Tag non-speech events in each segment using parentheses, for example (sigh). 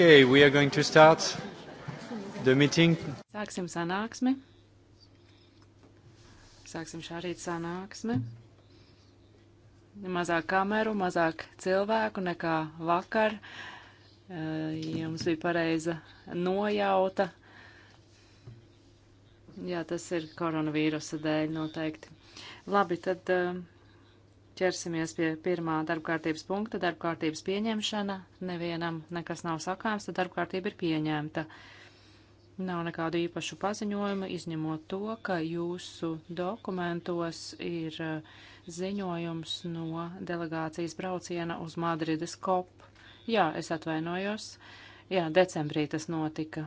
Okay, we are going to start the meeting. Sāksim sanāksmi. Sāksim šā rīta sanāksmi. Mazāk kameru, mazāk cilvēku nekā vakar. Eh, Jums bija pareiza nojauta. Jā, tas ir koronavīrusa dēļ noteikti. Labi, tad. Uh, ķersimies pie pirmā darbkārtības punkta, darbkārtības pieņemšana. Nevienam nekas nav sakāms, tad darbkārtība ir pieņemta. Nav nekādu īpašu paziņojumu, izņemot to, ka jūsu dokumentos ir uh, ziņojums no delegācijas brauciena uz Madrides kop. Jā, es atvainojos. Jā, decembrī tas notika.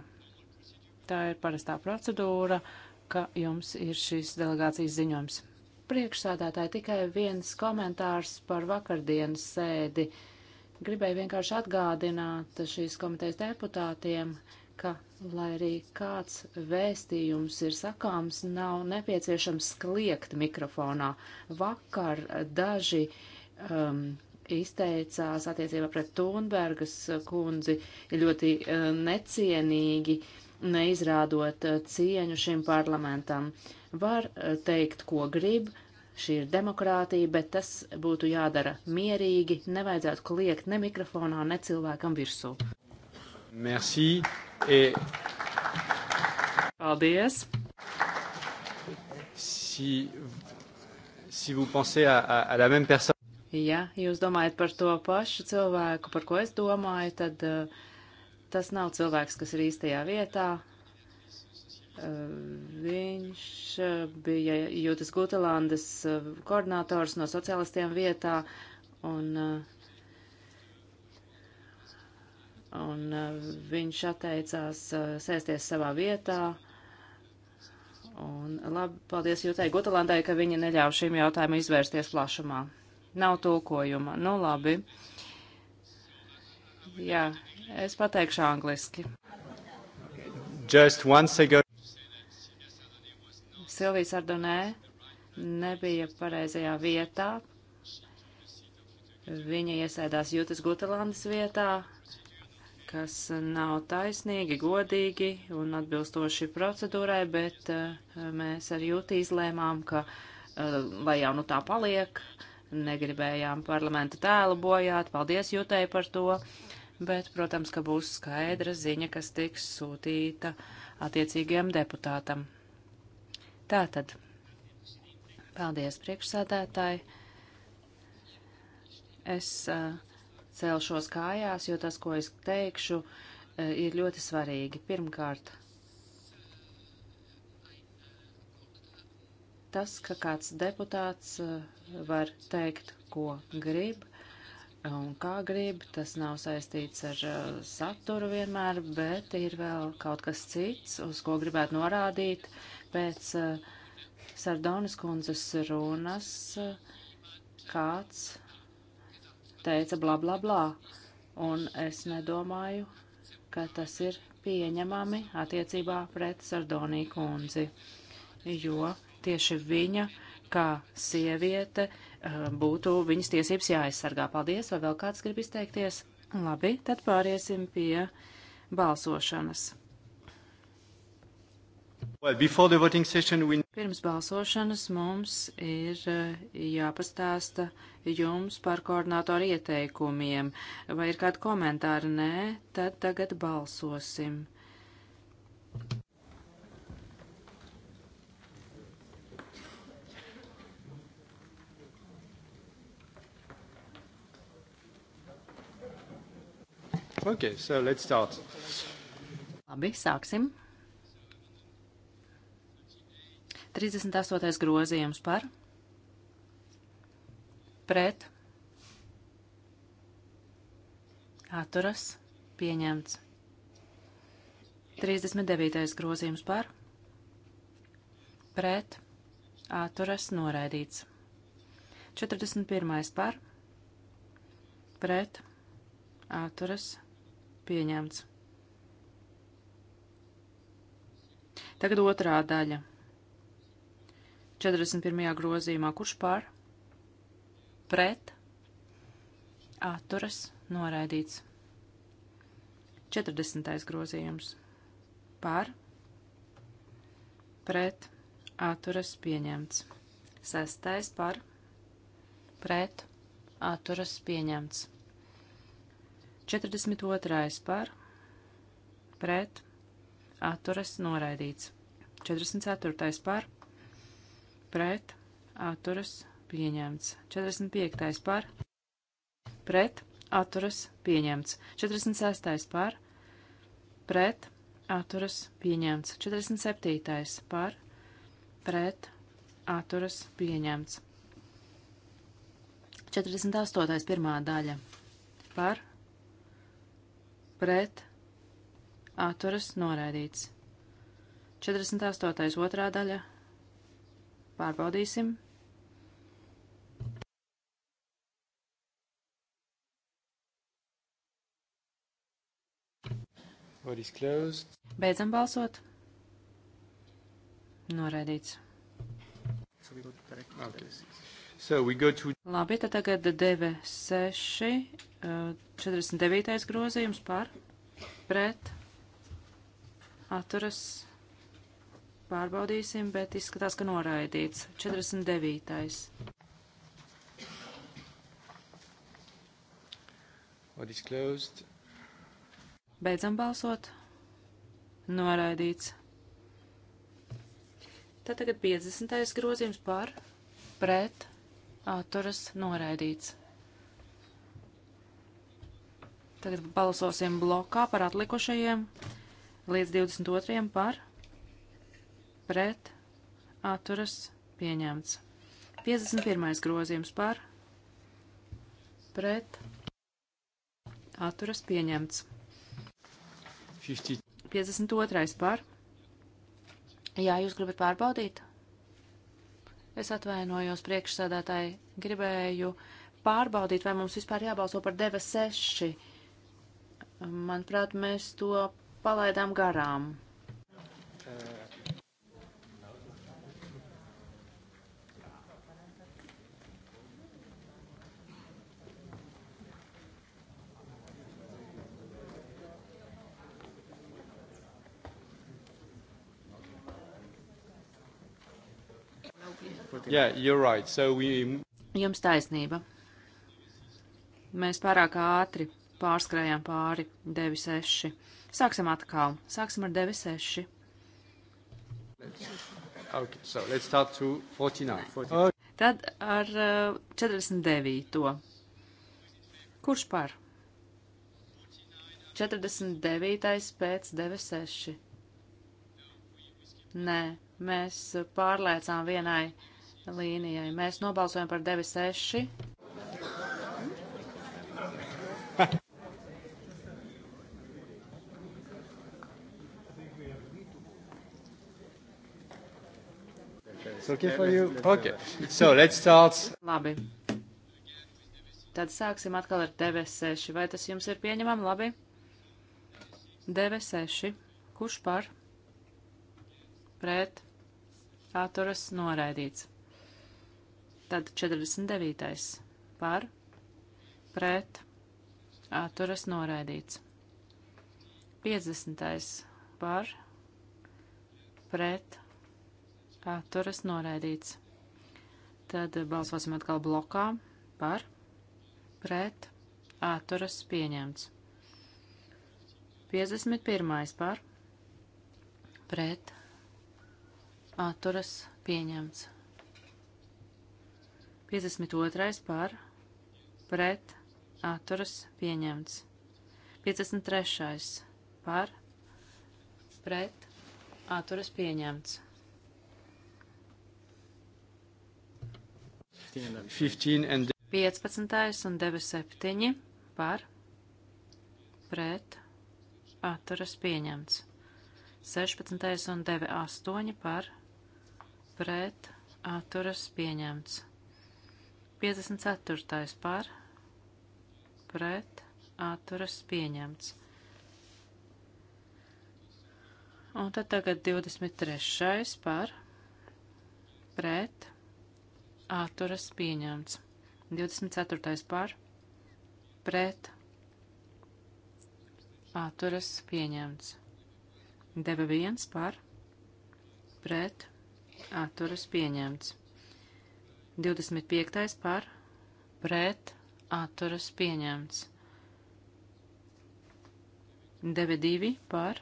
Tā ir parastā procedūra, ka jums ir šis delegācijas ziņojums. Priekšsādātāji tikai viens komentārs par vakardienas sēdi. Gribēju vienkārši atgādināt šīs komitejas deputātiem, ka, lai arī kāds vēstījums ir sakāms, nav nepieciešams kliegt mikrofonā. Vakar daži um, izteicās attiecībā pret Tūnbergas kundzi ļoti uh, necienīgi, neizrādot uh, cieņu šim parlamentam. Var uh, teikt, ko grib, Šī ir demokrātija, bet tas būtu jādara mierīgi, nevajadzētu kliegt ne mikrofonā, ne cilvēkam virsū. Merci. Et... Paldies. Si, si vous pensez à, à, à la même personne. Ja jūs domājat par to pašu cilvēku, par ko es domāju, tad uh, tas nav cilvēks, kas ir īstajā vietā. Viņš eh, bija Jūtas Gutelandes eh, koordinators no sociālistiem vietā, un, eh, un viņš atteicās sēsties savā vietā. Un labi, paldies Jūtai Gutelandai, ka viņa neļāva šim jautājumam izvērsties plašumā. Nav tulkojuma. Nu, labi. Jā, es pateikšu angliski. Just once ago. Silvijas Ardonē nebija pareizajā vietā. Viņa iesēdās Jūtas Gutelandes vietā, kas nav taisnīgi, godīgi un atbilstoši procedūrai, bet uh, mēs ar jūti izlēmām, ka, uh, lai jau nu tā paliek, negribējām parlamenta tēlu bojāt, paldies jūtei par to, bet, protams, ka būs skaidra ziņa, kas tiks sūtīta attiecīgiem deputātam. Tātad, paldies priekšsādātāji. Es uh, celšos kājās, jo tas, ko es teikšu, uh, ir ļoti svarīgi. Pirmkārt, tas, ka kāds deputāts uh, var teikt, ko grib, un kā grib, tas nav saistīts ar uh, saturu vienmēr, bet ir vēl kaut kas cits, uz ko gribētu norādīt, pēc uh, Sardonas kundzes runas eh, kāds teica bla bla bla, un es nedomāju, ka tas ir pieņemami attiecībā pret Sardonī kundzi, jo tieši viņa kā sieviete eh, būtu viņas tiesības jāaizsargā. Paldies, vai vēl kāds grib izteikties? Labi, tad pāriesim pie balsošanas. Well, we... Pirms balsošanas mums ir eh, jāpastāsta jums par koordinātoru ieteikumiem. Vai ir kādi komentāri? Nē, tad tagad balsosim. Okay, so let's start. Labi, sāksim. 38. grozījums par pret atturas pieņemts. 39. grozījums par pret atturas noraidīts. 41. par pret atturas pieņemts. Tagad otrā daļa 41. grozījumā. Kurš par? Pret. Atturas. Noraidīts. 40. grozījums. Par. Pret. Atturas. Pieņemts. 6. par. Pret. Atturas. Pieņemts. 42. par. Pret. Atturas. Noraidīts. 44. par pret, atturas, pieņemts. 45. par, pret, atturas, pieņemts. 46. par, pret, atturas, pieņemts. 47. par, pret, atturas, pieņemts. 48. pirmā daļa par, pret, atturas, noraidīts. 48. otrā daļa Pārbaudīsim. Beidzam balsot. Noraidīts. So ah, okay. so to... Labi, tad tagad 96, 49. Eh, grozījums par, pret, atturas, Pārbaudīsim, bet izskatās, ka noraidīts. 49. What is closed? Beidzam balsot. Noraidīts. Tad tagad 50. grozījums par, pret, atturas, noraidīts. Tagad balsosim blokā par atlikušajiem līdz 22. par, pret pret, atturas, pieņemts. 51. grozījums par, pret, atturas, pieņemts. 52. par. Jā, jūs gribat pārbaudīt? Es atvainojos priekšsādātāji, gribēju pārbaudīt, vai mums vispār jābalso par 9.6. Manuprāt, mēs to palaidām garām. Yeah, you're right. So we... Jums taisnība. Mēs pārāk ātri pārskrējām pāri 9-6. Sāksim atkal. Sāksim ar 9-6. Okay, so let's start to 49. 49. Uh, Tad ar uh, 49. Kurš par? 49. pēc 96. Nē, mēs pārliecām vienai līnijai. Mēs nobalsojam par 9-6. It's okay for you. Okay. So let's start. Labi. Tad sāksim atkal ar TV6. Vai tas jums ir pieņemam? Labi. TV6. Kurš par? Pret. Atturas noraidīts. Tad 49. par, pret, atturas noraidīts. 50. par, pret, atturas noraidīts. Tad balsosim atkal blokā par, pret, atturas pieņemts. 51. par, pret, atturas pieņemts. 52. par pret atturas pieņemts. 53. par pret atturas pieņemts. 15. un 97. par pret atturas pieņemts. 16. un 98. par pret atturas pieņemts. 54. par pret atturas pieņemts. Un tad tagad 23. par pret atturas pieņemts. 24. par pret atturas pieņemts. Deva 1 par pret atturas pieņemts. 25. par pret atturas pieņemts. 92 par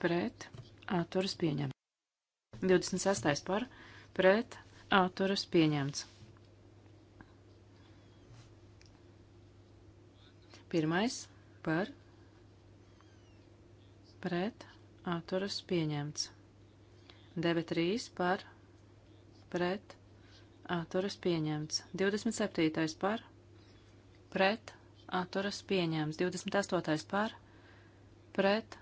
pret atturas pieņemts. 26. par pret atturas pieņemts. Pirmais par pret atturas pieņemts. 93 par pret atturas pieņemts. 27. par, pret, atturas pieņemts. 28. par, pret,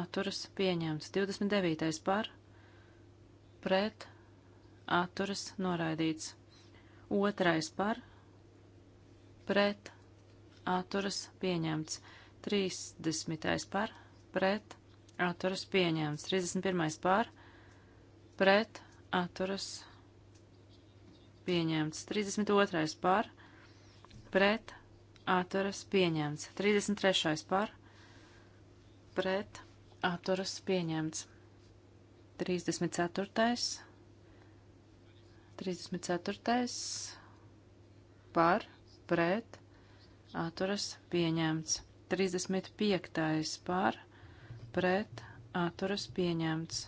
atturas pieņemts. 29. par, pret, atturas noraidīts. 2. par, pret, atturas pieņemts. 30. par, pret, atturas pieņemts. 31. par, pret, atturas pieņemts pieņemts. 32. par, pret, atturas, pieņemts. 33. par, pret, atturas, pieņemts. 34. 34. par, pret, atturas, pieņemts. 35. par, pret, atturas, pieņemts.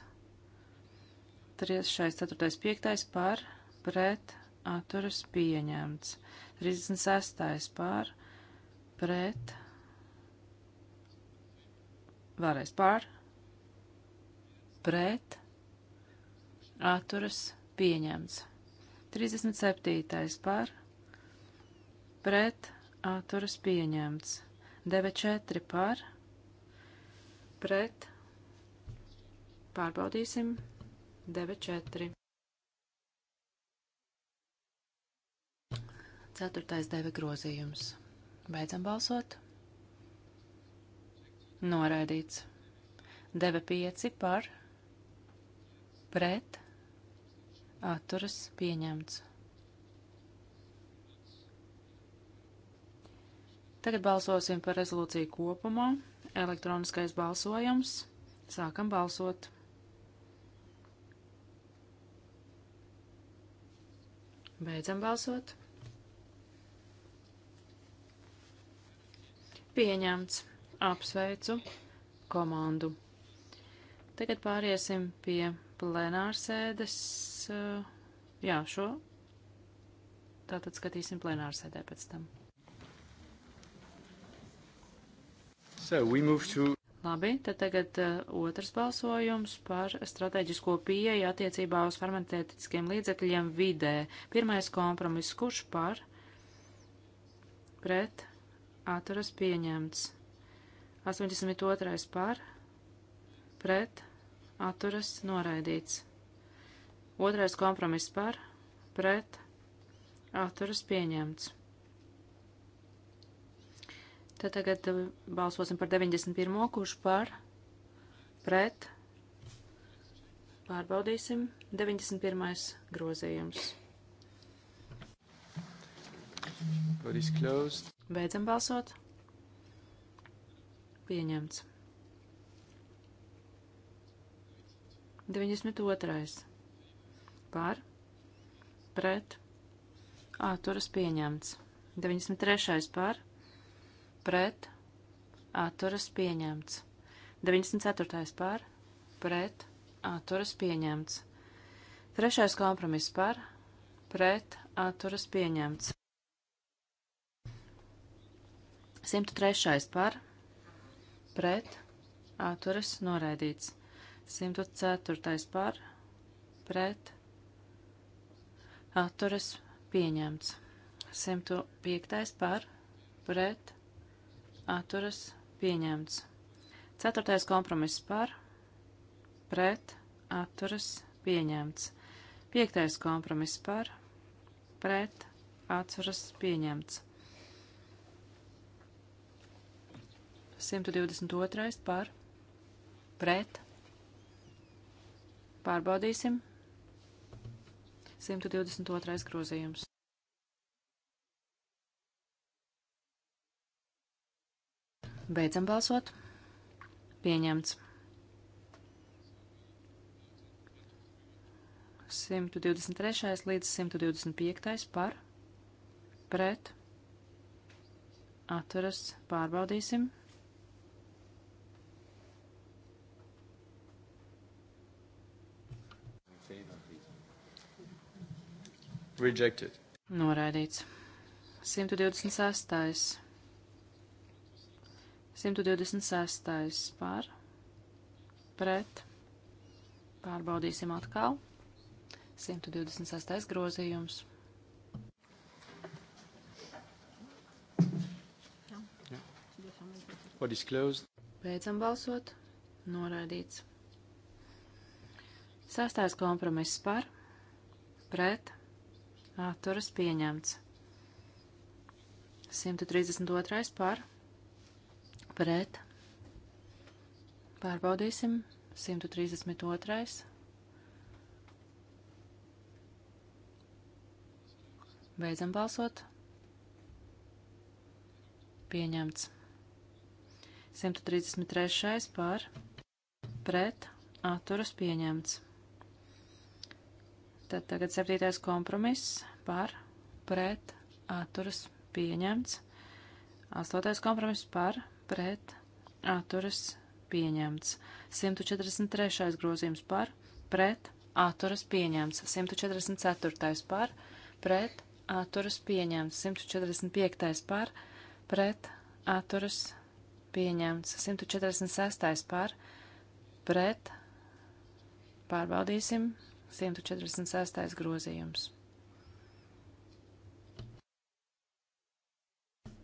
3, 6, 4, 5 par pret atturas pieņemts. 36. pār pret vēlreiz pār pret atturas pieņemts. 37. pār pret atturas pieņemts. 94 pār pret pārbaudīsim 94. Ceturtais deva grozījums. Beidzam balsot. Noraidīts. Deva pieci par, pret, atturas pieņemts. Tagad balsosim par rezolūciju kopumā. Elektroniskais balsojums. Sākam balsot. Beidzam balsot. Pieņemts. Apsveicu komandu. Tagad pāriesim pie plenārsēdes. Eh, jā, šo. Tātad skatīsim plenārsēdē pēc tam. So we move to Labi, tad tagad uh, otrs balsojums par strateģisko pieeju attiecībā uz farmaceitiskiem līdzekļiem vidē. Pirmais kompromiss, kurš par pret atturas pieņemts. 82. par, pret, atturas noraidīts. Otrais kompromiss par, pret, atturas pieņemts. Tad tagad uh, balsosim par 91. kurš par, pret, pārbaudīsim 91. grozījums. Body's closed. Beidzam balsot. Pieņemts. 92. Par. Pret. Atturas pieņemts. 93. Par. Pret. Atturas pieņemts. 94. Par. Pret. Atturas pieņemts. Trešais kompromiss par. Pret. Atturas pieņemts. 103. par pret atturas noraidīts. 104. par pret atturas pieņemts. 105. par pret atturas pieņemts. 4. kompromiss par pret atturas pieņemts. 5. kompromiss par pret atturas pieņemts. 122. par pret. Pārbaudīsim. 122. grozījums. Beidzam balsot. Pieņemts. 123. līdz 125. par, pret, atturas, pārbaudīsim. Rejected. Noraidīts. 126. 126. par. Pret. Pārbaudīsim atkal. 126. grozījums. What is closed? Beidzam balsot. Noraidīts. Sastais kompromiss par, pret, atturas pieņemts. 132. par pret. Pārbaudīsim 132. Beidzam balsot. Pieņemts. 133. par pret. Atturas pieņemts. Tad tagad septītais kompromiss par pret atturas pieņemts. Astotais kompromiss par pret atturas pieņemts. 143. grozījums par pret atturas pieņemts. 144. par pret atturas pieņemts. 145. par pret atturas pieņemts. 146. par pret pārbaudīsim 146. grozījums.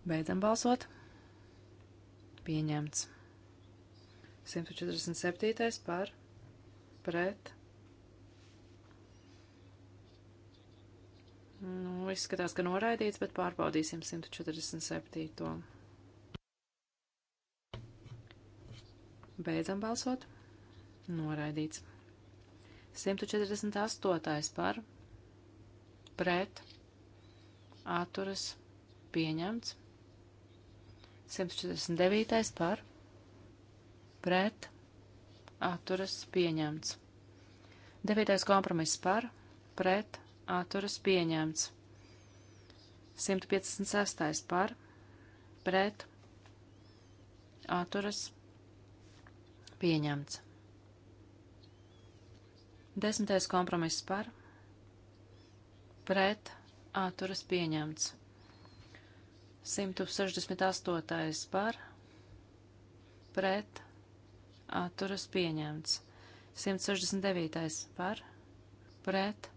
Beidzam balsot. Pieņemts. 147. par pret. Nu, izskatās, ka noraidīts, bet pārbaudīsim 147. Beidzam balsot. Noraidīts. 148. par pret. Atturas pieņemts. 149. par pret atturas pieņemts. 9. kompromiss par pret atturas pieņemts. 156. par pret atturas pieņemts. 10. kompromiss par pret atturas pieņemts. 168. par pret atturas pieņemts. 169. par pret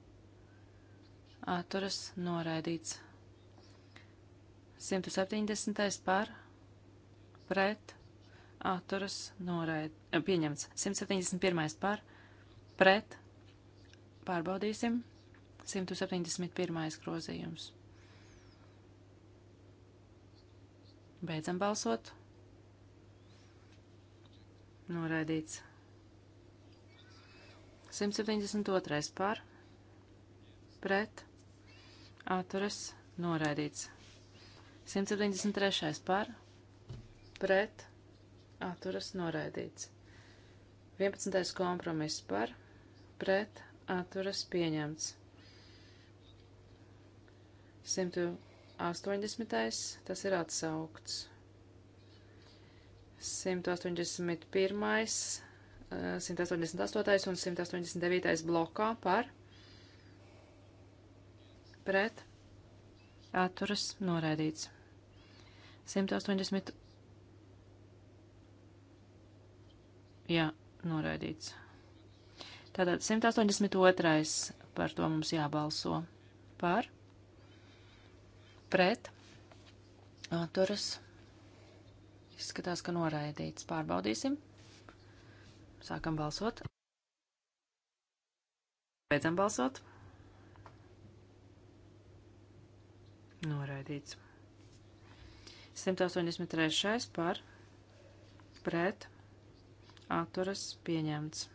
atturas noraidīts. 170. par pret atturas noraid... Eh, pieņemts. 171. par pret pārbaudīsim. 171. grozījums. Beidzam balsot. Noraidīts. 172. par, pret, atturas, noraidīts. 173. par, pret, atturas, noraidīts. 11. kompromiss par, pret, atturas, pieņemts. 100. 80. tas ir atsaukts. 181. 188. Eh, un 189. blokā par pret atturas noraidīts. 180. Jā, noraidīts. Tātad 182. par to mums jābalso. Par pret atturas izskatās, ka noraidīts. Pārbaudīsim. Sākam balsot. Beidzam balsot. Noraidīts. 183. par pret atturas pieņemts.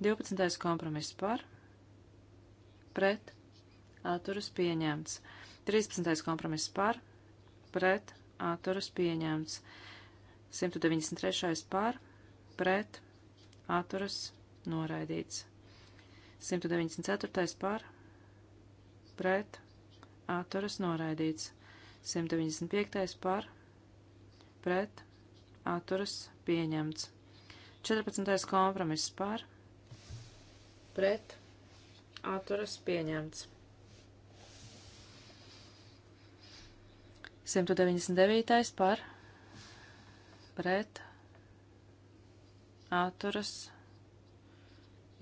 12. kompromiss par pret atturas pieņemts. 13. kompromiss par, pret, atturas pieņemts. 193. par, pret, atturas noraidīts. 194. par, pret, atturas noraidīts. 195. par, pret, atturas pieņemts. 14. kompromiss par, pret, atturas pieņemts. 199. par pret atturas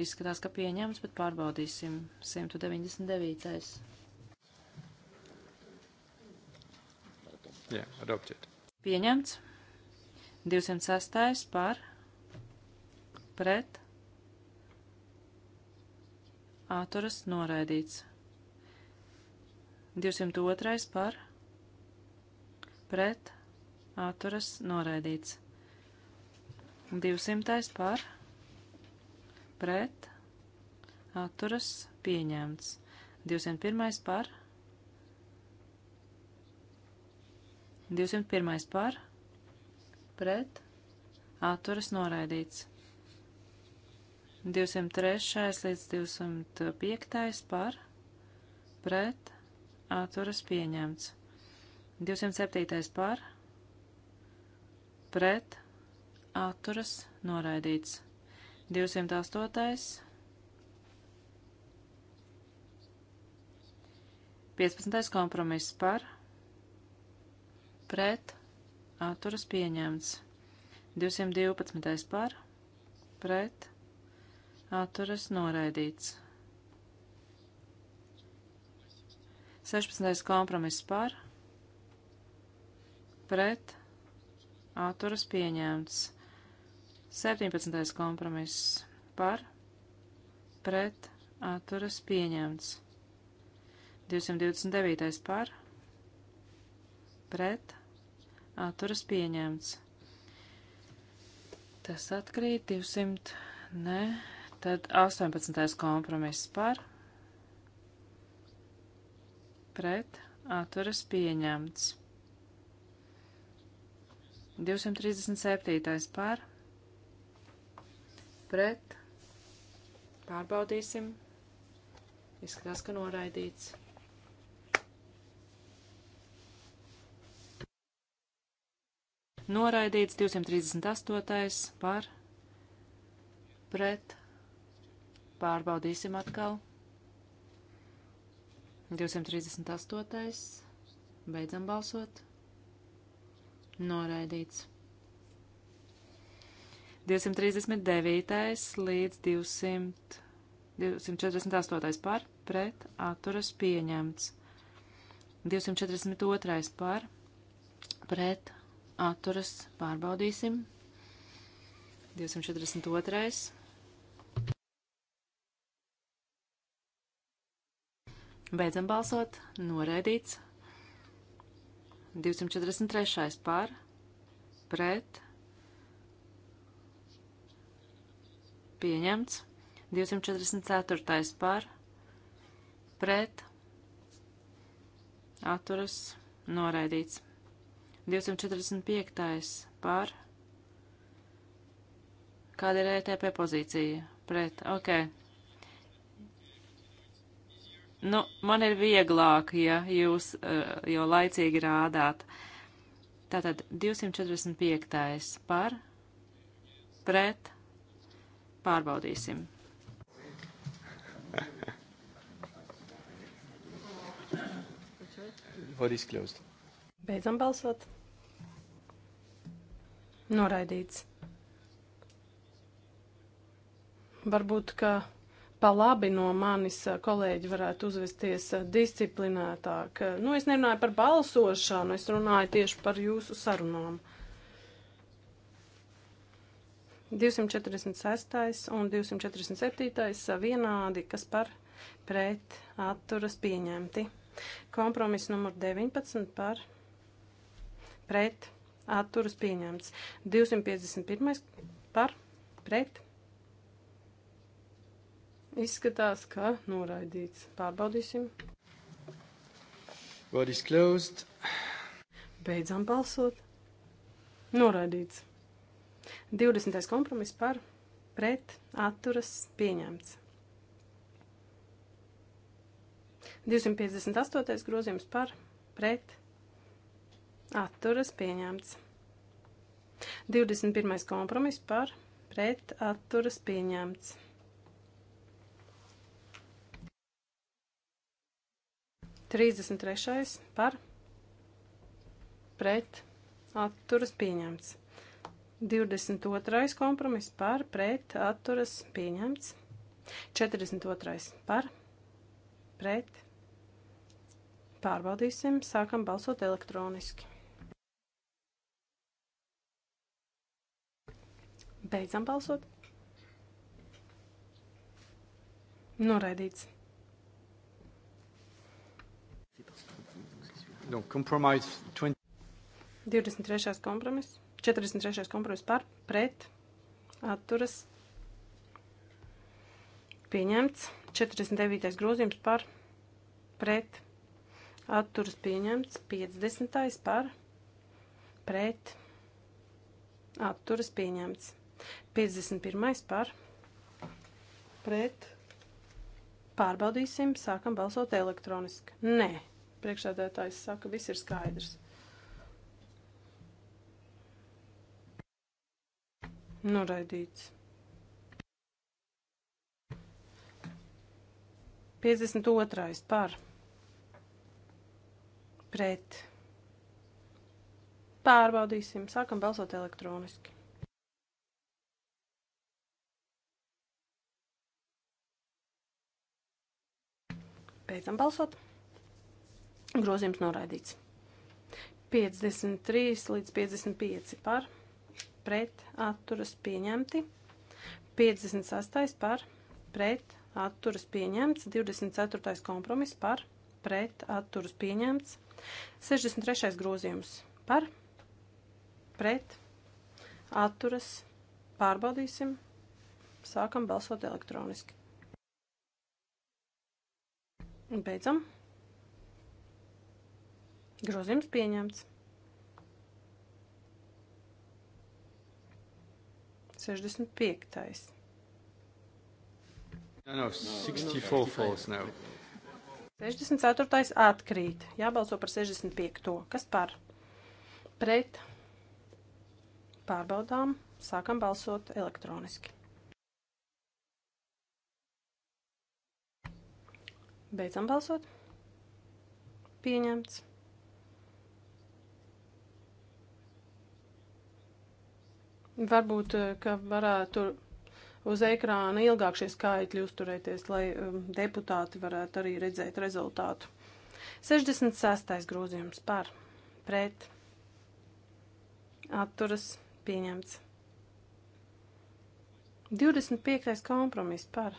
izskatās, ka pieņems, bet pārbaudīsim 199. Yeah, adopted. Pieņemts. 206. par pret atturas noraidīts. 202. par pret atturas noraidīts. 200. par pret atturas pieņemts. 201. par 201. par pret atturas noraidīts. 203. līdz 205. par pret atturas pieņemts. 207. par, pret, atturas, noraidīts. 208. 15. kompromiss par, pret, atturas pieņemts. 212. par, pret, atturas noraidīts. 16. kompromiss par, pret atturas pieņemts. 17. kompromiss par pret atturas pieņemts. 229. par pret atturas pieņemts. Tas atkrīt 200, ne, tad 18. kompromiss par pret atturas pieņemts. 237. par pret pārbaudīsim. Izskatās, ka noraidīts. Noraidīts 238. par pret pārbaudīsim atkal. 238. Beidzam balsot noraidīts. 239. līdz 200, 248. par pret atturas pieņemts. 242. par pret atturas pārbaudīsim. 242. Beidzam balsot, noraidīts. 243. par, pret, pieņemts. 244. par, pret, atturas, noraidīts. 245. par, kāda ir ETP pozīcija, pret, ok, Nu, man ir vieglāk, ja jūs uh, eh, jau laicīgi rādāt. Tātad 245. par, pret, pārbaudīsim. Vote is closed. Beidzam balsot. Noraidīts. Varbūt, ka pa labi no manis kolēģi varētu uzvesties disciplinētāk. Nu, es nerunāju par balsošanu, es runāju tieši par jūsu sarunām. 246. un 247. vienādi, kas par pret atturas pieņemti. Kompromiss numur 19 par pret atturas pieņemts. 251. par pret Izskatās, ka noraidīts. Pārbaudīsim. Vote is closed. Beidzam balsot. Noraidīts. 20. kompromiss par pret atturas pieņemts. 258. grozījums par pret atturas pieņemts. 21. kompromiss par pret atturas pieņemts. 33. par pret atturas pieņemts. 22. kompromiss par pret atturas pieņemts. 42. par pret pārbaudīsim, sākam balsot elektroniski. Beidzam balsot. Noraidīts. No, 20... 23. kompromiss, 43. kompromiss par, pret, atturas, pieņemts. 49. grozījums par, pret, atturas pieņemts. 50. par, pret, atturas pieņemts. 51. par, pret, pārbaudīsim, sākam balsot elektroniski. Nē. Priekšēdētājs saka, viss ir skaidrs. Noraidīts. 52. par pret. Pārbaudīsim, sākam balsot elektroniski. Beidzam balsot. Grozījums noraidīts. 53 līdz 55 par pret atturas pieņemti. 58 par pret atturas pieņemts. 24. kompromiss par pret atturas pieņemts. 63. grozījums par pret atturas pārbaudīsim. Sākam balsot elektroniski. Beidzam. Grozījums pieņemts. 65. No, no, 64 falls now. 64. atkrīt. Jābalso par 65. To. Kas par? Pret. Pārbaudām. Sākam balsot elektroniski. Beidzam balsot. Pieņemts. Varbūt, eh, ka varētu uz ekrāna ilgāk šie skaitļi uzturēties, lai um, deputāti varētu arī redzēt rezultātu. 66. grozījums par, pret, atturas, pieņemts. 25. kompromiss par,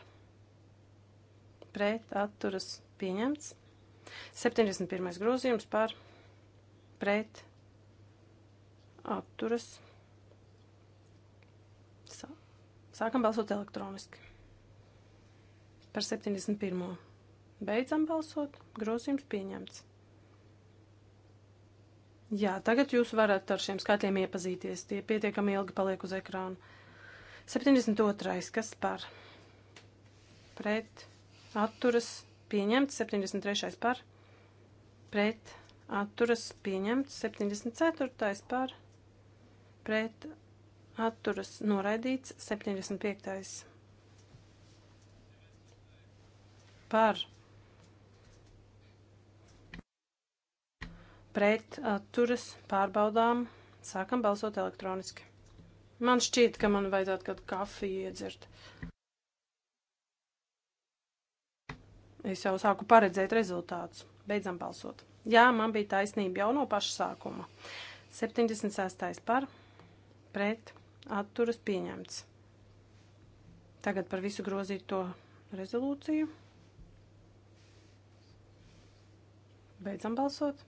pret, atturas, pieņemts. 71. grozījums par, pret, atturas, pieņemts Sākam balsot elektroniski. Par 71. Beidzam balsot. Grozījums pieņemts. Jā, tagad jūs varat ar šiem skaitļiem iepazīties. Tie pietiekami ilgi paliek uz ekrāna. 72. Kas par? Pret. Atturas. Pieņemts. 73. par. Pret. Atturas. Pieņemts. 74. par. Pret atturas noraidīts 75. par pret atturas pārbaudām sākam balsot elektroniski. Man šķiet, ka man vajadzētu kādu kafiju iedzert. Es jau sāku paredzēt rezultātus. Beidzam balsot. Jā, man bija taisnība jau no paša sākuma. 76. par pret atturas pieņemts. Tagad par visu grozīto rezolūciju. Beidzam balsot.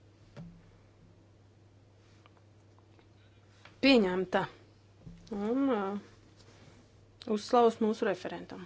Pieņemta. Un uh, uzslavus mūsu referentam.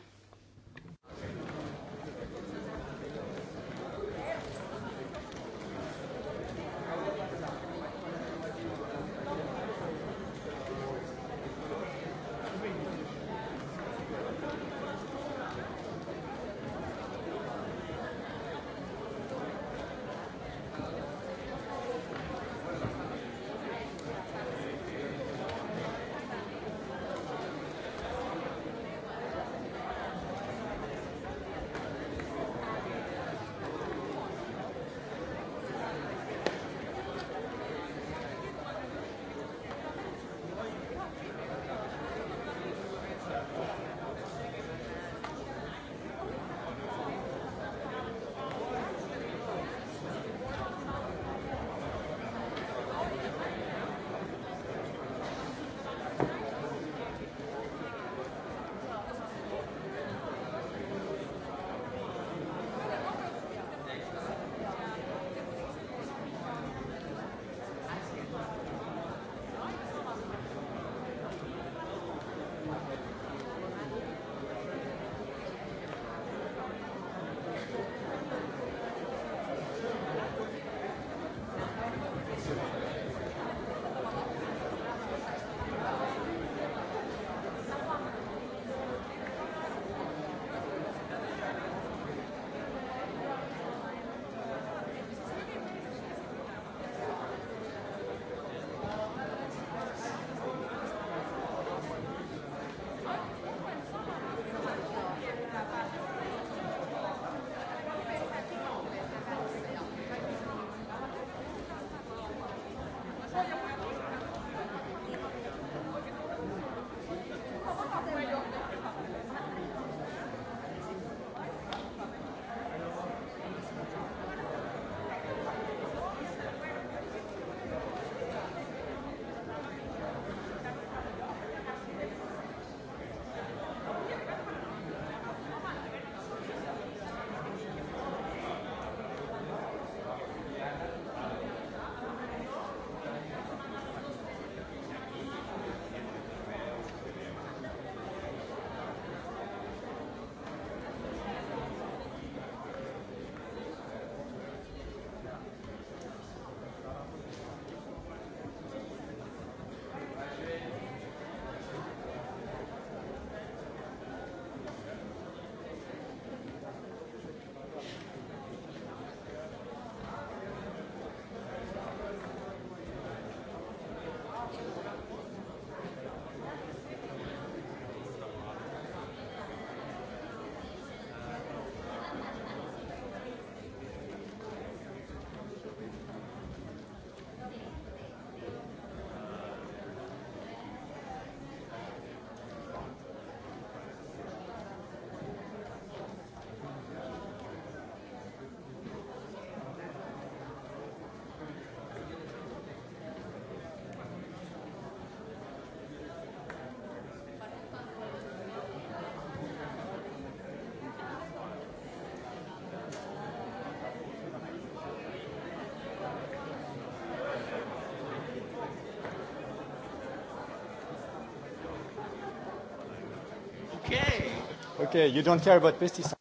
Okay, you don't care about pesticides.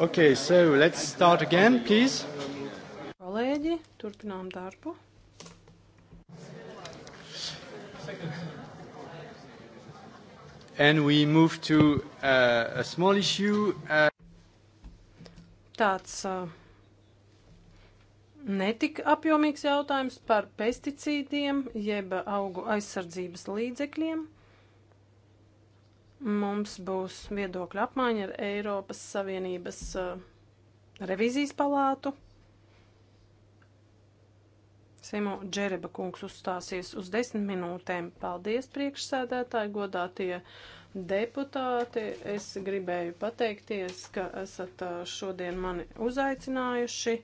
Okay, so let's start again, please. Kolēģi, turpinām darbu. And we move to uh, a small issue. Uh... Tāds uh, netika apjomīgs jautājums par pesticīdiem jeb augu aizsardzības līdzekļiem. Mums būs viedokļa apmaiņa ar Eiropas Savienības uh, revizijas palātu. Simo Džereba kungs uzstāsies uz desmit minūtēm. Paldies priekšsēdētāji, godātie deputāti. Es gribēju pateikties, ka esat uh, šodien mani uzaicinājuši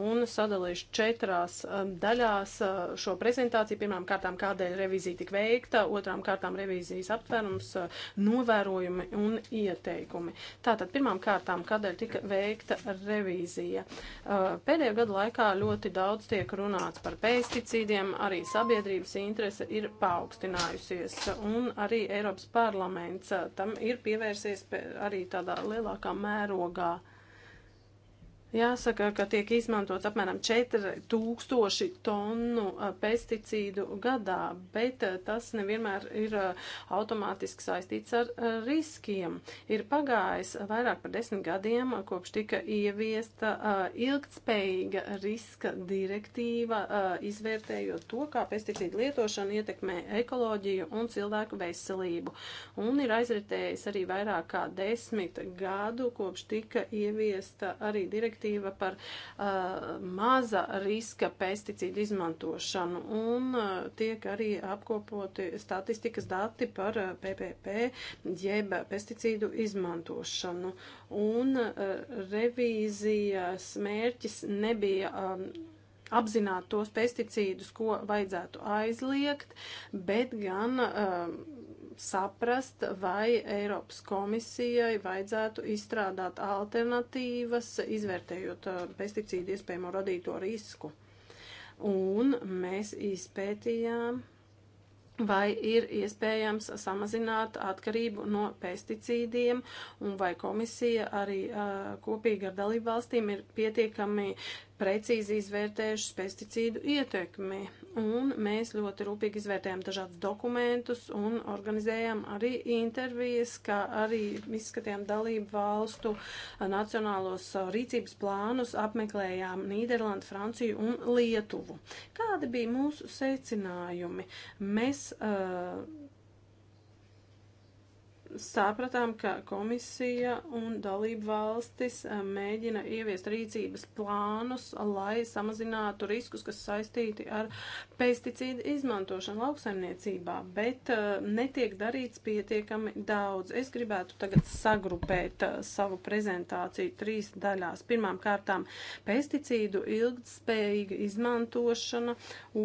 un sadalīšu četrās um, daļās uh, šo prezentāciju. Pirmām kārtām, kādēļ revīzija tik veikta, otrām kārtām revīzijas aptvērums, uh, novērojumi un ieteikumi. Tātad, pirmām kārtām, kādēļ tika veikta revīzija. Uh, pēdējo gadu laikā ļoti daudz tiek runāts par pesticīdiem, arī sabiedrības interese ir paaugstinājusies, un arī Eiropas parlaments tam ir pievērsies arī tādā lielākā mērogā. Jāsaka, ka tiek izmantots apmēram 4000 tonnu pesticīdu gadā, bet tas nevienmēr ir automātiski saistīts ar riskiem. Ir pagājis vairāk par desmit gadiem, kopš tika ieviesta ilgtspējīga riska direktīva, izvērtējot to, kā pesticīdu lietošana ietekmē ekoloģiju un cilvēku veselību. Un ir aizritējis arī vairāk kā desmit gadu, kopš tika ieviesta arī direktīva direktīva par uh, maza riska pesticīdu izmantošanu un uh, tiek arī apkopoti statistikas dati par uh, PPP jeb pesticīdu izmantošanu. Un uh, revīzijas mērķis nebija. Um, apzināt tos pesticīdus, ko vajadzētu aizliegt, bet gan uh, um, saprast, vai Eiropas komisijai vajadzētu izstrādāt alternatīvas, izvērtējot uh, pesticīdu iespējamo radīto risku. Un mēs izpētījām vai ir iespējams samazināt atkarību no pesticīdiem, un vai komisija arī uh, kopīgi ar dalībvalstīm ir pietiekami precīzi izvērtējušas pesticīdu ietekmi, un mēs ļoti rūpīgi izvērtējām dažādus dokumentus un organizējām arī intervijas, kā arī izskatījām dalību valstu nacionālos rīcības plānus, apmeklējām Nīderlandu, Franciju un Lietuvu. Kādi bija mūsu secinājumi? Mēs uh, sapratām, ka komisija un dalību valstis eh, mēģina ieviest rīcības plānus, lai samazinātu riskus, kas saistīti ar pesticīdu izmantošanu lauksaimniecībā, bet eh, netiek darīts pietiekami daudz. Es gribētu tagad sagrupēt eh, savu prezentāciju trīs daļās. Pirmām kārtām pesticīdu ilgtspējīga izmantošana,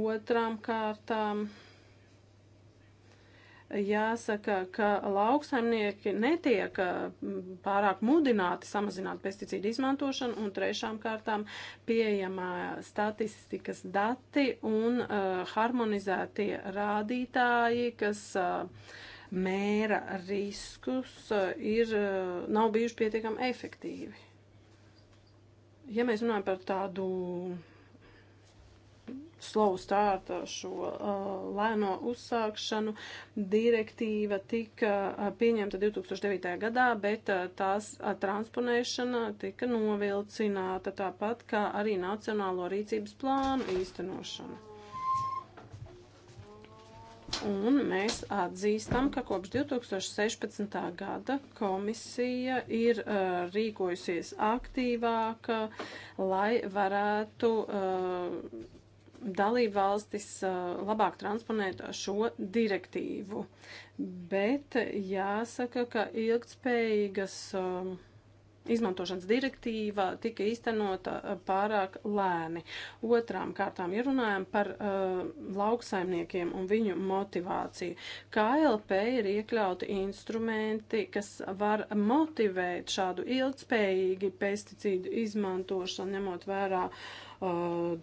otrām kārtām. Jāsaka, ka lauksaimnieki netiek pārāk mudināti samazināt pesticīdu izmantošanu un trešām kārtām pieejamā statistikas dati un uh, harmonizētie rādītāji, kas uh, mēra riskus, uh, ir, uh, nav bijuši pietiekami efektīvi. Ja mēs runājam par tādu slow start, šo uh, lēno uzsākšanu. Direktīva tika uh, pieņemta 2009. gadā, bet uh, tās uh, transponēšana tika novilcināta tāpat kā arī Nacionālo rīcības plānu īstenošana. Un mēs atzīstam, ka kopš 2016. gada komisija ir uh, rīkojusies aktīvāk, lai varētu uh, dalībvalstis uh, labāk transponēt šo direktīvu. Bet jāsaka, ka ilgtspējīgas um, izmantošanas direktīva tika īstenota uh, pārāk lēni. Otrām kārtām, ja runājam par uh, lauksaimniekiem un viņu motivāciju, KLP ir iekļauti instrumenti, kas var motivēt šādu ilgspējīgi pesticīdu izmantošanu, ņemot vērā uh,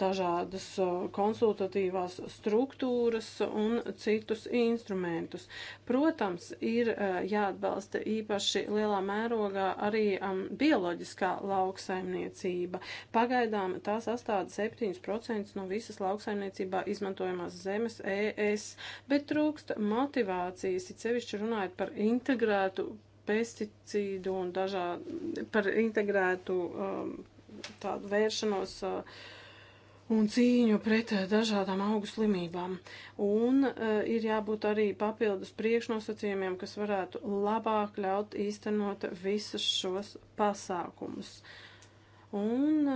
dažādas konsultatīvās struktūras un citus instrumentus. Protams, ir jāatbalsta īpaši lielā mērogā arī bioloģiskā lauksaimniecība. Pagaidām tā sastāda 7% no visas lauksaimniecībā izmantojamās zemes ES, bet trūkst motivācijas, it sevišķi runājot par integrētu pesticīdu un dažādu par integrētu um, tādu vēršanos uh, un cīņu pret uh, dažādām augu slimībām. Un uh, ir jābūt arī papildus priekšnosacījumiem, kas varētu labāk ļaut īstenot visus šos pasākumus. Un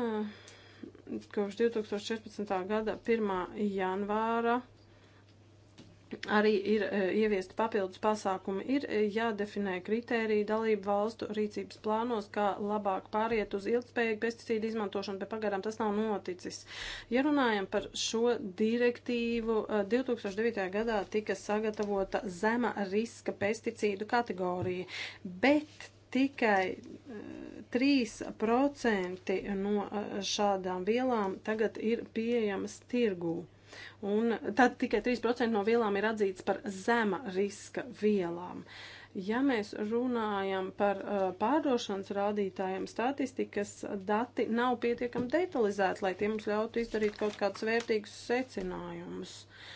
kopš 2014. gada 1. janvāra arī ir e, ieviesti papildus pasākumi. Ir e, jādefinē kritērija dalību valstu rīcības plānos, kā labāk pāriet uz ilgspējīgu pesticīdu izmantošanu, bet pagaidām tas nav noticis. Ja runājam par šo direktīvu, 2009. E, gadā tika sagatavota zema riska pesticīdu kategorija, bet tikai 3% no šādām vielām tagad ir pieejamas tirgū. Un tad tikai 3% no vielām ir atzīts par zema riska vielām. Ja mēs runājam par uh, pārdošanas rādītājiem, statistikas dati nav pietiekami detalizēti, lai tie mums ļautu izdarīt kaut kādus vērtīgus secinājumus. Uh,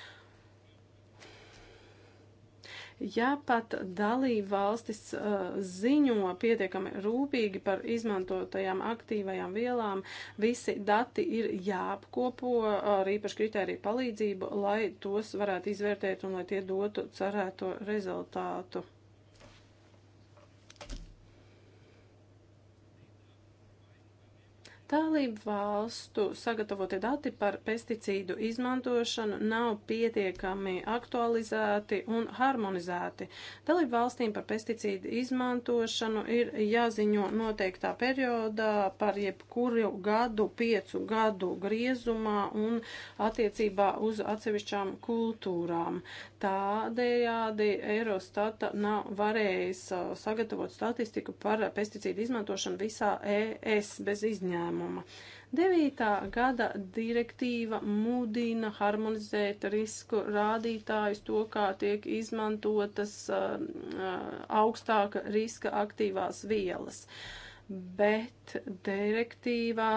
Ja pat dalība valstis uh, ziņo pietiekami rūpīgi par izmantotajām aktīvajām vielām, visi dati ir jāapkopo uh, ar īpašu kritēriju palīdzību, lai tos varētu izvērtēt un lai tie dotu cerēto rezultātu. Dalību valstu sagatavotie dati par pesticīdu izmantošanu nav pietiekami aktualizēti un harmonizēti. Dalību valstīm par pesticīdu izmantošanu ir jāziņo noteiktā periodā par jebkuru gadu, piecu gadu griezumā un attiecībā uz atsevišķām kultūrām. Tādējādi Eurostata nav varējis uh, sagatavot statistiku par pesticīdu izmantošanu visā ES bez izņēmuma lēmuma. Devītā gada direktīva mudina harmonizēt risku rādītājus, to, kā tiek izmantotas um, uh, augstāka riska aktīvās vielas. Bet direktīvā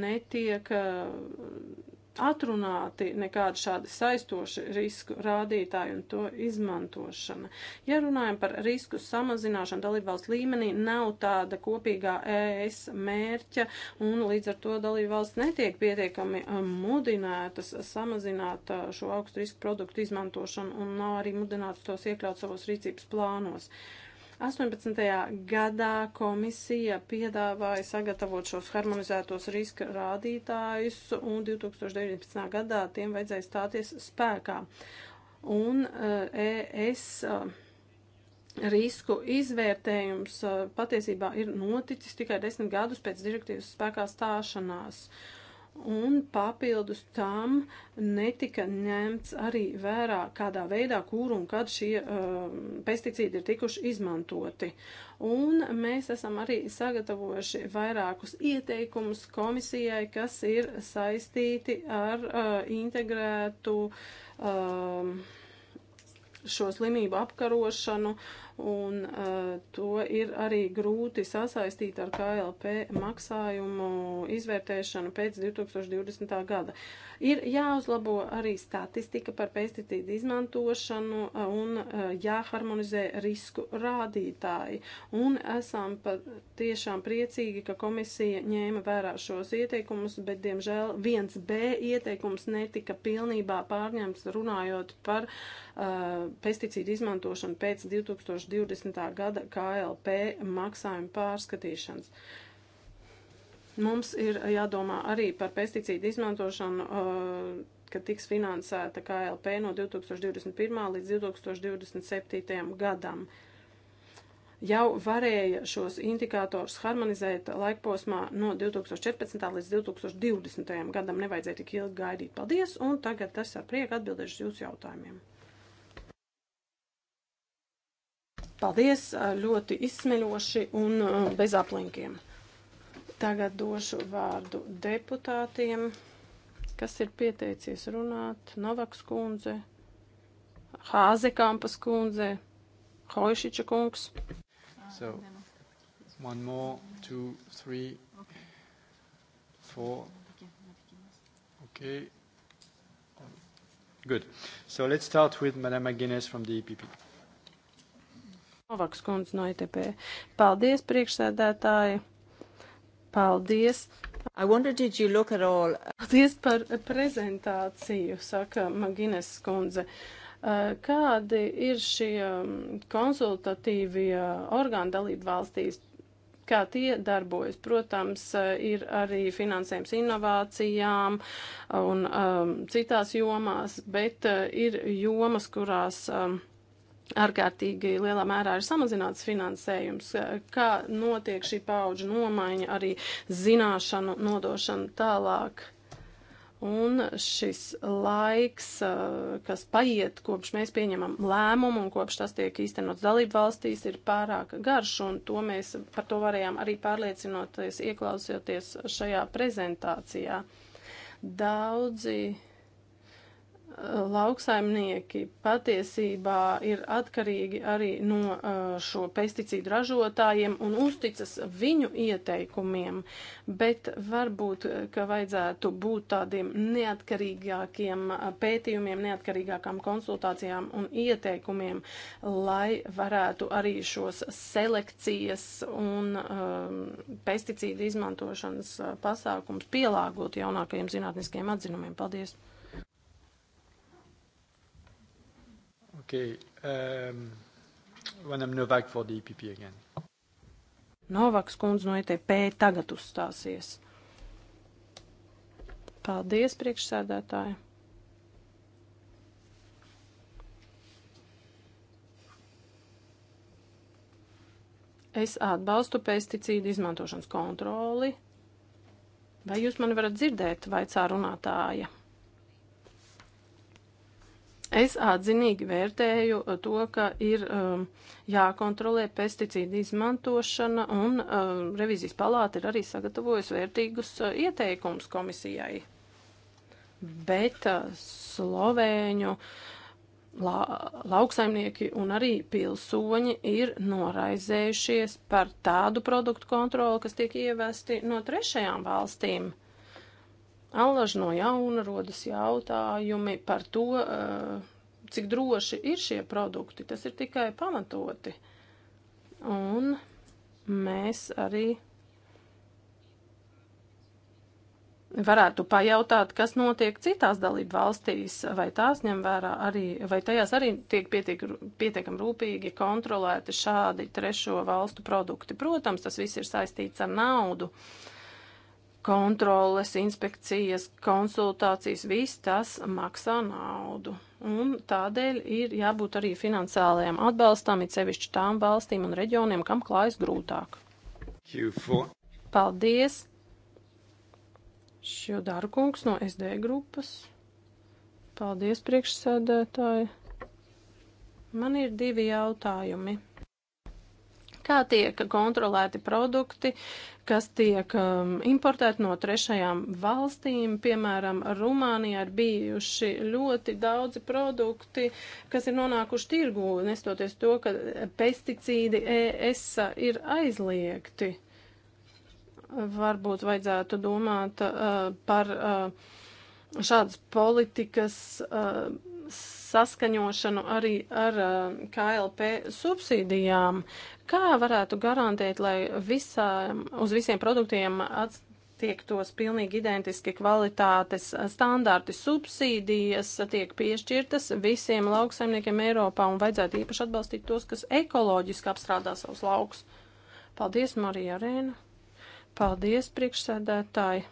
netiek uh, atrunāti nekādi šādi saistoši risku rādītāji un to izmantošana. Ja runājam par risku samazināšanu dalībvalsts līmenī, nav tāda kopīgā ES mērķa un līdz ar to dalībvalsts netiek pietiekami um, mudinātas samazināt uh, šo augstu risku produktu izmantošanu un nav arī mudinātas tos iekļaut savos rīcības plānos. Uh, 18. gadā komisija piedāvāja sagatavot šos harmonizētos riska rādītājus, un 2019. gadā tiem vajadzēja stāties spēkā. Un eh, es eh, risku izvērtējums eh, patiesībā ir noticis tikai desmit gadus pēc direktīvas spēkā stāšanās. Uh, un papildus tam netika ņemts arī vērā, kādā veidā, kur un kad šie uh, pesticīdi ir tikuši izmantoti. Un mēs esam arī sagatavojuši vairākus ieteikumus komisijai, kas ir saistīti ar uh, integrētu uh, šo slimību apkarošanu. Uh, un uh, to ir arī grūti sasaistīt ar KLP maksājumu izvērtēšanu pēc 2020. gada. Ir jāuzlabo arī statistika par pesticīdu izmantošanu uh, un uh, jāharmonizē risku rādītāji. Un esam patiešām priecīgi, ka komisija ņēma vērā šos ieteikumus, bet diemžēl 1B ieteikums netika pilnībā pārņemts runājot par uh, pesticīdu izmantošanu pēc 2020. 2020. gada KLP maksājumu pārskatīšanas. Mums ir jādomā arī par pesticīdu izmantošanu, uh, kad tiks finansēta KLP no 2021. līdz 2027. gadam jau varēja šos indikātors harmonizēt laikposmā no 2014. līdz 2020. gadam. Nevajadzēja tik ilgi gaidīt. Paldies, un tagad es ar prieku atbildēšu jūsu jautājumiem. Paldies, ļoti izsmeļoši un bez aplinkiem. Tagad došu vārdu deputātiem, kas ir pieteicies runāt. Novaks kundze, Hāzekampas kundze, Hojšiča kungs. So, one more, two, three, four. Okay. Good. So let's start with Madame McGuinness from the EPP. Novaks kundze no ITP. E Paldies, priekšsēdētāji. Paldies. I wonder, did you look at all? Paldies par prezentāciju, saka Magines skundze. Uh, kādi ir šie um, konsultatīvie uh, orgāni dalību valstīs? Kā tie darbojas? Protams, uh, ir arī finansējums inovācijām un um, citās jomās, bet uh, ir jomas, kurās um, ārkārtīgi lielā mērā ir samazināts finansējums, kā notiek šī paudžu nomaiņa, arī zināšanu nodošana tālāk. Un šis laiks, eh, kas paiet, kopš mēs pieņemam lēmumu un kopš tas tiek īstenots dalību valstīs, ir pārāk garš, un to mēs par to varējām arī pārliecinoties, ieklausoties šajā prezentācijā. Daudzi lauksaimnieki patiesībā ir atkarīgi arī no uh, šo pesticīdu ražotājiem un uzticas viņu ieteikumiem, bet varbūt, uh, ka vajadzētu būt tādiem neatkarīgākiem uh, pētījumiem, neatkarīgākām konsultācijām un ieteikumiem, lai varētu arī šos selekcijas un um, pesticīdu izmantošanas pasākums pielāgot jaunākajiem zinātniskiem atzinumiem. Paldies! Okay. Um, ehm, Vanam Novak for the EPP again. Novaks kundze no ETP tagad uzstāsies. Paldies, priekšsēdētāji. Es atbalstu pesticīdu izmantošanas kontroli. Vai jūs mani varat dzirdēt, vaicā runātāja? Es atzinīgi vērtēju uh, to, ka ir um, jākontrolē pesticīdu izmantošana, un um, revizijas palāta ir arī sagatavojusi vērtīgus uh, ieteikumus komisijai. Bet uh, Slovēņu la lauksaimnieki un arī pilsoņi ir noraizējušies par tādu produktu kontroli, kas tiek ievesti no trešajām valstīm. Allaž no jauna rodas jautājumi par to, eh, cik droši ir šie produkti. Tas ir tikai pamatoti. Un mēs arī varētu pajautāt, kas notiek citās dalību valstīs, vai tās ņem vērā arī, vai tajās arī tiek pietiek, pietiekam rūpīgi kontrolēti šādi trešo valstu produkti. Protams, tas viss ir saistīts ar naudu. Uh, kontroles, inspekcijas, konsultācijas, viss tas maksā naudu. Un tādēļ ir jābūt arī finansiālajām atbalstām, it sevišķi tām valstīm un reģioniem, kam klājas grūtāk. Paldies! Šjodārkungs no SD grupas. Paldies, priekšsēdētāji! Man ir divi jautājumi kā tiek kontrolēti produkti, kas tiek um, importēti no trešajām valstīm. Piemēram, Rumānijā ir bijuši ļoti daudzi produkti, kas ir nonākuši tirgū, nestoties to, ka pesticīdi ES ir aizliegti. Varbūt vajadzētu domāt uh, par uh, šādas politikas. Uh, saskaņošanu arī ar uh, KLP subsīdijām. Kā varētu garantēt, lai visā, uz visiem produktiem attiektos pilnīgi identiski kvalitātes standarti, subsīdijas tiek piešķirtas visiem lauksaimniekiem Eiropā un vajadzētu īpaši atbalstīt tos, kas ekoloģiski apstrādā savus laukus? Paldies, Marija Arēna! Paldies, priekšsēdētāji!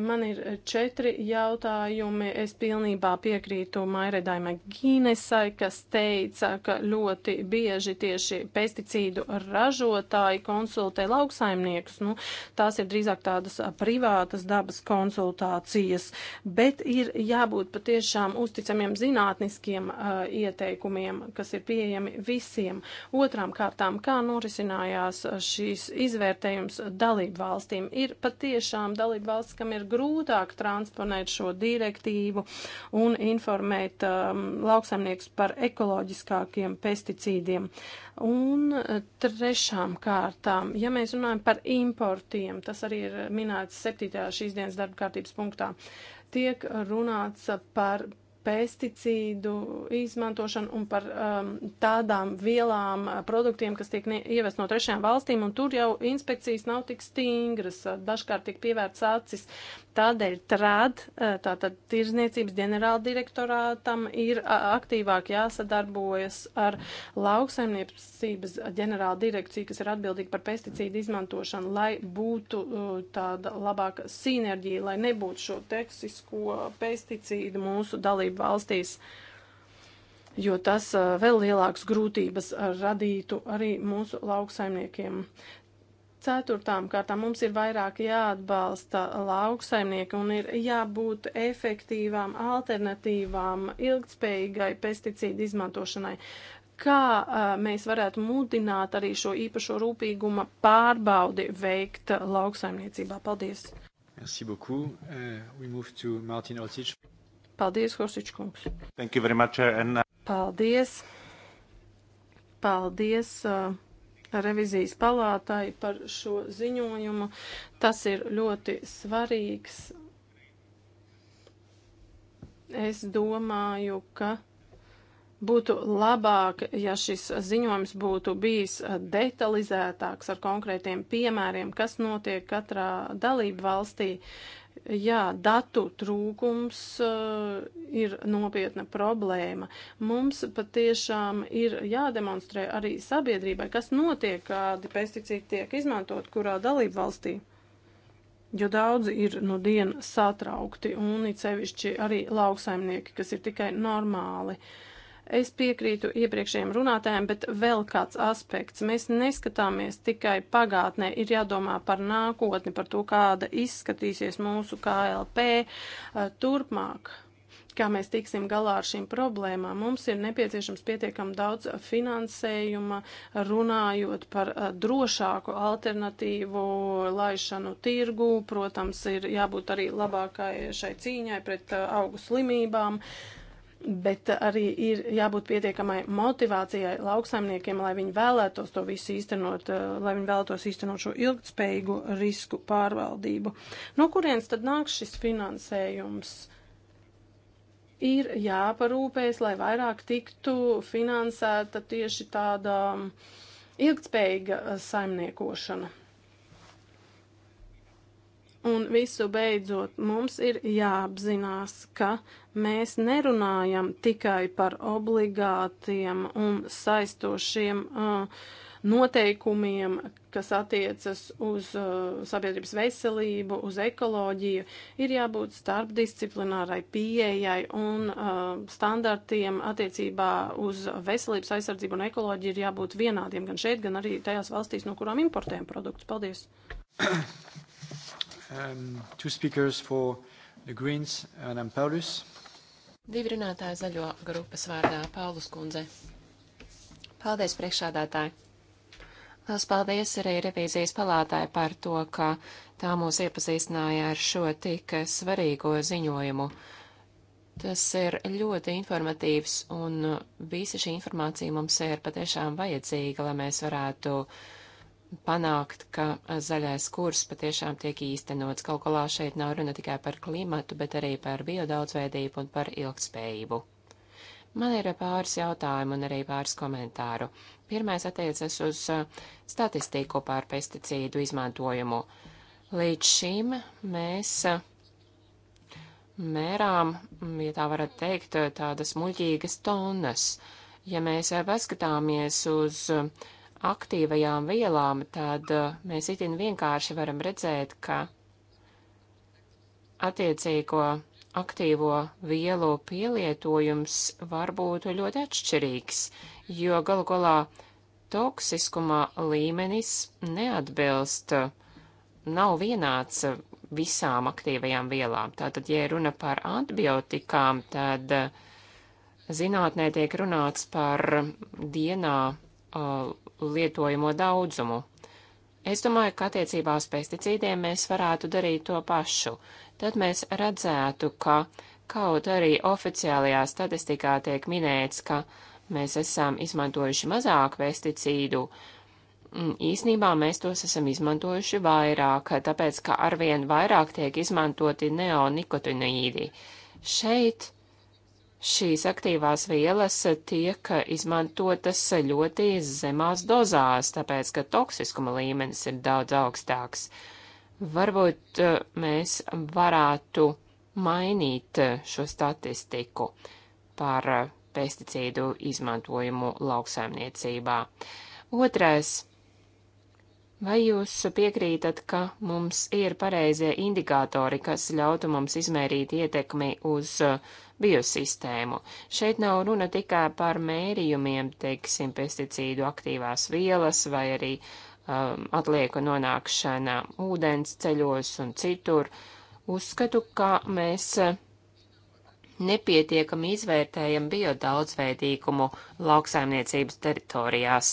Man ir četri jautājumi. Es pilnībā piekrītu Mairedai Magīnesai, kas teica, ka ļoti bieži tieši pesticīdu ražotāji konsultē lauksaimniekus. Nu, tās ir drīzāk tādas privātas dabas konsultācijas, bet ir jābūt patiešām uzticamiem zinātniskiem uh, ieteikumiem, kas ir pieejami visiem. Otrām kārtām, kā norisinājās šīs izvērtējums dalību valstīm, ir patiešām dalību valsts kam ir grūtāk transponēt šo direktīvu un informēt um, lauksaimniekus par ekoloģiskākiem pesticīdiem. Un eh, trešām kārtām, ja mēs runājam par importiem, tas arī ir minēts 7. šīs dienas darba kārtības punktā, tiek runāts par pesticīdu izmantošanu un par um, tādām vielām, uh, produktiem, kas tiek ievest no trešajām valstīm, un tur jau inspekcijas nav tik stingras, dažkārt tiek pievērts acis Tādēļ TRAD, eh, tātad tirzniecības ģenerāldirektorātam, ir aktīvāk jāsadarbojas ar lauksaimniecības ģenerāldirekciju, kas ir atbildīga par pesticīdu izmantošanu, lai būtu eh, tāda labāka sinerģija, lai nebūtu šo teksisko pesticīdu mūsu dalību valstīs jo tas eh, vēl lielākas grūtības radītu arī mūsu lauksaimniekiem. Ceturtām kārtām mums ir vairāk jāatbalsta lauksaimnieki un ir jābūt efektīvām alternatīvām ilgtspējīgai pesticīdu izmantošanai. Kā uh, mēs varētu mudināt arī šo īpašo rūpīguma pārbaudi veikt lauksaimniecībā? Paldies! Merci beaucoup. Uh, we move to Martin Orsic. Paldies, Horsič kungs. Thank you very much. Uh, and... Uh, Paldies. Paldies. Uh, revizijas palātai par šo ziņojumu. Tas ir ļoti svarīgs. Es domāju, ka būtu labāk, ja šis ziņojums būtu bijis detalizētāks ar konkrētiem piemēriem, kas notiek katrā dalību valstī. Uh, Jā, datu trūkums uh, ir nopietna problēma. Mums patiešām ir jādemonstrē arī sabiedrībai, kas notiek, kādi pesticīdi tiek izmantot, kurā dalību valstī. Jo daudzi ir no diena satraukti un it sevišķi arī lauksaimnieki, kas ir tikai normāli. Uh, Es piekrītu iepriekšējiem runātājiem, bet vēl kāds aspekts. Mēs neskatāmies tikai pagātnē, ir jādomā par nākotni, par to, kāda izskatīsies mūsu KLP eh, turpmāk kā mēs tiksim galā ar šīm problēmām. Mums ir nepieciešams pietiekam daudz finansējuma, runājot par eh, drošāku alternatīvu laišanu tirgu. Protams, ir jābūt arī labākai šai cīņai pret eh, augu slimībām. Uh, bet arī ir jābūt pietiekamai motivācijai lauksaimniekiem, lai viņi vēlētos to visu īstenot, eh, lai viņi vēlētos īstenot šo ilgtspējīgu risku pārvaldību. No kurienes tad nāk šis finansējums? Ir jāparūpēs, lai vairāk tiktu finansēta tieši tāda mm, ilgtspējīga eh, saimniekošana. Un visu beidzot, mums ir jāapzinās, ka mēs nerunājam tikai par obligātiem un saistošiem uh, noteikumiem, kas attiecas uz uh, sabiedrības veselību, uz ekoloģiju, ir jābūt starpdisciplinārai pieejai un uh, standartiem attiecībā uz veselības aizsardzību un ekoloģiju ir jābūt vienādiem gan šeit, gan arī tajās valstīs, no kurām importējam produktus. Paldies! (coughs) um, two speakers for the Greens, and I'm Paulus. Divi runātāji zaļo grupas vārdā - Paulus kundze. Paldies, priekšādātāji! Lielas paldies arī revīzijas palātāji par to, ka tā mūs iepazīstināja ar šo tik svarīgo ziņojumu. Tas ir ļoti informatīvs, un visa šī informācija mums ir patiešām vajadzīga, lai mēs varētu uh, panākt, ka zaļais kurs patiešām tiek īstenots. Kaut galā šeit nav runa tikai par klimatu, bet arī par biodaudzveidību un par ilgspējību. Man ir pāris jautājumu un arī pāris komentāru. Pirmais attiecas uz statistiku par pesticīdu izmantojumu. Līdz šim mēs mērām, ja tā varat teikt, tādas muļķīgas tonnas. Ja mēs paskatāmies uz uh, aktīvajām vielām, tad uh, mēs itin vienkārši varam redzēt, ka attiecīgo aktīvo vielu pielietojums var būt ļoti atšķirīgs, jo galu galā toksiskuma līmenis neatbilst, uh, nav vienāds uh, visām aktīvajām vielām. Tātad, ja runa par antibiotikām, tad zinātnē tiek runāts par dienā lietojamo daudzumu. Es domāju, ka attiecībā uz pesticīdiem mēs varētu darīt to pašu. Tad mēs redzētu, ka kaut arī oficiālajā statistikā tiek minēts, ka mēs esam izmantojuši mazāk pesticīdu, mm, īsnībā mēs tos esam izmantojuši vairāk, tāpēc, ka arvien vairāk tiek izmantoti neonikotinoīdi. Šeit šīs aktīvās vielas tiek izmantotas ļoti zemās dozās, tāpēc, ka toksiskuma līmenis ir daudz augstāks. Varbūt eh, mēs varētu mainīt eh, šo statistiku par eh, pesticīdu izmantojumu lauksaimniecībā. Otrais. Vai jūs piekrītat, ka mums ir pareizie indikātori, kas ļautu mums izmērīt ietekmi uz uh, biosistēmu. Šeit nav runa tikai par mērījumiem, teiksim, pesticīdu aktīvās vielas vai arī um, atlieku nonākšana ūdens ceļos un citur. Uzskatu, ka mēs uh, nepietiekami izvērtējam biodaudzveidīgumu lauksaimniecības teritorijās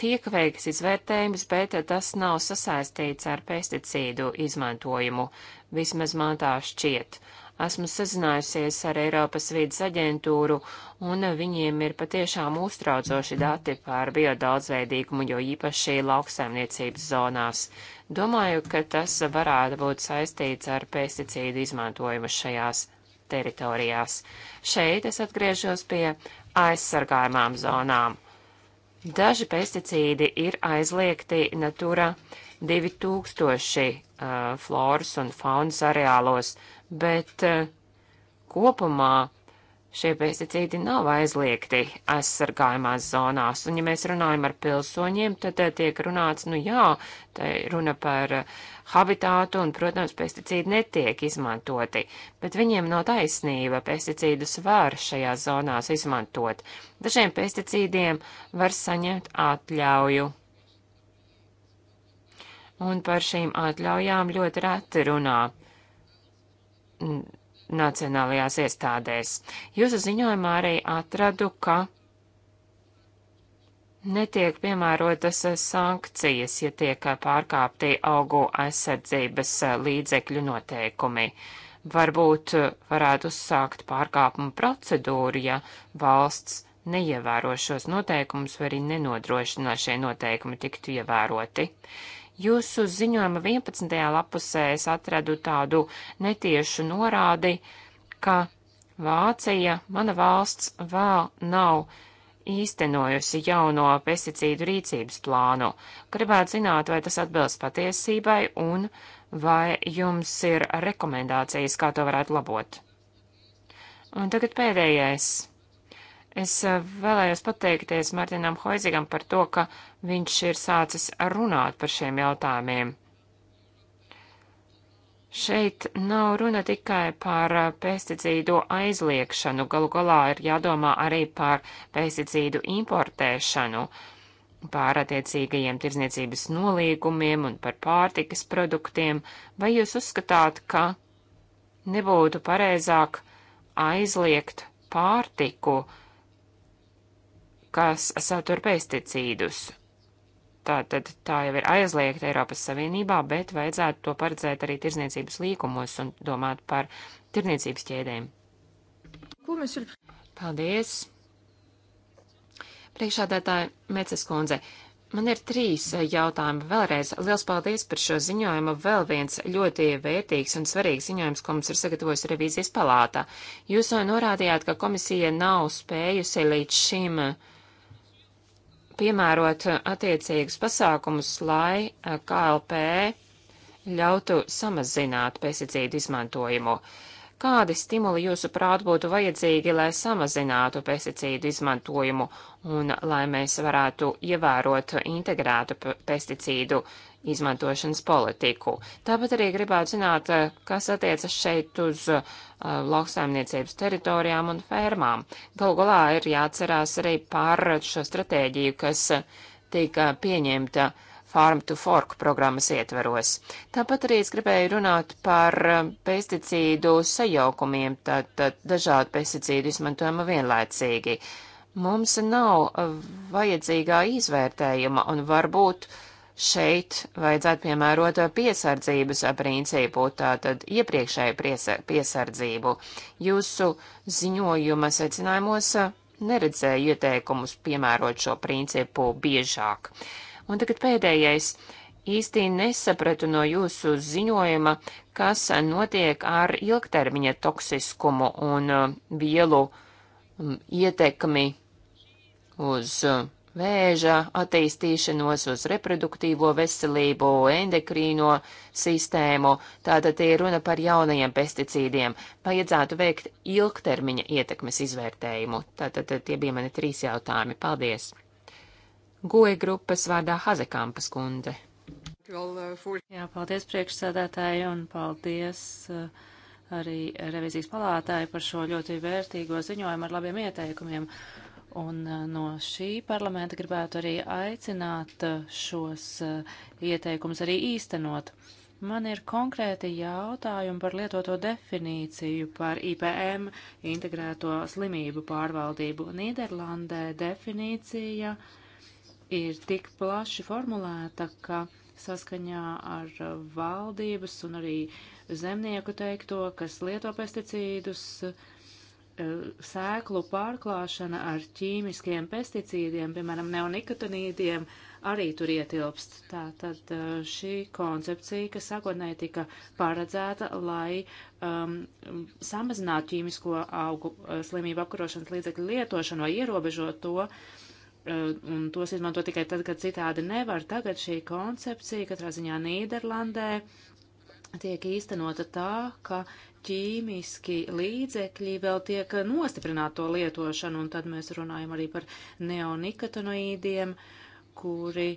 tiek veikts izvērtējums, bet tas nav sasaistīts ar pesticīdu izmantojumu, vismaz man tā šķiet. Esmu sazinājusies ar Eiropas vīdes aģentūru, un viņiem ir patiešām uztraucoši dati par biodaudzveidīgumu, jo īpaši lauksaimniecības zonās. Domāju, ka tas varētu būt saistīts ar pesticīdu izmantojumu šajās teritorijās. Šeit es atgriežos pie aizsargājumām zonām. Daži pesticīdi ir aizliegti Natura 2000 uh, floras un faunas areālos, bet eh, kopumā šie pesticīdi nav aizliegti aizsargājumās zonās. Un, ja mēs runājam ar pilsoņiem, tad eh, tiek runāts, nu jā, te runa par eh, habitātu un, protams, pesticīdi netiek izmantoti, bet viņiem nav taisnība, pesticīdus var šajās zonās izmantot. Dažiem pesticīdiem var saņemt atļauju. Un par šīm atļaujām ļoti reti runā nacionālajās iestādēs. Jūsu ziņojumā arī atradu, ka netiek piemērotas eh, sankcijas, ja tiek eh, pārkāpti augu aizsardzības eh, līdzekļu noteikumi. Varbūt varētu uzsākt pārkāpumu procedūru, ja valsts neievēro šos noteikumus vai arī nenodrošinā šie noteikumi tiktu ievēroti. Jūsu ziņojuma 11. lapusē es atradu tādu netiešu norādi, ka Vācija, mana valsts, vēl nav īstenojusi jauno pesticīdu rīcības plānu. Gribētu zināt, vai tas atbilst patiesībai un vai jums ir rekomendācijas, kā to varētu labot. Un tagad pēdējais Es eh, vēlējos pateikties Martinam Hoizigam par to, ka viņš ir sācis runāt par šiem jautājumiem. Šeit nav runa tikai par eh, pesticīdu aizliekšanu, galu galā ir jādomā arī par pesticīdu importēšanu, par attiecīgajiem tirzniecības nolīgumiem un par pārtikas produktiem. Vai jūs uzskatāt, ka nebūtu pareizāk aizliegt pārtiku? kas satur pesticīdus. Tātad tā jau ir aizliegta Eiropas Savienībā, bet vajadzētu to paredzēt arī tirzniecības līkumos un domāt par tirzniecības ķēdēm. Paldies! Priekšādātāja Meces kundze, man ir trīs jautājumi. Vēlreiz liels paldies par šo ziņojumu. Vēl viens ļoti vērtīgs un svarīgs ziņojums, ko mums ir sagatavojis revīzijas palāta. Jūs jau norādījāt, ka komisija nav spējusi līdz šim uh, piemērot attiecīgus pasākumus, lai eh, KLP ļautu samazināt pesticīdu izmantojumu. Kādi stimuli jūsuprāt būtu vajadzīgi, lai samazinātu pesticīdu izmantojumu un lai mēs varētu ievērot integrētu pesticīdu izmantošanas politiku. Tāpat arī gribētu zināt, eh, kas attiecas šeit uz uh, lauksaimniecības teritorijām un fermām. Galu galā ir jāatcerās arī par šo stratēģiju, kas eh, tika pieņemta Farm to Fork programmas ietveros. Tāpat arī es gribēju runāt par pesticīdu sajaukumiem, tātad dažādu pesticīdu izmantojumu vienlaicīgi. Mums nav vajadzīgā izvērtējuma un varbūt uh, šeit vajadzētu piemērot uh, piesardzības uh, principu, tātad iepriekšēju piesardzību. Jūsu ziņojuma secinājumos uh, neredzēju ieteikumus piemērot šo principu biežāk. Un tagad pēdējais. Īstī nesapratu no jūsu ziņojuma, kas notiek ar ilgtermiņa toksiskumu un vielu mm, ietekmi uz uh, vēža attīstīšanos, uz reproduktīvo veselību, endokrīno sistēmu. Tātad ir runa par jaunajiem pesticīdiem. Vajadzētu veikt ilgtermiņa ietekmes izvērtējumu. Tātad tie bija mani trīs jautājumi. Paldies! Goja grupas vārdā Hazekampas kundze. Jā, paldies priekšsēdētāji un paldies uh, arī revizijas palātāji par šo ļoti vērtīgo ziņojumu ar labiem ieteikumiem. Uh, Un eh, no šī parlamenta gribētu arī aicināt eh, šos eh, ieteikumus arī īstenot. Man ir konkrēti jautājumi par lietoto definīciju par IPM integrēto slimību pārvaldību. Nīderlandē definīcija ir tik plaši formulēta, ka saskaņā ar valdības un arī zemnieku teikto, kas lieto pesticīdus, uh, Eh, sēklu pārklāšana ar ķīmiskiem pesticīdiem, piemēram, neonikotinīdiem, arī tur ietilpst. Tātad eh, šī koncepcija, kas sākotnēji tika paredzēta, lai um, samazinātu ķīmisko augu eh, slimību apkarošanas līdzekļu lietošanu vai ierobežot to, un tos izmanto tikai tad, kad citādi nevar. Tagad šī koncepcija katrā ziņā Nīderlandē tiek īstenota tā, ka ķīmiski līdzekļi vēl tiek nostiprināti to lietošanu, un tad mēs runājam arī par neonikotinoīdiem, kuri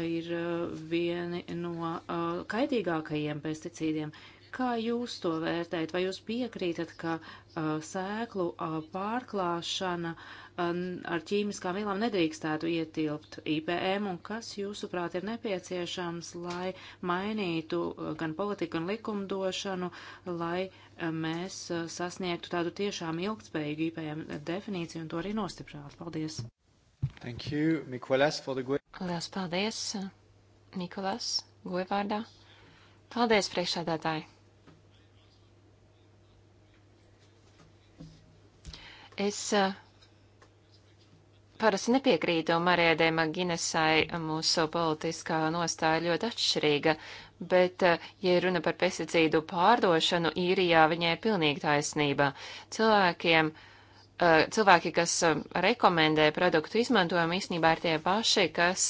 ir uh, vieni no uh, kaitīgākajiem pesticīdiem. Kā jūs to vērtējat? Vai jūs piekrītat, ka uh, sēklu pārklāšana uh, Um, ar ķīmiskām vielām nedrīkstētu ietilpt IPM un kas, jūsuprāt, ir nepieciešams, lai mainītu uh, gan politiku, gan likumdošanu, lai uh, mēs uh, sasniegtu tādu tiešām ilgtspējīgu IPM definīciju un to arī nostiprinātu. Paldies! Thank you, Mikolas, for the go. Lielas paldies, Mikolas, govārdā. Paldies, priekšādātāji! Es uh, parasti nepiekrītu Marijai Maginesai, mūsu politiskā nostāja ļoti atšķirīga, bet, eh, ja runa par pesticīdu pārdošanu, īrijā viņai ir pilnīgi taisnība. Cilvēkiem, eh, cilvēki, kas eh, rekomendē produktu izmantojumu, īstenībā ir tie paši, kas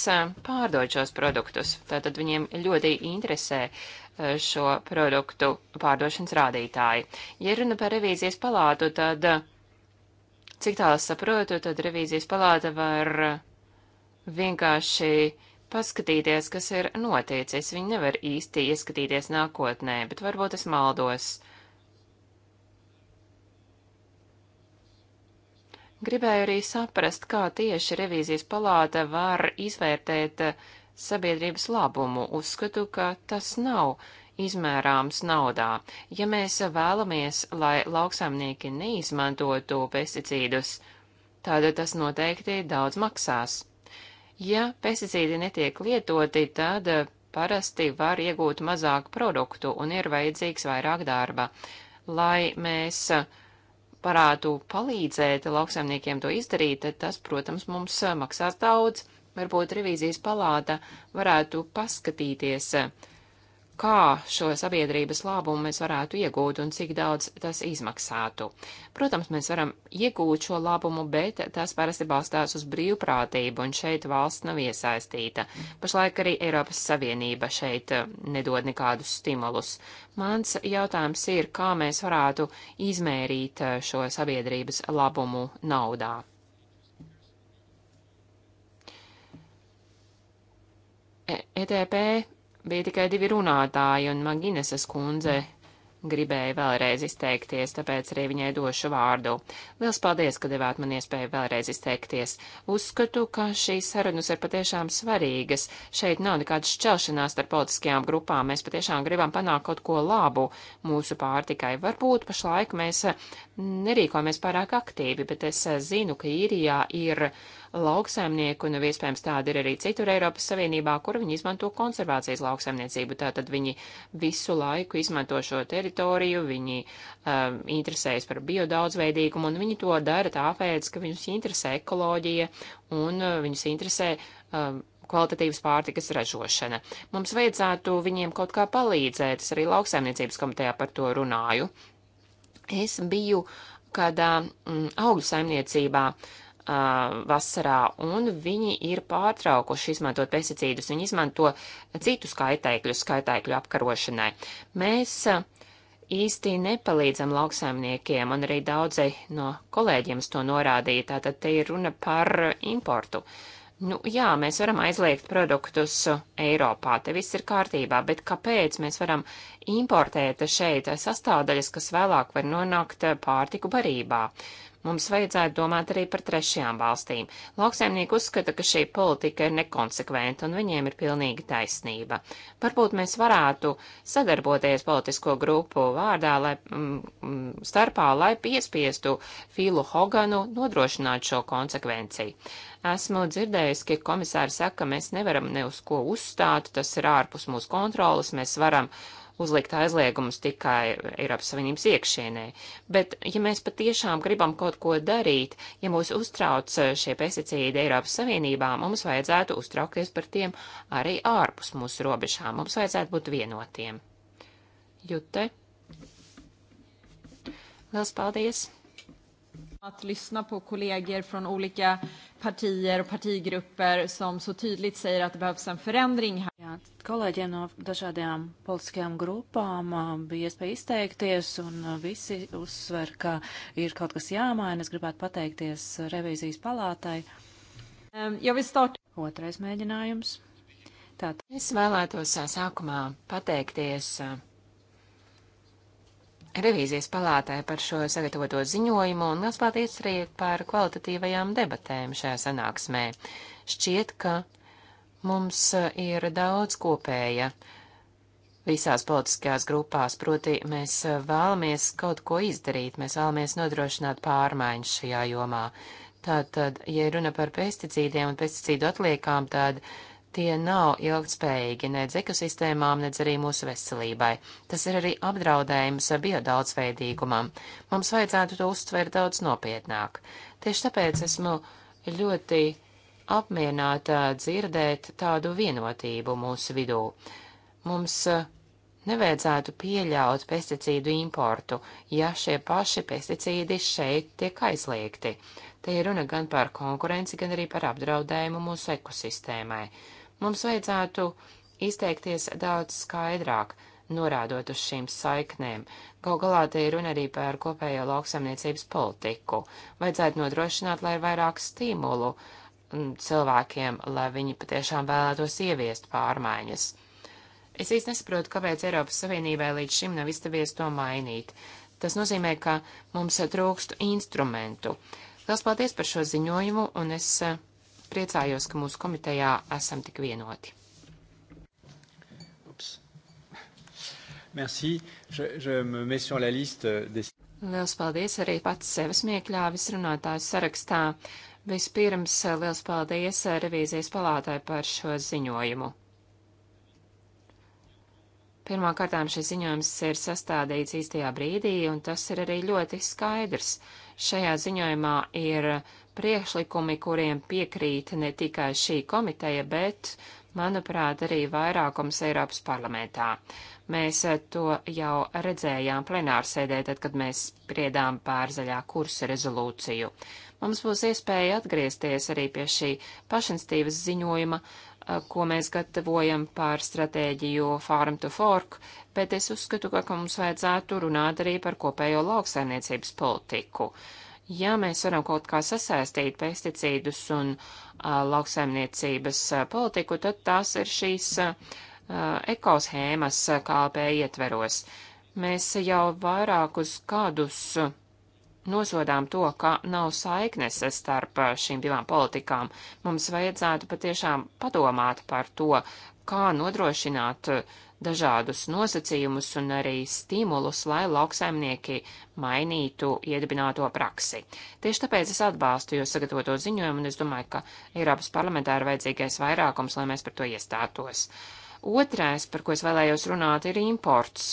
pārdod šos produktus. Tātad viņiem ļoti interesē šo produktu pārdošanas rādītāji. Ja runa par revīzijas palātu, tad Cik tālu saprotu, tad revīzijas palāta var vienkārši paskatīties, kas ir noticis. Viņi nevar īsti ieskatīties nākotnē, bet varbūt es maldos. Gribēju arī saprast, kā tieši revīzijas palāta var izvērtēt sabiedrības labumu. Uzskatu, ka tas nav izmērāms naudā. Ja mēs vēlamies, lai lauksaimnieki neizmantotu pesticīdus, tad tas noteikti daudz maksās. Ja pesticīdi netiek lietoti, tad parasti var iegūt mazāk produktu un ir vajadzīgs vairāk darba. Lai mēs varētu palīdzēt lauksaimniekiem to izdarīt, tad tas, protams, mums maksās daudz. Varbūt revīzijas palāta varētu paskatīties, kā šo sabiedrības labumu mēs varētu iegūt un cik daudz tas izmaksātu. Protams, mēs varam iegūt šo labumu, bet tas parasti balstās uz brīvprātību, un šeit valsts nav iesaistīta. Pašlaik arī Eiropas Savienība šeit eh, nedod nekādus stimulus. Mans jautājums ir, kā mēs varētu izmērīt eh, šo sabiedrības labumu naudā. ETP e bija tikai divi runātāji, un Magineses kundze gribēja vēlreiz izteikties, tāpēc arī viņai došu vārdu. Liels paldies, ka devāt man iespēju vēlreiz izteikties. Uzskatu, ka šīs sarunas ir patiešām svarīgas. Šeit nav nekādas šķelšanās starp politiskajām grupām. Mēs patiešām gribam panākt kaut ko labu mūsu pārtikai. Varbūt pašlaik mēs nerīkojamies pārāk aktīvi, bet es zinu, ka īrijā ir. Ja, ir lauksaimnieku, un iespējams tāda ir arī citur Eiropas Savienībā, kur viņi izmanto konservācijas lauksaimniecību. Tātad viņi visu laiku izmanto šo teritoriju, viņi um, interesējas par biodaudzveidīgumu, un viņi to dara tāpēc, ka viņus interesē ekoloģija un uh, viņus interesē. Um, kvalitatīvas pārtikas ražošana. Mums vajadzētu viņiem kaut kā palīdzēt, es arī lauksaimniecības komitejā par to runāju. Es biju kādā mm, augļu saimniecībā, vasarā, un viņi ir pārtraukuši izmantot pesticīdus. Viņi izmanto citu skaitēkļu, skaitēkļu apkarošanai. Mēs īsti nepalīdzam lauksaimniekiem, un arī daudzai no kolēģiem to norādīja. Tātad te ir runa par importu. Nu, jā, mēs varam aizliegt produktus Eiropā, te viss ir kārtībā, bet kāpēc mēs varam importēt šeit sastāvdaļas, kas vēlāk var nonākt pārtiku barībā? Mums vajadzētu domāt arī par trešajām valstīm. Lauksaimnieki uzskata, ka šī politika ir nekonsekventa, un viņiem ir pilnīga taisnība. Varbūt mēs varētu sadarboties politisko grupu vārdā lai, mm, mm starpā, lai piespiestu Filu Hoganu nodrošināt šo konsekvenciju. Esmu dzirdējis, ka komisāri saka, ka mēs nevaram ne uz ko uzstāt, tas ir ārpus mūsu kontrolas, mēs varam uh, uzlikt aizliegumus tikai Eiropas Savienības iekšienē. Bet, ja mēs patiešām gribam kaut ko darīt, ja mūs uztrauc eh, šie pesticīdi Eiropas Savienībā, mums vajadzētu uztraukties par tiem arī ārpus mūsu robežām. Mums vajadzētu būt vienotiem. Jute? Liels paldies! Att lyssna på kollegor från olika partier och partigrupper som så tydligt säger att det behövs en förändring här. Jā, kolēģiem no dažādajām politiskajām grupām bija iespēja izteikties un visi uzsver, ka ir kaut kas jāmaina. Es gribētu pateikties revīzijas palātai. Jau viss tā. Otrais mēģinājums. Tātad. Es vēlētos eh, sākumā pateikties eh, revīzijas palātē par šo sagatavoto ziņojumu un liels paldies arī par kvalitatīvajām debatēm šajā sanāksmē. Šķiet, ka mums eh, ir daudz kopēja visās politiskajās grupās, proti mēs eh, vēlamies kaut ko izdarīt, mēs vēlamies nodrošināt pārmaiņas šajā jomā. Tātad, ja runa par pesticīdiem un pesticīdu atliekām, tad Tie nav ilgtspējīgi nedz ekosistēmām, nedz arī mūsu veselībai. Tas ir arī apdraudējums biodaudzveidīgumam. Mums vajadzētu to uztvert daudz nopietnāk. Tieši tāpēc esmu ļoti apmierināta dzirdēt tādu vienotību mūsu vidū. Mums eh, nevajadzētu pieļaut pesticīdu importu, ja šie paši pesticīdi šeit tiek aizliegti. Te ir runa gan par konkurenci, gan arī par apdraudējumu mūsu ekosistēmai. Mums vajadzētu izteikties daudz skaidrāk, norādot uz šīm saiknēm. Gal galā te ir runa arī par kopējo lauksamniecības politiku. Vajadzētu nodrošināt, lai ir vairāk stimulu mm, cilvēkiem, lai viņi patiešām vēlētos ieviest pārmaiņas. Es īsti nesaprotu, kāpēc Eiropas Savienībai līdz šim nav izdevies to mainīt. Tas nozīmē, ka mums trūkst instrumentu. Lielas paldies par šo ziņojumu, un es uh, priecājos, ka mūsu komitejā esam tik vienoti. Ups. Merci. Je, je me mets sur la liste des... Liels paldies arī pats sevis miekļāvis runātājs sarakstā. Vispirms eh, liels paldies eh, revīzijas palātai par šo ziņojumu. Pirmkārtām šis ziņojums ir sastādīts īstajā brīdī, un tas ir arī ļoti skaidrs. Šajā ziņojumā ir uh, priekšlikumi, kuriem piekrīt ne tikai šī komiteja, bet, manuprāt, arī vairākums Eiropas parlamentā. Mēs eh, to jau redzējām plenārsēdē, tad, kad mēs spriedām pār zaļā kursa rezolūciju. Mums būs iespēja atgriezties arī pie šī pašinstīvas ziņojuma, eh, ko mēs gatavojam par stratēģiju Farm to Fork, bet es uzskatu, ka mums vajadzētu runāt arī par kopējo lauksaimniecības politiku. Uh, Ja mēs varam kaut kā sasaistīt pesticīdus un uh, lauksaimniecības uh, politiku, tad tās ir šīs uh, ekoshēmas uh, KLP ietveros. Mēs jau vairākus gadus nosodām to, ka nav saiknes starp šīm divām politikām. Mums vajadzētu patiešām padomāt par to, kā nodrošināt uh, dažādus nosacījumus un arī stimulus, lai lauksaimnieki mainītu iedibināto praksi. Tieši tāpēc es atbalstu jūs sagatavoto ziņojumu, un es domāju, ka Eiropas parlamentā ir vajadzīgais vairākums, lai mēs par to iestātos. Otrais, par ko es vēlējos runāt, ir imports.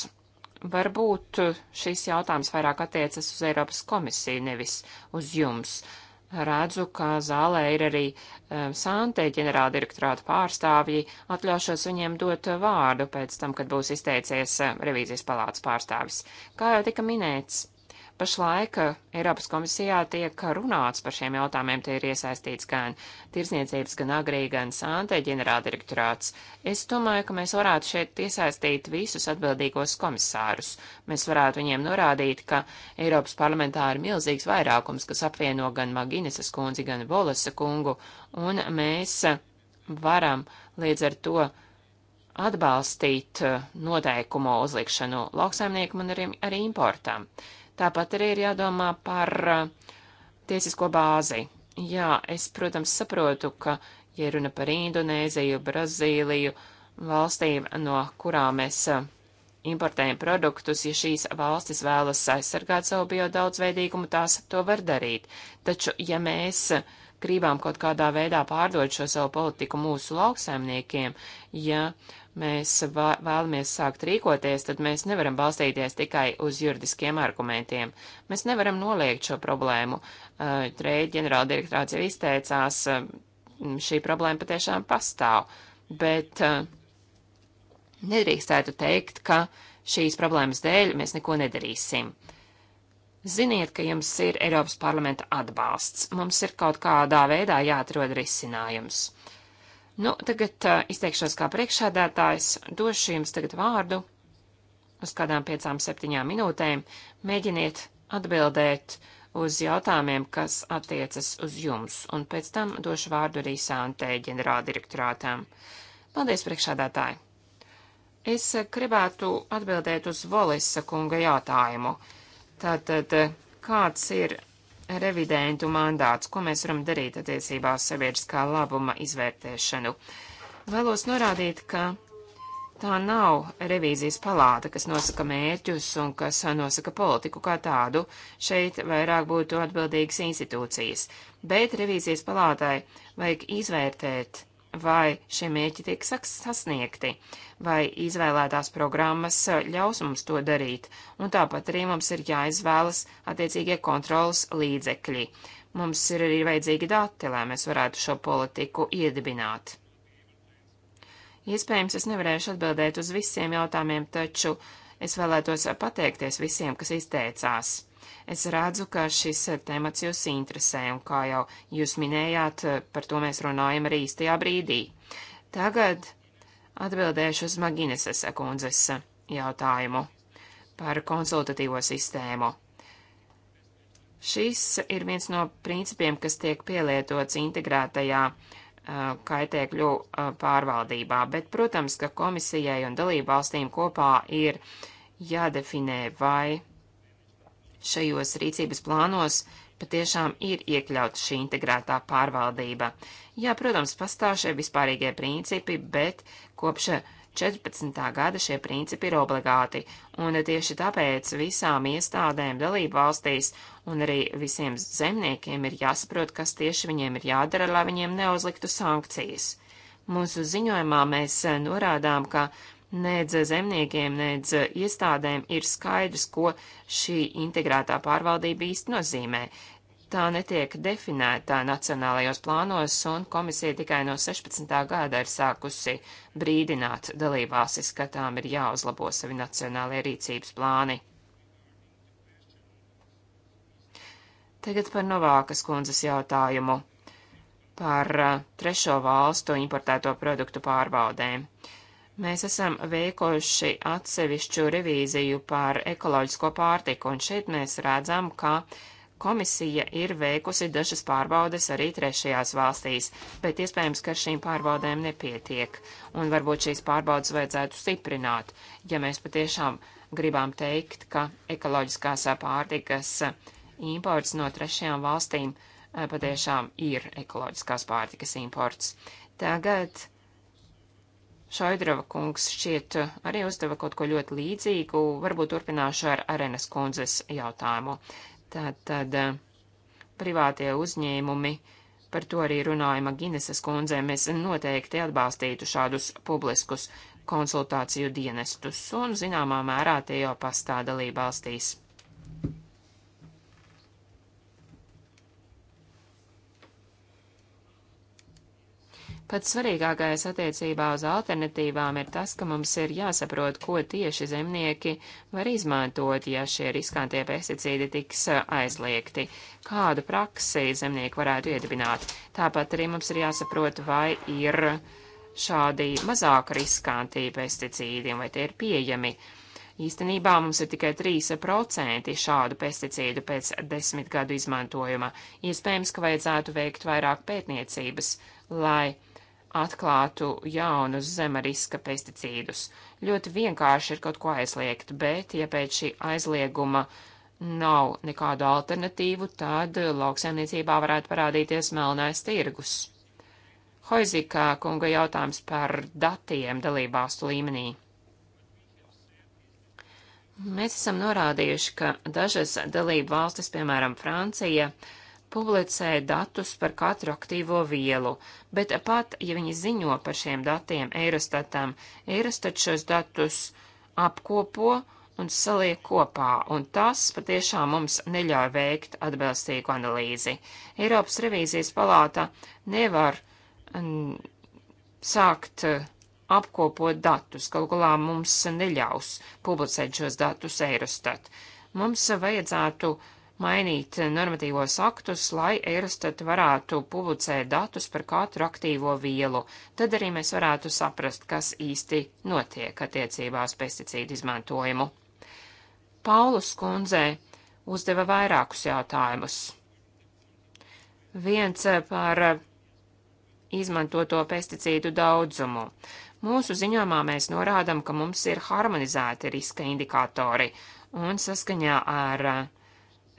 Varbūt šis jautājums vairāk attiecas uz Eiropas komisiju, nevis uz jums. Uh, redzu, ka zālē ir arī eh, Santē ģenerāla direktorāta pārstāvji. Atļaušos viņiem dot vārdu pēc tam, kad būs izteicies eh, revīzijas palātas pārstāvis. Kā jau tika minēts, Pašlaik eh, Eiropas komisijā tiek runāts par šiem jautājumiem, tie ir iesaistīts gan tirsniecības, gan agrī, gan sāntē ģenerāldirektorāts. Es domāju, ka mēs varētu šeit iesaistīt visus atbildīgos komisārus. Mēs varētu viņiem norādīt, ka Eiropas parlamentā ir milzīgs vairākums, kas apvieno gan Maginesas kundzi, gan Volasa kungu, un mēs varam līdz ar to atbalstīt eh, noteikumu uzlikšanu lauksaimniekiem un arī, arī importam. Tāpat arī ir jādomā par eh, tiesisko bāzi. Jā, es, protams, saprotu, ka, ja runa par Indonēziju, Brazīliju, valstīm, no kurām mēs eh, importējam produktus, ja šīs valstis vēlas aizsargāt savu biodaudzveidīgumu, tās to var darīt. Taču, ja mēs eh, gribam kaut kādā veidā pārdot šo savu politiku mūsu lauksaimniekiem, ja mēs vēlamies sākt rīkoties, tad mēs nevaram balstīties tikai uz juridiskiem argumentiem. Mēs nevaram noliegt šo problēmu. Eh, Trade ģenerāldirektorāts jau izteicās, eh, šī problēma patiešām pastāv, bet eh, nedrīkstētu teikt, ka šīs problēmas dēļ mēs neko nedarīsim. Ziniet, ka jums ir Eiropas parlamenta atbalsts. Mums ir kaut kādā veidā jāatrod risinājums. Uh, Nu, tagad uh, izteikšos kā priekšsēdētājs, došu jums tagad vārdu uz kādām piecām, septiņām minūtēm. Mēģiniet atbildēt uz jautājumiem, kas attiecas uz jums, un pēc tam došu vārdu arī Sāntē ģenerāldirektorātām. Paldies, priekšsēdētāji! Es gribētu atbildēt uz Volisa kunga jautājumu. Tātad, kāds ir revidentu mandāts, ko mēs varam darīt attiecībā uz sabiedriskā labuma izvērtēšanu. Vēlos norādīt, ka tā nav revīzijas palāta, kas nosaka mērķus un kas nosaka politiku kā tādu. Šeit vairāk būtu atbildīgas institūcijas, bet revīzijas palātai vajag izvērtēt vai šie mērķi tiek sasniegti, vai izvēlētās programmas eh, ļaus mums to darīt, un tāpat arī mums ir jāizvēlas attiecīgie kontrolas līdzekļi. Mums ir arī vajadzīgi dati, lai mēs varētu šo politiku iedibināt. Iespējams, es nevarēšu atbildēt uz visiem jautājumiem, taču es vēlētos pateikties visiem, kas izteicās. Es redzu, ka šis eh, temats jūs interesē, un kā jau jūs minējāt, eh, par to mēs runājam arī īstajā brīdī. Tagad atbildēšu uz Magineses kundzes eh, jautājumu par konsultatīvo sistēmu. Šis ir viens no principiem, kas tiek pielietots integrētajā kaitēkļu pārvaldībā, bet, protams, ka komisijai un dalību valstīm kopā ir jādefinē, vai šajos rīcības plānos patiešām ir iekļauta šī integrētā pārvaldība. Jā, protams, pastāv šie vispārīgie principi, bet kopš 14. gada šie principi ir obligāti, un tieši tāpēc visām iestādēm dalību valstīs un arī visiem zemniekiem ir jāsaprot, kas tieši viņiem ir jādara, lai viņiem neuzliktu sankcijas. Mūsu ziņojumā mēs norādām, ka nedz zemniekiem, nedz iestādēm ir skaidrs, ko šī integrētā pārvaldība īsti nozīmē. Tā netiek definēta nacionālajos plānos, un komisija tikai no 16. gada ir sākusi brīdināt dalībvalstis, ka tām ir jāuzlabo savi nacionālie rīcības plāni. Tagad par Novākas kundzes jautājumu par eh, trešo valstu importēto produktu pārbaudēm. Uh, Mēs esam veikojuši atsevišķu revīziju par ekoloģisko pārtiku, un šeit mēs redzam, ka komisija ir veikusi dažas pārbaudes arī trešajās valstīs, bet iespējams, ka šīm pārbaudēm nepietiek, un varbūt šīs pārbaudes vajadzētu stiprināt, ja mēs patiešām gribam teikt, ka ekoloģiskās pārtikas imports no trešajām valstīm eh, patiešām ir ekoloģiskās pārtikas imports. Tagad Šaidrava kungs šķiet uh, arī uzdeva kaut ko ļoti līdzīgu, varbūt turpināšu ar Arenas kundzes jautājumu. Tātad uh, privātie uzņēmumi, par to arī runājama Gineses kundzē, mēs noteikti atbalstītu šādus publiskus konsultāciju dienestus, un zināmā mērā tie jau pastāv dalībvalstīs. Pats svarīgākais attiecībā uz alternatīvām ir tas, ka mums ir jāsaprot, ko tieši zemnieki var izmantot, ja šie riskantie pesticīdi tiks uh, aizliegti, kādu praksi zemnieki varētu iedibināt. Tāpat arī mums ir jāsaprot, vai ir šādi mazāk riskantie pesticīdi un vai tie ir pieejami. Īstenībā mums ir tikai 3% šādu pesticīdu pēc desmit gadu izmantojuma. Iespējams, ka vajadzētu veikt vairāk pētniecības, lai atklātu jaunus zema riska pesticīdus. Ļoti vienkārši ir kaut ko aizliegt, bet ja pēc šī aizlieguma nav nekādu alternatīvu, tad lauksaimniecībā varētu parādīties melnais tirgus. Hoizikā kunga jautājums par datiem dalībvalstu līmenī. Mēs esam norādījuši, ka dažas dalību valstis, piemēram, Francija, uh, publicē datus par katru aktīvo vielu, bet pat, ja viņi ziņo par šiem datiem Eirostatam, Eirostat šos datus apkopo un saliek kopā, un tas patiešām mums neļauj veikt atbilstīgu analīzi. Eiropas revīzijas palāta nevar n, sākt eh, apkopot datus, galu galā mums neļaus publicēt šos datus Eirostat. Mums vajadzētu uh, mainīt normatīvos aktus, lai Eurostat varētu publicēt datus par katru aktīvo vielu. Tad arī mēs varētu saprast, kas īsti notiek attiecībā uz pesticīdu izmantojumu. Paulus kundzē uzdeva vairākus jautājumus. Viens par izmantoto pesticīdu daudzumu. Mūsu ziņojumā mēs norādām, ka mums ir harmonizēti riska indikatori, un saskaņā ar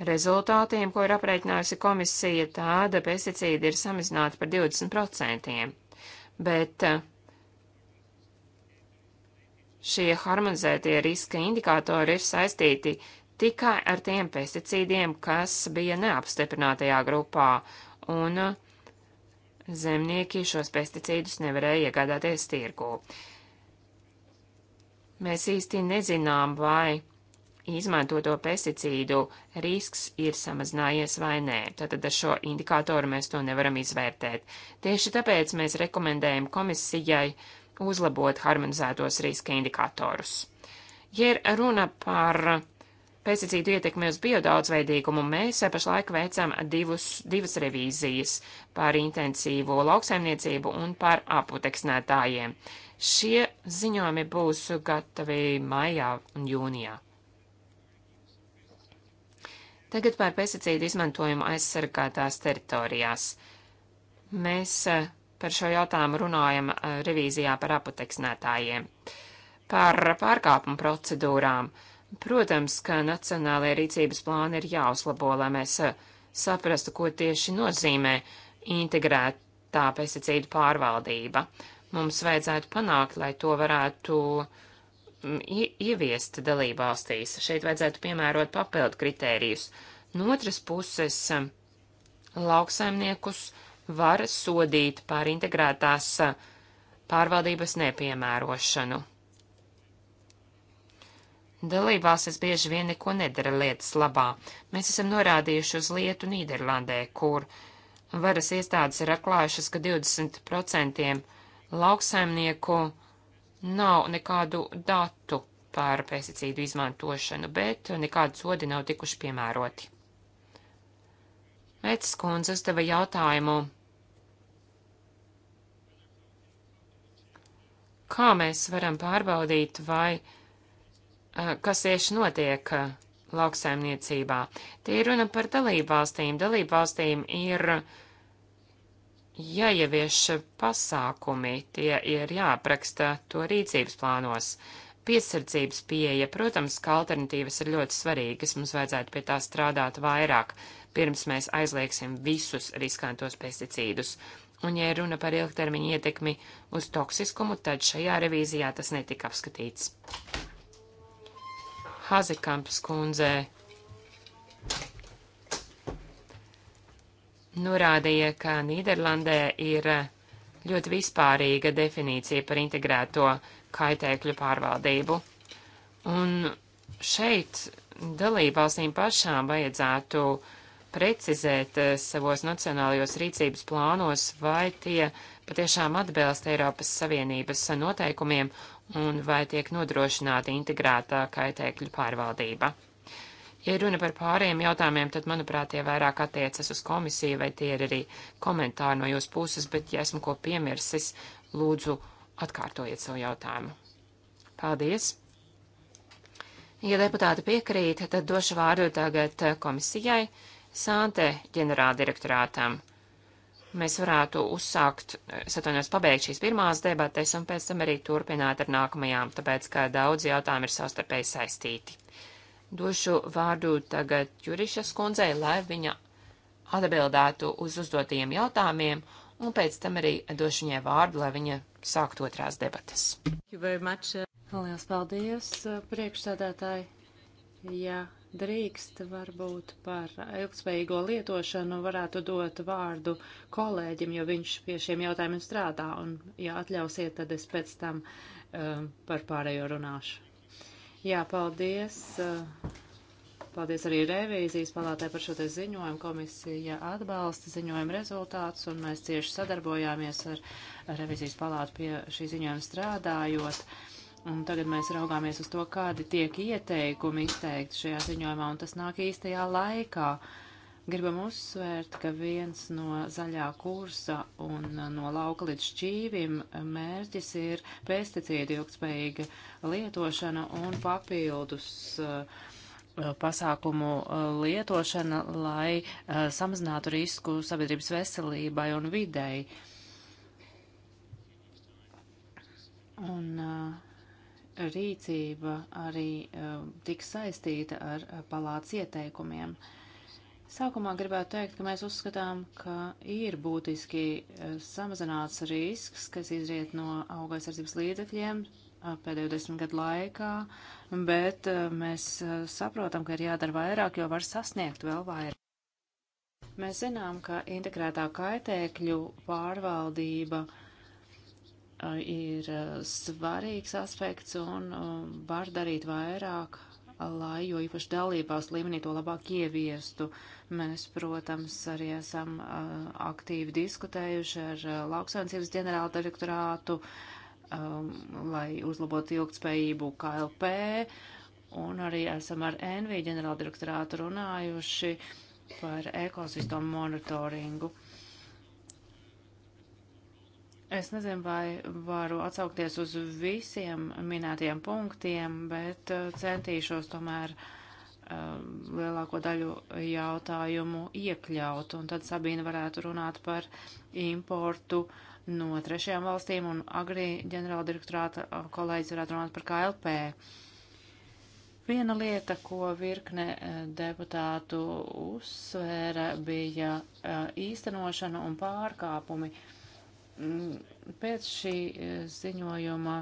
rezultātiem, ko ir aprēķinājusi komisija, tāda pesticīda ir samazināta par 20%. Bet eh, šie harmonizētie riska indikātori ir saistīti tikai ar tiem pesticīdiem, kas bija neapstiprinātajā grupā, un eh, zemnieki šos pesticīdus nevarēja iegādāties tirgū. Mēs īsti nezinām, vai izmantoto pesticīdu risks ir samazinājies vai nē. Tātad ar šo indikātoru mēs to nevaram izvērtēt. Tieši tāpēc mēs rekomendējam komisijai uzlabot harmonizētos riska indikātorus. Ja ir runa par pesticīdu ietekmi uz biodaudzveidīgumu, mēs pašlaik veicam divus, divas revīzijas par intensīvo lauksaimniecību un par aputeksnētājiem. Šie ziņojumi būs gatavi maijā un jūnijā. Tagad par pesticīdu izmantojumu aizsargātās teritorijās. Mēs eh, par šo jautājumu runājam eh, revīzijā par apoteksnētājiem. Par pārkāpumu procedūrām. Protams, ka nacionālajie rīcības plāni ir jāuzlabo, lai mēs eh, saprastu, ko tieši nozīmē integrētā pesticīdu pārvaldība. Mums vajadzētu panākt, lai to varētu uh, ieviest dalībvalstīs. Šeit vajadzētu piemērot papildu kritērijus. No otras puses, um, lauksaimniekus var sodīt par integrētās uh, pārvaldības nepiemērošanu. Dalībvalstis bieži vien neko nedara lietas labā. Mēs esam norādījuši uz lietu Nīderlandē, kur varas iestādes ir atklājušas, ka 20% lauksaimnieku uh, nav nekādu datu par pesticīdu izmantošanu, bet nekādi sodi nav tikuši piemēroti. Mētas kundze uzdeva jautājumu, kā mēs varam pārbaudīt, vai kas tieši notiek lauksaimniecībā. Tie ir runa par dalībvalstīm. Dalībvalstīm ir uh, jāievieš pasākumi, tie ir jāapraksta to rīcības plānos. Piesardzības pieeja, protams, ka alternatīvas ir ļoti svarīgas, mums vajadzētu pie tā strādāt vairāk, pirms mēs aizliegsim visus riskantos pesticīdus. Un, ja runa par ilgtermiņa ietekmi uz toksiskumu, tad šajā revīzijā tas netika apskatīts. Hazikamps kundzei norādīja, ka Nīderlandē ir ļoti vispārīga definīcija par integrēto kaitēkļu pārvaldību. Un šeit dalībvalstīm pašām vajadzētu precizēt eh, savos nacionālajos rīcības plānos, vai tie patiešām atbilst Eiropas Savienības noteikumiem un vai tiek nodrošināta integrētā kaitēkļu pārvaldība. Ja runa par pārējiem jautājumiem, tad, manuprāt, tie vairāk attiecas uz komisiju, vai tie ir arī komentāri no jūsu puses, bet, ja esmu ko piemirsis, lūdzu atkārtojiet savu jautājumu. Paldies! Ja deputāti piekrīt, tad došu vārdu tagad komisijai, Sāntē ģenerāldirektorātam mēs varētu uzsākt, es atvainojos, pabeigt šīs pirmās debates un pēc tam arī turpināt ar nākamajām, tāpēc, ka daudz jautājumu ir savstarpēji saistīti. Došu vārdu tagad Jurišas kundzei, lai viņa atbildētu uz uzdotajiem jautājumiem, un pēc tam arī došu viņai vārdu, lai viņa sāktu otrās debatas. Uh, Lielas paldies, uh, priekšsēdētāji! Ja drīkst, varbūt par ilgspējīgo lietošanu varētu dot vārdu kolēģim, jo viņš pie šiem jautājumiem strādā, un, ja atļausiet, tad es pēc tam um, par pārējo runāšu. Jā, paldies. Eh, paldies arī revīzijas palātē par šo te ziņojumu. Komisija atbalsta ziņojumu rezultātus, un mēs cieši sadarbojāmies ar revīzijas palātu pie šī ziņojuma strādājot. Un tagad mēs raugāmies uz to, kādi tiek ieteikumi izteikti šajā ziņojumā, un tas nāk īstajā laikā. Uh, Gribam uzsvērt, ka viens no zaļā kursa un no lauka līdz šķīvim mērķis ir pesticīdu ilgspējīga lietošana un papildus uh, pasākumu uh, lietošana, lai uh, samazinātu risku sabiedrības veselībai un videi. Un uh, rīcība arī uh, tiks saistīta ar uh, palāts ieteikumiem. Uh, Sākumā gribētu teikt, ka mēs uzskatām, ka ir būtiski eh, samazināts risks, kas izriet no augaisardzības līdzekļiem eh, pēdējo desmit gadu laikā, bet eh, mēs saprotam, ka ir jādara vairāk, jo var sasniegt vēl vairāk. Mēs zinām, ka integrētā kaitēkļu pārvaldība ir svarīgs aspekts un var darīt vairāk, lai jo īpaši dalībās līmenī to labāk ieviestu. Mēs, protams, arī esam uh, aktīvi diskutējuši ar uh, lauksainicības ģenerāla direktorātu, um, lai uzlabotu ilgtspējību KLP, un arī esam ar NV ģenerāla direktorātu runājuši par ekosistēmu monitoringu. Uh, Es nezinu, vai varu atsaukties uz visiem minētiem punktiem, bet uh, centīšos tomēr um, lielāko daļu jautājumu iekļaut, un tad Sabīna varētu runāt par importu no trešajām valstīm, un agrī ģenerāla direktorāta uh, kolēģis varētu runāt par KLP. Viena lieta, ko virkne deputātu uzsvēra, bija īstenošana un pārkāpumi. Uh, Mm, pēc šī eh, ziņojuma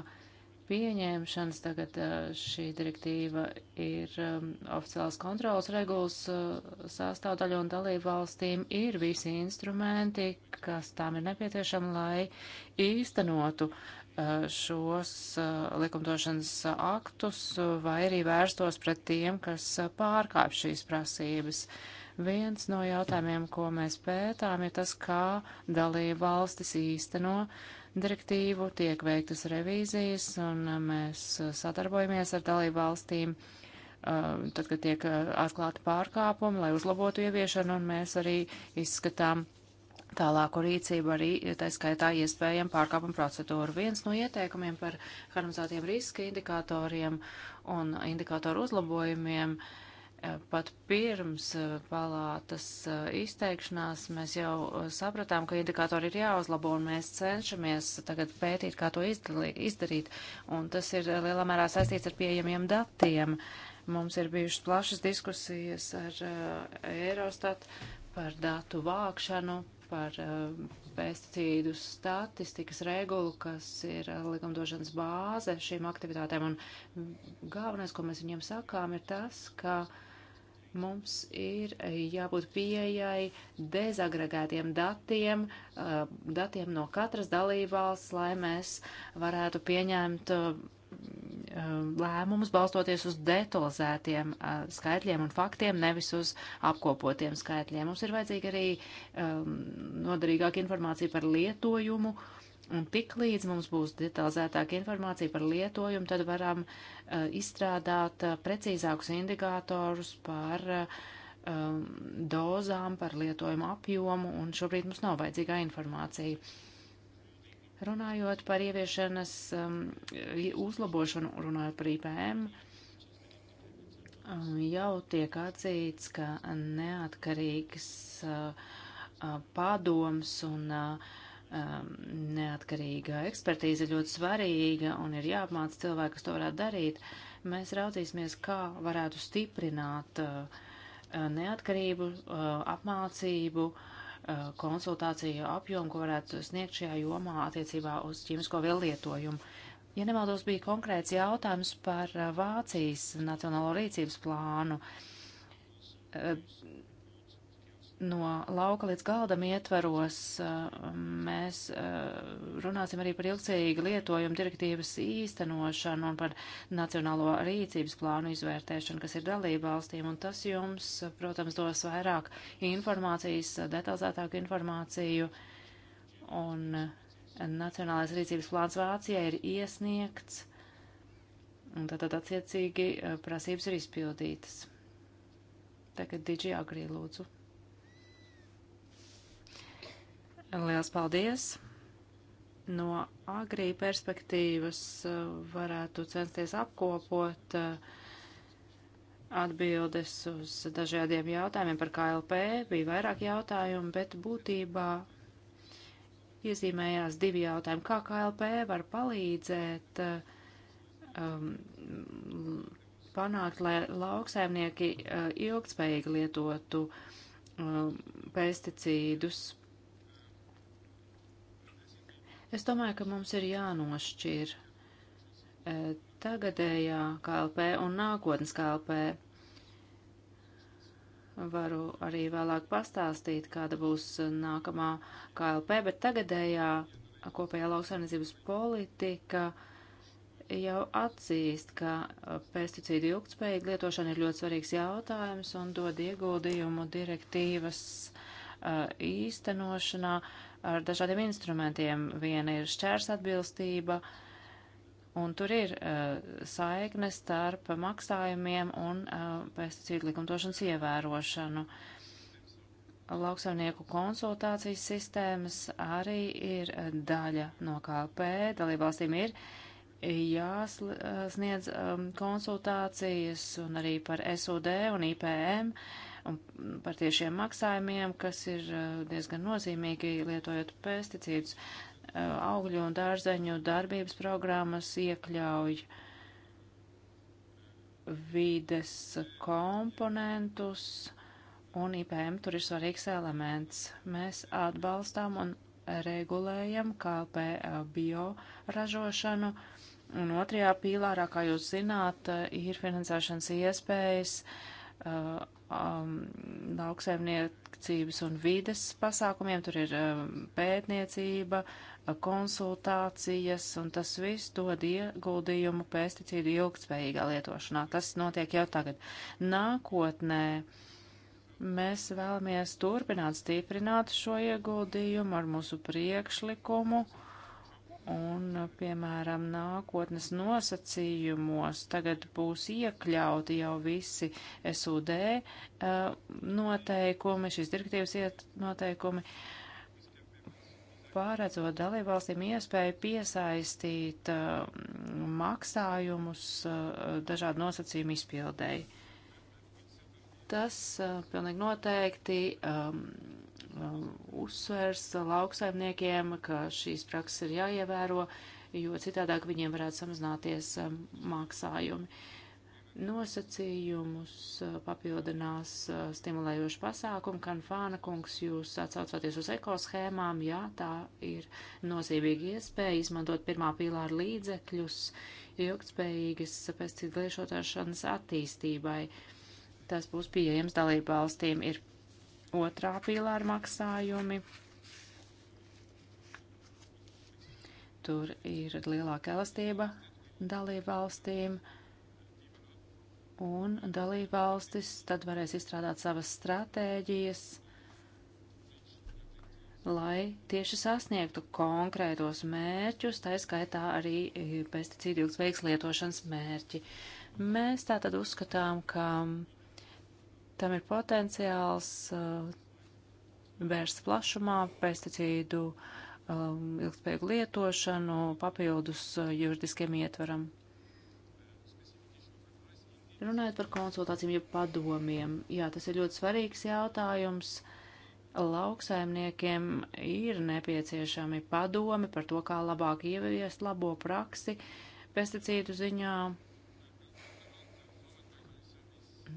pieņemšanas tagad eh, šī direktīva ir um, oficiālās kontrolas regulas eh, sastāvdaļa un dalību valstīm ir visi instrumenti, kas tām ir nepieciešami, lai īstenotu šos likumdošanas aktus vai arī vērstos pret tiem, kas pārkāp šīs prasības. Uh, Viens no jautājumiem, ko mēs pētām, ir tas, kā dalība valstis īsteno direktīvu, tiek veiktas revīzijas, un uh, mēs uh, sadarbojamies ar dalību valstīm, uh, tad, kad tiek atklāti pārkāpumi, lai uzlabotu ieviešanu, un mēs arī izskatām tālāku rīcību arī, tā skaitā, iespējama pārkāpuma procedūra. Viens no ieteikumiem par harmonizētiem riska indikatoriem un indikatoru uzlabojumiem uh, Eh, pat pirms eh, palātas eh, izteikšanās mēs jau sapratām, ka indikātori ir jāuzlabo, un mēs cenšamies tagad pētīt, kā to izdarīt. Un tas ir lielā mērā saistīts ar pieejamiem datiem. Mums ir bijušas plašas diskusijas ar Eurostat par datu vākšanu, par pesticīdu statistikas regulu, kas ir likumdošanas bāze šīm aktivitātēm. Un galvenais, ko mēs viņiem sakām, ir tas, ka uh, Mums ir eh, jābūt pieejai dezagregētiem datiem, eh, datiem no katras dalībvalsts, lai mēs varētu pieņemt eh, lēmumus balstoties uz detalizētiem skaitļiem un faktiem, nevis uz apkopotiem skaitļiem. Mums ir vajadzīga arī noderīgāka informācija par lietojumu uh, Un tik līdz mums būs detalizētāka informācija par lietojumu, tad varam uh, izstrādāt uh, precīzākus indikātorus par uh, um, dozām, par lietojumu apjomu, un šobrīd mums nav vajadzīgā informācija. Runājot par ieviešanas um, uzlabošanu, runājot par IPM, um, jau tiek atzīts, ka neatkarīgs uh, uh padoms un uh, um, neatkarīga ekspertīze ir ļoti svarīga un ir jāapmāca cilvēki, kas to varētu darīt. Mēs raudzīsimies, kā varētu stiprināt uh, neatkarību, uh, apmācību, uh, konsultāciju apjomu, ko varētu sniegt šajā jomā attiecībā uz ķīmisko viellietojumu. Ja nemaldos, bija konkrēts jautājums par uh, Vācijas nacionālo rīcības plānu uh, no lauka līdz galdam ietvaros uh, mēs uh, runāsim arī par ilgspējīgu lietojumu direktīvas īstenošanu un par nacionālo rīcības plānu izvērtēšanu, kas ir dalība valstīm. Un tas jums, protams, dos vairāk informācijas, detalizētāku informāciju. Un uh, Nacionālais rīcības plāns Vācijai ir iesniegts, un tad attiecīgi prasības ir izpildītas. Tagad Digi Agrī lūdzu. Liels paldies! No agrī perspektīvas uh, varētu censties apkopot uh, atbildes uz dažādiem jautājumiem par KLP. Bija vairāk jautājumu, bet būtībā iezīmējās divi jautājumi. Kā KLP var palīdzēt uh, um, panākt, lai lauksaimnieki uh, ilgtspējīgi lietotu um, pesticīdus? Es domāju, ka mums ir jānošķir e, tagadējā KLP un nākotnes KLP. Varu arī vēlāk pastāstīt, kāda būs nākamā KLP, bet tagadējā kopējā lauksainizības politika jau atzīst, ka e, pesticīdu ilgtspējīga lietošana ir ļoti svarīgs jautājums un dod ieguldījumu direktīvas e, īstenošanā. Uh, ar dažādiem instrumentiem. Viena ir šķērs atbilstība, un tur ir uh, saikne starp maksājumiem un uh, pesticīdu likumdošanas ievērošanu. Lauksaimnieku konsultācijas sistēmas arī ir uh, daļa no KLP. Dalībvalstīm ir jāsniedz uh, um, konsultācijas un arī par SUD un IPM. Uh, un par tiešiem maksājumiem, kas ir uh, diezgan nozīmīgi lietojot pesticīdus. Uh, augļu un dārzeņu darbības programmas iekļauj vides komponentus, un IPM tur ir svarīgs elements. Mēs atbalstām un regulējam KLP uh, bioražošanu, un otrajā pīlārā, kā jūs zināt, ir finansēšanas iespējas um, lauksaimniecības un vides pasākumiem, tur ir um, pētniecība, uh, konsultācijas, un tas viss dod ieguldījumu pesticīdu ilgtspējīgā lietošanā. Tas notiek jau tagad. Nākotnē mēs vēlamies turpināt stiprināt šo ieguldījumu ar mūsu priekšlikumu. Uh, un, piemēram, nākotnes nosacījumos tagad būs iekļauti jau visi SUD eh, noteikumi, šīs direktīvas noteikumi, pārredzot dalībvalstīm iespēju piesaistīt eh, maksājumus eh, dažādu nosacījumu izpildēji. Tas pilnīgi noteikti ehm, Um, uzsvers lauksaimniekiem, ka šīs prakses ir jāievēro, jo citādāk viņiem varētu samazināties um, maksājumi. Nosacījumus uh, papildinās uh, stimulējoši pasākumi, kā Fāna kungs, jūs atsaucoties uz ekoshēmām, jā, tā ir nozīmīga iespēja izmantot pirmā pīlāra līdzekļus ilgtspējīgas pesticīdu liešotāšanas attīstībai. Tas būs pieejams dalību valstīm. Ir otrā pīlāra maksājumi. Tur ir lielāka elastība dalību valstīm, un dalību valstis tad varēs izstrādāt savas stratēģijas, lai tieši sasniegtu konkrētos mērķus, tā skaitā arī e, pesticīdu ilgspējīgas lietošanas mērķi. Mēs tātad uzskatām, ka Tam ir potenciāls uh, vērst plašumā pesticīdu um, ilgspējīgu lietošanu papildus uh, juridiskiem ietveram. Runājot par konsultācijām, jeb ja padomiem, jā, tas ir ļoti svarīgs jautājums. Lauksaimniekiem ir nepieciešami padomi par to, kā labāk ieviest labo praksi pesticīdu ziņā,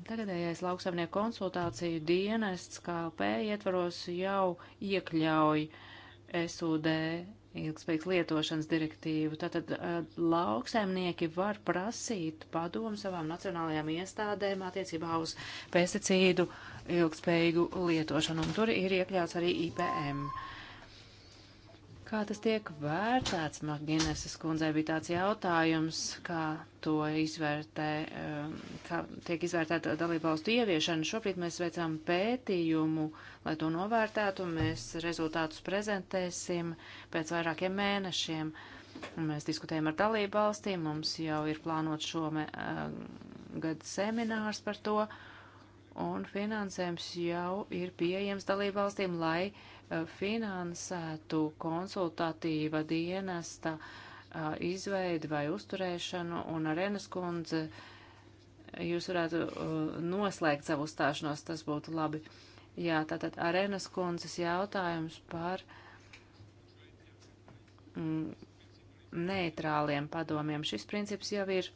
Tagadējais lauksaimnieku konsultāciju dienests KLP ietvaros jau iekļauj SUD ilgspējīgas lietošanas direktīvu. Tātad eh, lauksaimnieki var prasīt padomu savām nacionālajām iestādēm attiecībā uz pesticīdu ilgspējīgu lietošanu, un tur ir iekļauts arī IPM. Uh, Kā tas tiek vērtēts? Magdienesas nu, kundzei bija tāds jautājums, kā to izvērtē, um, kā tiek izvērtēta dalībvalstu ieviešana. Šobrīd mēs veicām pētījumu, lai to novērtētu, un mēs rezultātus prezentēsim pēc vairākiem mēnešiem. Un mēs diskutējam ar dalību valstīm, mums jau ir plānot šo me, um, gadu seminārs par to, un finansējums jau ir pieejams dalību valstīm, lai finansētu konsultatīva dienesta izveidi vai uzturēšanu, un Arenas kundze, jūs varētu noslēgt savu uzstāšanos, tas būtu labi. Jā, tātad Arenas kundzes jautājums par mm, neitrāliem padomiem. Šis princips jau ir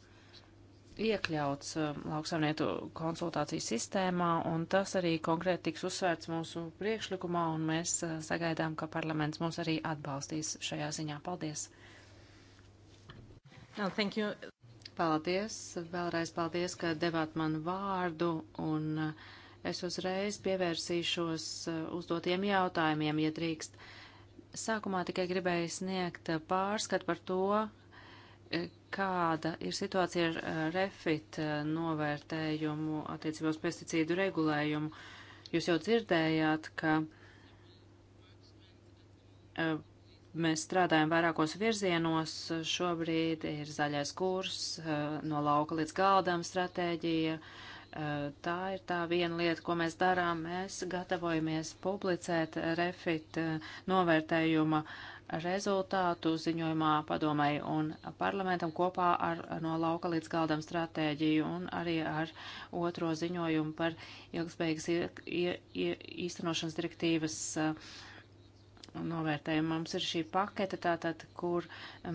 iekļauts um, lauksaimnieku konsultāciju sistēmā, un tas arī konkrēti tiks uzsvērts mūsu priekšlikumā, un mēs uh, sagaidām, ka parlaments mūs arī atbalstīs šajā ziņā. Paldies! No, thank you. Paldies! Vēlreiz paldies, ka devāt man vārdu, un uh, es uzreiz pievērsīšos uh, uzdotiem jautājumiem, ja drīkst. Sākumā tikai gribēju sniegt pārskatu par to, kāda ir situācija ar refit eh, novērtējumu attiecībā uz pesticīdu regulējumu. Jūs jau dzirdējāt, ka eh, mēs strādājam vairākos virzienos. Šobrīd ir zaļais kurs, eh, no lauka līdz galdam stratēģija. Tā ir tā viena lieta, ko mēs darām. Mēs gatavojamies publicēt refit novērtējuma uh, rezultātu ziņojumā padomai un parlamentam kopā ar no lauka līdz galdam stratēģiju un arī ar otro ziņojumu par ilgspējīgas īstenošanas direktīvas uh, novērtējumu. Mums ir šī pakete, tātad, kur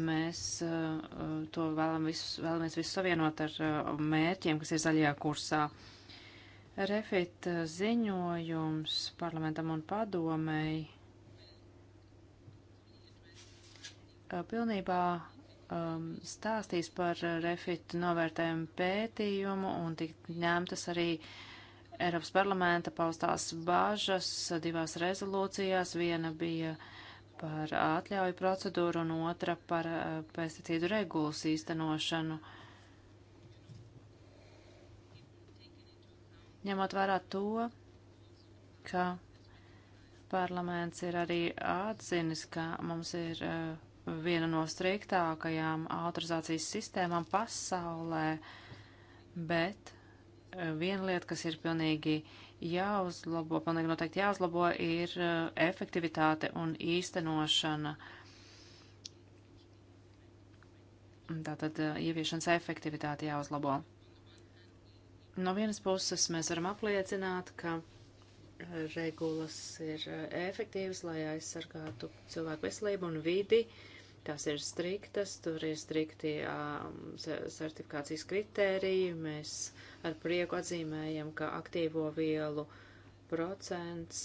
mēs uh, to vēlam visus, vēlamies visu savienot ar uh, mērķiem, kas ir zaļajā kursā. Refit uh, ziņojums parlamentam un padomēji Uh, pilnībā um, stāstīs par refit novērtējumu pētījumu un tik ņemtas arī Eiropas parlamenta paustās bāžas divās rezolūcijās. Viena bija par atļauju procedūru un otra par uh, pesticīdu regulas īstenošanu. Ņemot vērā to, ka parlaments ir arī atzinis, ka mums ir uh, viena no striktākajām autorizācijas sistēmām pasaulē, bet e, viena lieta, kas ir pilnīgi jāuzlabo, pilnīgi noteikti jāuzlabo, ir e, efektivitāte un īstenošana. Tātad e, ieviešanas efektivitāte jāuzlabo. No vienas puses mēs varam apliecināt, ka regulas ir efektīvas, lai aizsargātu cilvēku veselību un vidi. Uh, Tās ir striktas, tur ir strikti um, certifikācijas kritēriji. Mēs ar prieku atzīmējam, ka aktīvo vielu procents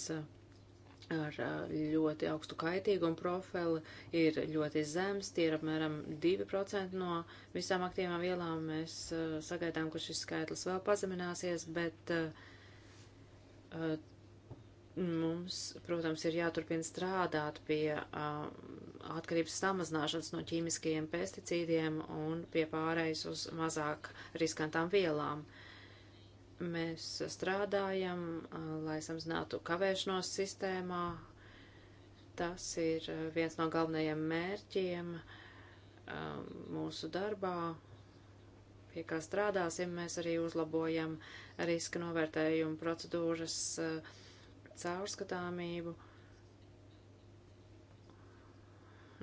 ar uh, ļoti augstu kaitīgumu profilu ir ļoti zems, tie ir apmēram 2% no visām aktīvām vielām. Mēs uh, sagaidām, ka šis skaitlis vēl pazemināsies, bet uh, uh Mums, protams, ir jāturpina strādāt pie uh, atkarības samazināšanas no ķīmiskajiem pesticīdiem un pie pārējais uz mazāk riskantām vielām. Mēs strādājam, uh, lai samazinātu kavēšanos sistēmā. Tas ir viens no galvenajiem mērķiem uh, mūsu darbā, pie kā strādāsim. Mēs arī uzlabojam riska novērtējumu procedūras. Uh, caurskatāmību.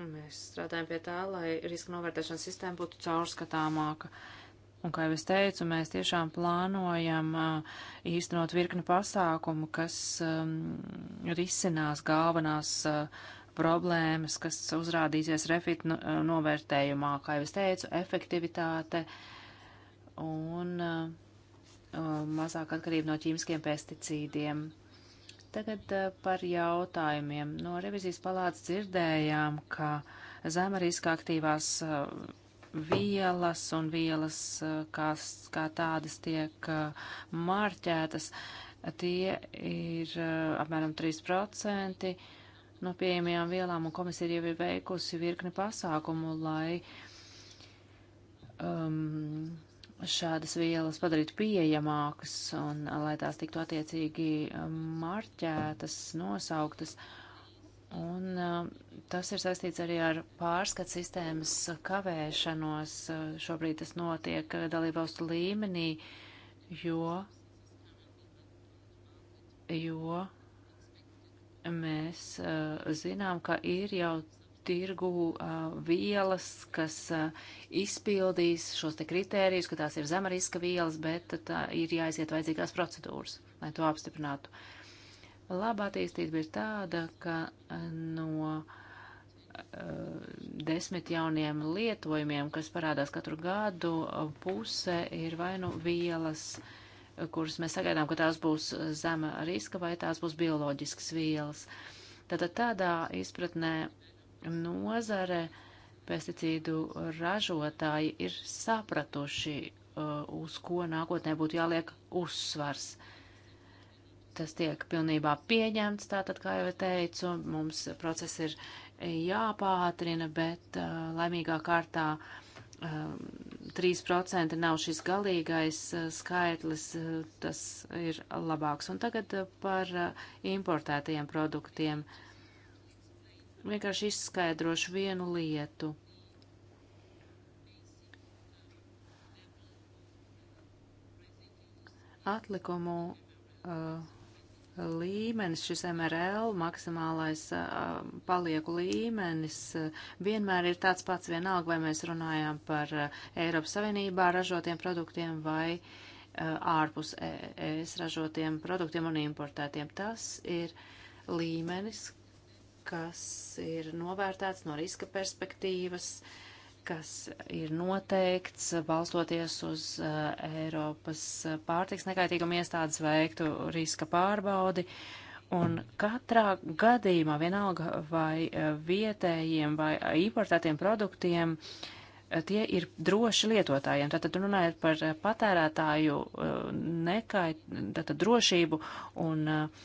Mēs strādājam pie tā, lai riska novērtēšanas sistēma būtu caurskatāmāka. Un, kā jau es teicu, mēs tiešām plānojam uh, īstenot virkni pasākumu, kas um, risinās galvenās uh, problēmas, kas uzrādīsies refit no, novērtējumā, kā jau es teicu, efektivitāte un uh, mazāk atkarība no ķīmiskiem pesticīdiem. Tagad eh, par jautājumiem. No revizijas palātas dzirdējām, ka zemariska aktīvās eh, vielas un vielas, eh, kā, kā tādas tiek marķētas, tie ir apmēram 3% no pieejamajām vielām, un komisija jau ir veikusi virkni pasākumu, lai um, šādas vielas padarītu pieejamākas un lai tās tiktu attiecīgi um, marķētas, nosauktas. Un um, tas ir saistīts arī ar pārskat sistēmas kavēšanos. Uh, šobrīd tas notiek uh, dalībvalstu līmenī, jo, jo mēs uh, zinām, ka ir jau tirgu uh, vielas, kas uh, izpildīs šos te kritērijus, ka tās ir zema riska vielas, bet tā ir jāiziet vajadzīgās procedūras, lai to apstiprinātu. Labā attīstība ir tāda, ka no uh, desmit jauniem lietojumiem, kas parādās katru gadu, puse ir vai nu vielas, kuras mēs sagaidām, ka tās būs zema riska, vai tās būs bioloģiskas vielas. Tātad tādā izpratnē nozare, pesticīdu ražotāji ir sapratuši, uh, uz ko nākotnē būtu jāliek uzsvars. Tas tiek pilnībā pieņemts, tātad, kā jau teicu, mums process ir jāpātrina, bet uh, laimīgā kārtā 3% um, nav šis galīgais uh, skaitlis, tas ir labāks. Un tagad par importētajiem produktiem. Vienkārši izskaidrošu vienu lietu. Atlikumu uh, līmenis, šis MRL maksimālais uh, palieku līmenis uh, vienmēr ir tāds pats vienalga, vai mēs runājam par uh, Eiropas Savienībā ražotiem produktiem vai uh, ārpus ES ražotiem produktiem un importētiem. Tas ir līmenis, kas ir novērtēts no riska perspektīvas, kas ir noteikts balstoties uz eh, Eiropas pārtiks nekaitīguma iestādes veiktu riska pārbaudi. Un katrā gadījumā vienalga vai eh, vietējiem vai eh, importētiem produktiem uh, tie ir droši lietotājiem. Tātad runājot par patērētāju nekai, tātad drošību un uh,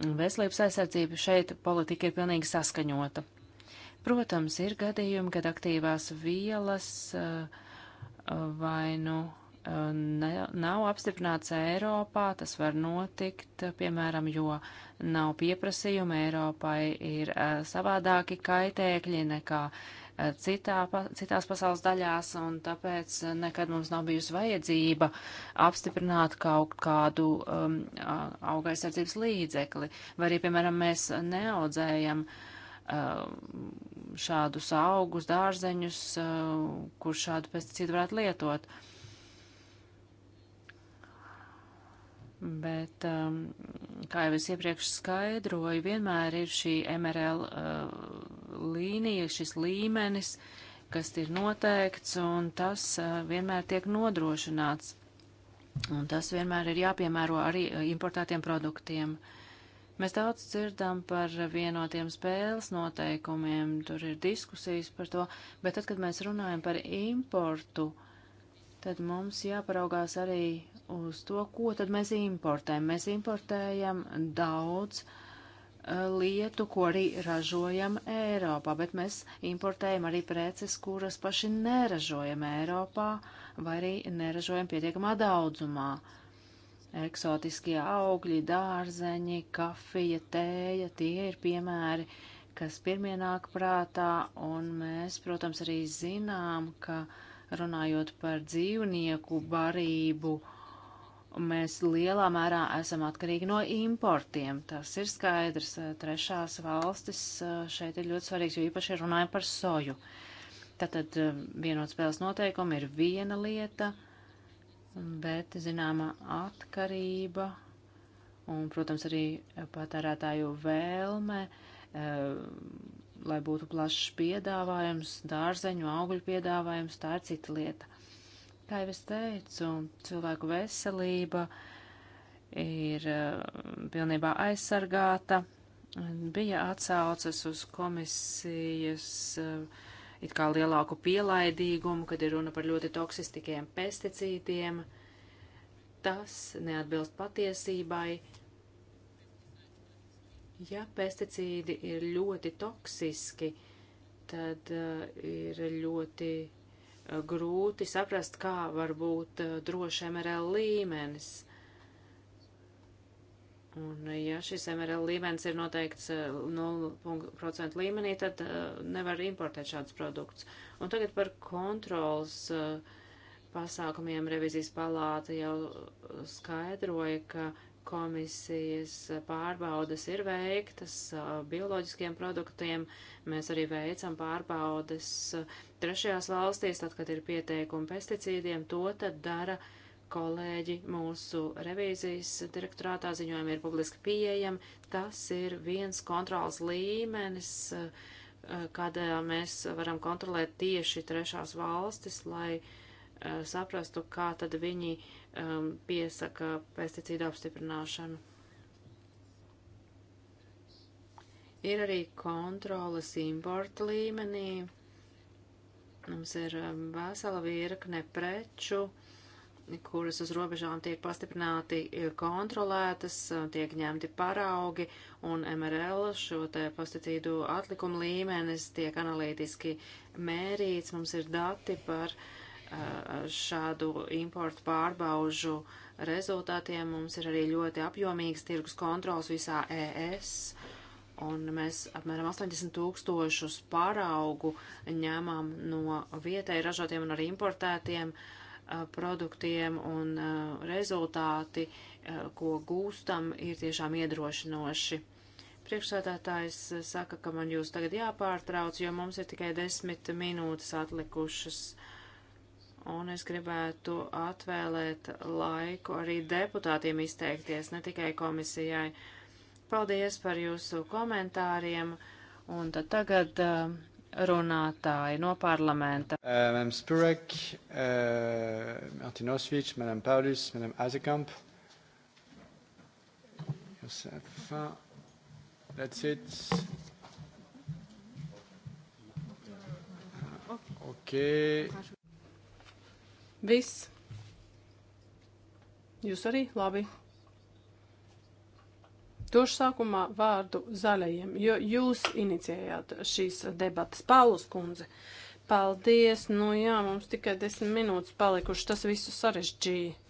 veselības aizsardzība šeit politika ir pilnīgi saskaņota. Protams, ir gadījumi, kad aktīvās vielas eh, vai nu eh, ne, nav apstiprināts Eiropā, tas var notikt, piemēram, jo nav pieprasījuma Eiropai ir eh, savādāki kaitēkļi nekā Eh, citā, pa, citās pasaules daļās, un tāpēc eh, nekad mums nav bijusi vajadzība apstiprināt kaut kādu um, augaisardzības līdzekli. Vai arī, piemēram, mēs neaudzējam um, šādus augus, dārzeņus, uh, kur šādu pesticīdu varētu lietot. Bet, um, kā jau es iepriekš skaidroju, vienmēr ir šī MRL uh, līnija, šis līmenis, kas ir noteikts, un tas uh, vienmēr tiek nodrošināts. Un tas vienmēr ir jāpiemēro arī uh, importētiem produktiem. Mēs daudz dzirdam par vienotiem spēles noteikumiem, tur ir diskusijas par to, bet tad, kad mēs runājam par importu, tad mums jāparaugās arī uz to, ko tad mēs importējam. Mēs importējam daudz uh, lietu, ko arī ražojam Eiropā, bet mēs importējam arī preces, kuras paši neražojam Eiropā vai arī neražojam pietiekamā daudzumā. Eksotiskie augļi, dārzeņi, kafija, tēja, tie ir piemēri, kas pirmie nāk prātā, un mēs, protams, arī zinām, ka runājot par dzīvnieku barību, uh, mēs lielā mērā esam atkarīgi no importiem. Tas ir skaidrs. Eh, trešās valstis eh, šeit ir ļoti svarīgs, jo īpaši runājam par soju. Tātad eh, vienot spēles noteikumi ir viena lieta, bet zināma atkarība un, protams, arī patērētāju vēlme, lai būtu plašs piedāvājums, dārzeņu, augļu piedāvājums, tā ir cita lieta. Kā jau es teicu, cilvēku veselība ir eh, pilnībā aizsargāta. Bija atsaucas uz komisijas eh, it kā lielāku pielaidīgumu, kad ir runa par ļoti toksiskiem pesticīdiem. Tas neatbilst patiesībai. Ja pesticīdi ir ļoti toksiski, tad uh, ir ļoti Eh, grūti saprast, kā var būt eh, droši MRL līmenis. Un ja šis MRL līmenis ir noteikts 0% eh, līmenī, tad nevar importēt šādus produktus. Un tagad par kontrols pasākumiem revizijas palāta jau skaidroja, ka komisijas pārbaudas ir veiktas bioloģiskiem produktiem. Mēs arī veicam pārbaudas trešajās valstīs, tad, kad ir pieteikumi pesticīdiem. To tad dara kolēģi mūsu revīzijas direktorātā ziņojumi ir publiski pieejami. Tas ir viens kontrols līmenis, kādā mēs varam kontrolēt tieši trešās valstis, lai saprastu, kā tad viņi uh, um, piesaka pesticīdu apstiprināšanu. Ir arī kontrolas importa līmenī. Mums ir um, vesela virkne preču, kuras uz robežām tiek pastiprināti kontrolētas, uh, tiek ņemti paraugi, un MRL šo te pesticīdu atlikumu līmenis tiek analītiski mērīts. Mums ir dati par uh, Eh, šādu importu pārbaužu rezultātiem. Mums ir arī ļoti apjomīgs tirgus kontrols visā ES, un mēs apmēram 80 tūkstošus pāraugu ņemam no vietēji ražotiem un arī importētiem eh, produktiem, un eh, rezultāti, ko gūstam, ir tiešām iedrošinoši priekšsēdētājs saka, ka man jūs tagad jāpārtrauc, jo mums ir tikai desmit minūtes atlikušas un es gribētu atvēlēt laiku arī deputātiem izteikties, ne tikai komisijai. Paldies par jūsu komentāriem, un tad tagad uh, runātāji no parlamenta. Eh, Madam Spurek, uh, Martin Osvič, Madam Paulus, Madam Azekamp. Josefa. That's it. Ah, okay. Viss. Jūs arī labi. Došu sākumā vārdu zaļajiem, jo jūs inicijējāt šīs debatas. Pālus kundze, paldies. Nu jā, mums tikai desmit minūtes palikuši. Tas visu sarežģīja.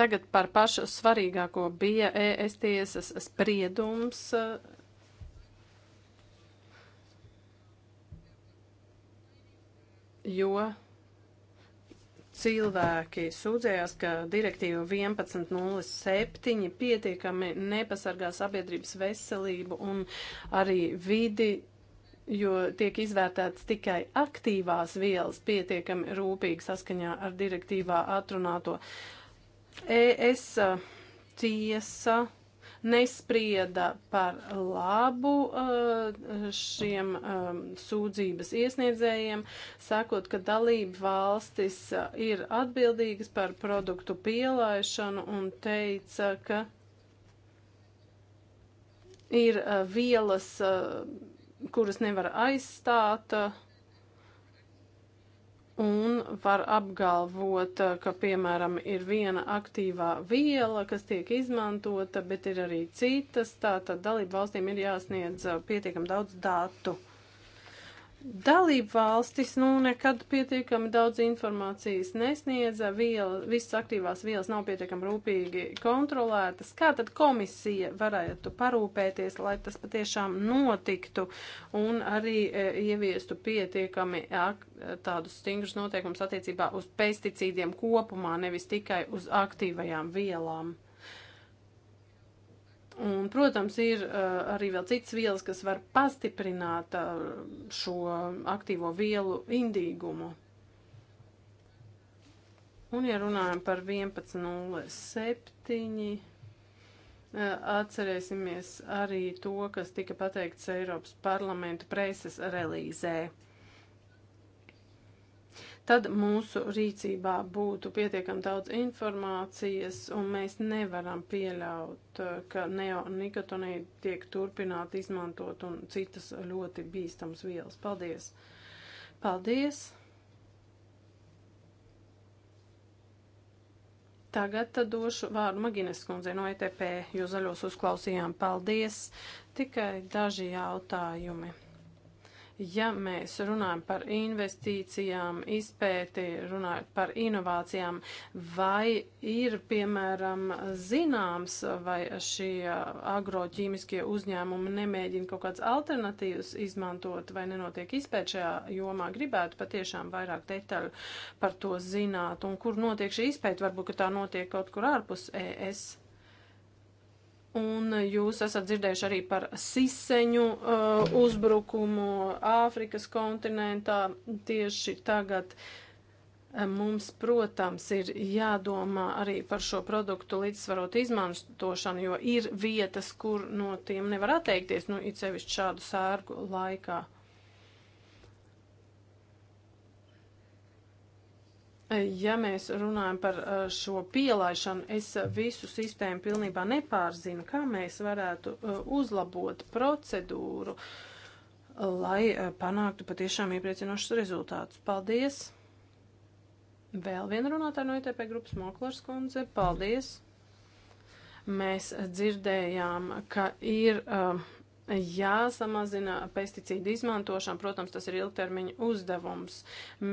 Tagad par pašu svarīgāko bija ES tiesas spriedums jo cilvēki sūdzējās, ka direktīva 11.07 pietiekami nepasargā sabiedrības veselību un arī vidi, jo tiek izvērtēts tikai aktīvās vielas pietiekami rūpīgi saskaņā ar direktīvā atrunāto. ES uh, tiesa nesprieda par labu uh, šiem um, sūdzības iesniedzējiem, sakot, ka dalība valstis uh, ir atbildīgas par produktu pielaišanu un teica, ka ir uh, vielas, kuras nevar aizstāt Un var apgalvot, eh, ka, piemēram, ir viena aktīvā viela, kas tiek izmantota, bet ir arī citas. Tātad dalību valstīm ir jāsniedz eh, pietiekam daudz datu. Dalību valstis nu, nekad pietiekami daudz informācijas nesniedza, viel, visas aktīvās vielas nav pietiekami rūpīgi kontrolētas. Kā tad komisija varētu parūpēties, lai tas patiešām notiktu un arī e, ieviestu pietiekami ak, tādus stingrus noteikumus attiecībā uz pesticīdiem kopumā, nevis tikai uz aktīvajām vielām? Un, protams, ir uh, arī vēl citas vielas, kas var pastiprināt uh, šo aktīvo vielu indīgumu. Un, ja runājam par 11.07, uh, atcerēsimies arī to, kas tika pateikts Eiropas parlamenta preses relīzē tad mūsu rīcībā būtu pietiekami daudz informācijas, un mēs nevaram pieļaut, eh, ka neonikotonīdi tiek turpināt izmantot un citas ļoti bīstams vielas. Paldies! Paldies! Tagad tad došu vārdu Magines kundzei no ETP, jo zaļos uzklausījām. Paldies! Tikai daži jautājumi. Ja mēs runājam par investīcijām, izpēti, runājot par inovācijām, vai ir, piemēram, zināms, vai šie agroķīmiskie uzņēmumi nemēģina kaut kādas alternatīvas izmantot, vai nenotiek izpēt šajā jomā, gribētu patiešām vairāk detaļu par to zināt, un kur notiek šī izpēta, varbūt, ka tā notiek kaut kur ārpus ES. Un jūs esat dzirdējuši arī par siseņu uh, uzbrukumu Āfrikas kontinentā tieši tagad. Uh, mums, protams, ir jādomā arī par šo produktu līdzsvarot izmantošanu, jo ir vietas, kur no tiem nevar atteikties, nu, it sevišķi šādu sērgu laikā. Ja mēs runājam par uh, šo pielaišanu, es uh, visu sistēmu pilnībā nepārzinu, kā mēs varētu uh, uzlabot procedūru, lai panāktu patiešām iepriecinošus rezultātus. Paldies! Vēl viena runātāja no ITP grupas Moklars kundze. Paldies! Mēs dzirdējām, ka ir. Uh, jāsamazina pesticīdu izmantošana. Protams, tas ir ilgtermiņa uzdevums.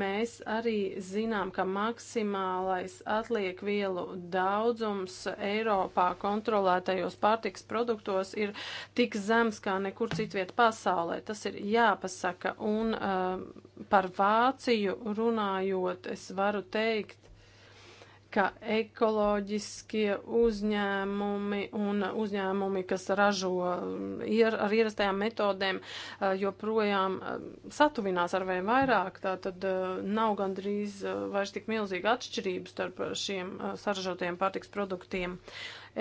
Mēs arī zinām, ka maksimālais atliek vielu daudzums Eiropā kontrolētajos pārtiks produktos ir tik zems kā nekur citviet pasaulē. Tas ir jāpasaka. Un uh, par Vāciju runājot, es varu teikt, ka ekoloģiskie uzņēmumi un uzņēmumi, kas ražo um, ir, ar ierastajām metodēm, uh, joprojām um, satuvinās ar vien vairāk. Tā tad uh, nav gandrīz uh, vairs tik milzīga atšķirība starp šiem saražotajiem pārtiks produktiem.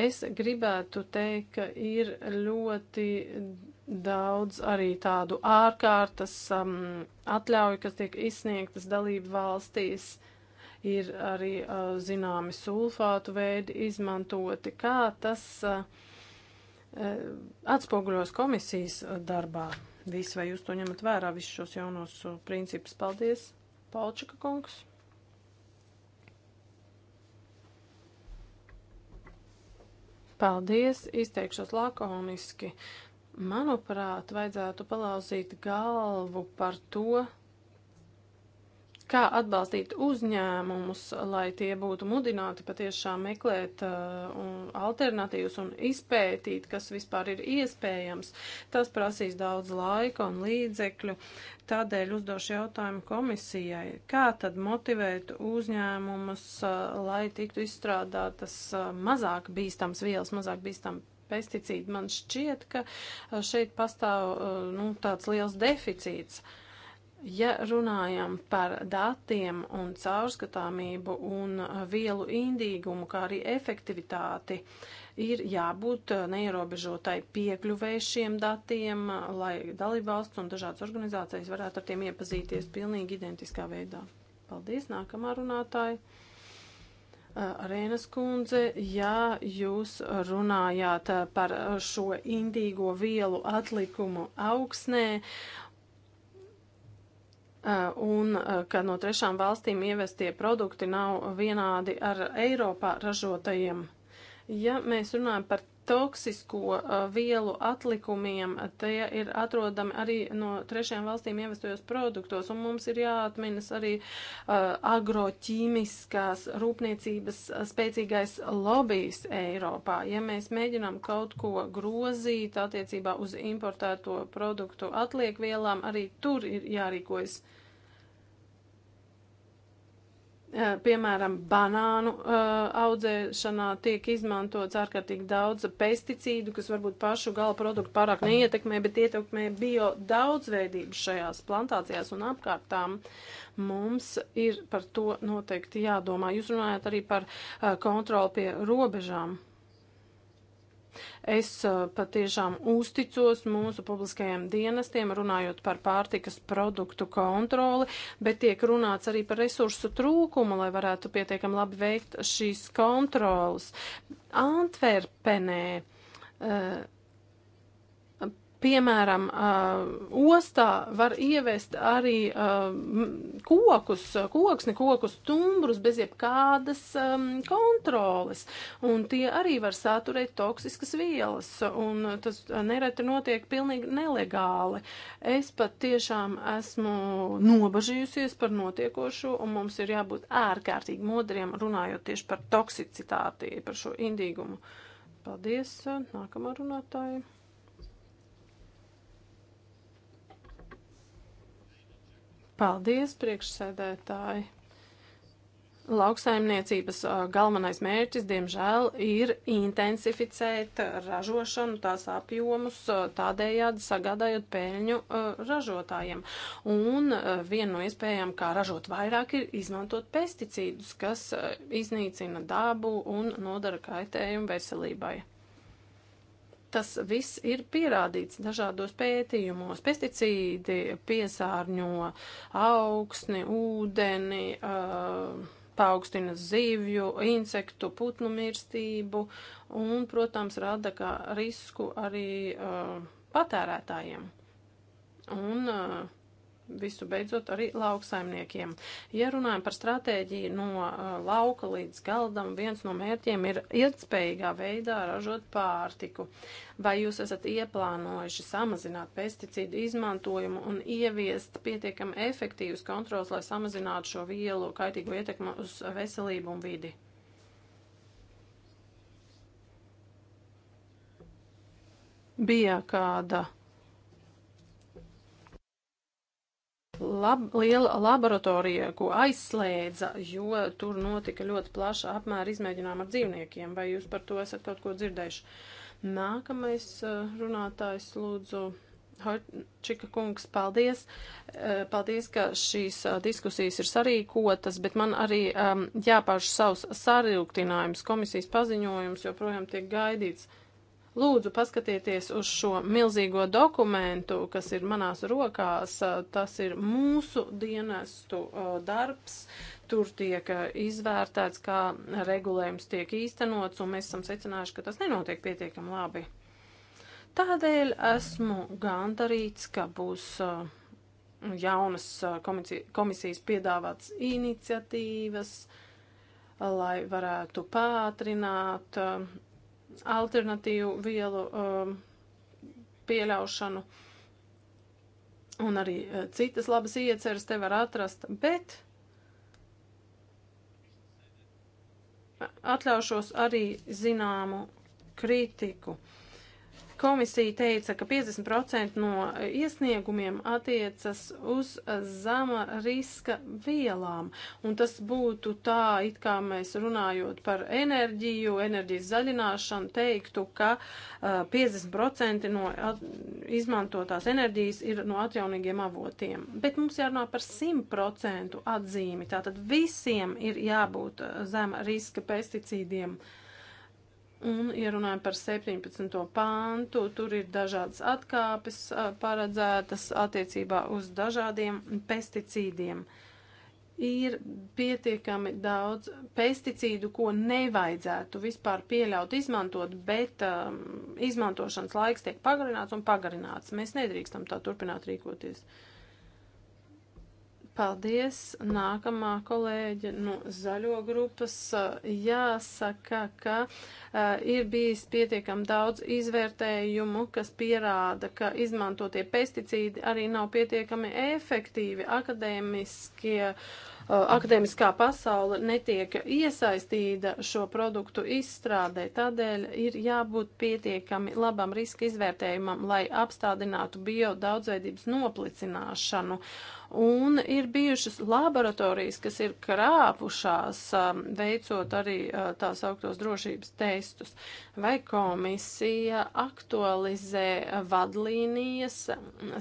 Es gribētu teikt, ka ir ļoti daudz arī tādu ārkārtas um, atļauju, kas tiek izsniegtas dalību valstīs ir arī zināmi sulfātu veidi izmantoti. Kā tas atspoguļos komisijas darbā? Visi, vai jūs to ņemat vērā, visus šos jaunos principus? Paldies, Palčika kungs! Paldies, izteikšos lakoniski. Manuprāt, vajadzētu palauzīt galvu par to, kā atbalstīt uzņēmumus, lai tie būtu mudināti patiešām meklēt uh, alternatīvas un izpētīt, kas vispār ir iespējams. Tas prasīs daudz laika un līdzekļu. Tādēļ uzdošu jautājumu komisijai, kā tad motivēt uzņēmumus, uh, lai tiktu izstrādātas uh, mazāk bīstams vielas, mazāk bīstam pesticīdi. Man šķiet, ka uh, šeit pastāv uh, nu, tāds liels deficīts. Uh, Ja runājam par datiem un caurskatāmību un vielu indīgumu, kā arī efektivitāti, ir jābūt neierobežotai piekļuvēji šiem datiem, lai dalībvalsts un dažādas organizācijas varētu ar tiem iepazīties pilnīgi identiskā veidā. Paldies, nākamā runātāja. Uh, Arēnas kundze, jā, jūs runājāt uh, par šo indīgo vielu atlikumu augsnē Eh, un eh, ka no trešām valstīm ievestie produkti nav vienādi ar Eiropā ražotajiem. Ja mēs runājam par toksisko uh, vielu atlikumiem, tie ir atrodami arī no trešajām valstīm ievestojos produktos, un mums ir jāatminas arī uh, agroķīmiskās rūpniecības uh, spēcīgais lobijs Eiropā. Ja mēs mēģinām kaut ko grozīt attiecībā uz importēto produktu atliekvielām, arī tur ir jārīkojas. Uh, Eh, piemēram, banānu uh, audzēšanā tiek izmantots ārkārtīgi daudz pesticīdu, kas varbūt pašu gala produktu pārāk neietekmē, bet ietekmē bio daudzveidību šajās plantācijās un apkārtām. Mums ir par to noteikti jādomā. Jūs runājat arī par uh, kontroli pie robežām. Es patiešām uzticos mūsu publiskajiem dienestiem, runājot par pārtikas produktu kontroli, bet tiek runāts arī par resursu trūkumu, lai varētu pietiekami labi veikt šīs kontrolas. Antverpenē. Uh, piemēram, uh, ostā var ievest arī uh, kokus, koksni, kokus, tumbrus bez jebkādas um, kontroles. Un tie arī var saturēt toksiskas vielas, un tas uh, nereti notiek pilnīgi nelegāli. Es pat tiešām esmu nobažījusies par notiekošo, un mums ir jābūt ārkārtīgi modriem runājot tieši par toksicitāti, par šo indīgumu. Paldies, nākamā runātāja. Paldies, priekšsēdētāji! Lauksaimniecības galvenais mērķis, diemžēl, ir intensificēt ražošanu, tās apjomus, tādējādi sagādājot pēļņu ražotājiem. Un viena no iespējām, kā ražot vairāk, ir izmantot pesticīdus, kas iznīcina dabu un nodara kaitējumu veselībai. Tas viss ir pierādīts dažādos pētījumos. Pesticīdi piesārņo augsni, ūdeni, paaugstina zivju, insektu, putnu mirstību un, protams, rada kā risku arī patērētājiem. Un uh, visu beidzot arī lauksaimniekiem. Ja runājam par stratēģiju no uh, lauka līdz galdam, viens no mērķiem ir ilgspējīgā veidā ražot pārtiku. Vai jūs esat ieplānojuši samazināt pesticīdu izmantojumu un ieviest pietiekami efektīvas kontrols, lai samazinātu šo vielu kaitīgo ietekmu uz veselību un vidi? Bija kāda lab, liela laboratorija, ko aizslēdza, jo tur notika ļoti plaša apmēra izmēģinājuma ar dzīvniekiem. Vai jūs par to esat kaut ko dzirdējuši? Nākamais eh, runātājs lūdzu. Čika kungs, paldies. Eh, paldies, ka šīs eh, diskusijas ir sarīkotas, bet man arī um, jāpārš savs sarūktinājums. Komisijas paziņojums joprojām tiek gaidīts. Uh, Lūdzu, paskatieties uz šo milzīgo dokumentu, kas ir manās rokās. Tas ir mūsu dienestu uh, darbs. Tur tiek uh, izvērtēts, kā regulējums tiek īstenots, un mēs esam secinājuši, ka tas nenotiek pietiekami labi. Tādēļ esmu gandarīts, ka būs uh, jaunas komisijas piedāvāts iniciatīvas, lai varētu pātrināt alternatīvu vielu um, pieļaušanu un arī uh, citas labas ieceras te var atrast, bet atļaušos arī zināmu kritiku. Uh, Komisija teica, ka 50% no iesniegumiem attiecas uz zema riska vielām, un tas būtu tā, it kā mēs runājot par enerģiju, enerģijas zaļināšanu, teiktu, ka uh, 50% no izmantotās enerģijas ir no atjaunīgiem avotiem. Bet mums jārunā par 100% atzīmi, tātad visiem ir jābūt zema riska pesticīdiem. Uh, Un, ja runājam par 17. pāntu, tur ir dažādas atkāpes paredzētas attiecībā uz dažādiem pesticīdiem. Ir pietiekami daudz pesticīdu, ko nevajadzētu vispār pieļaut izmantot, bet um, izmantošanas laiks tiek pagarināts un pagarināts. Mēs nedrīkstam tā turpināt rīkoties. Uh, Paldies! Nākamā kolēģe no zaļo grupas jāsaka, ka uh, ir bijis pietiekam daudz izvērtējumu, kas pierāda, ka izmantotie pesticīdi arī nav pietiekami efektīvi akadēmiskie. Uh, akadēmiskā pasaule netiek iesaistīta šo produktu izstrādē. Tādēļ ir jābūt pietiekami labam riska izvērtējumam, lai apstādinātu bio daudzveidības noplicināšanu un ir bijušas laboratorijas, kas ir krāpušās, um, veicot arī uh, tās augtos drošības testus. Vai komisija aktualizē vadlīnijas,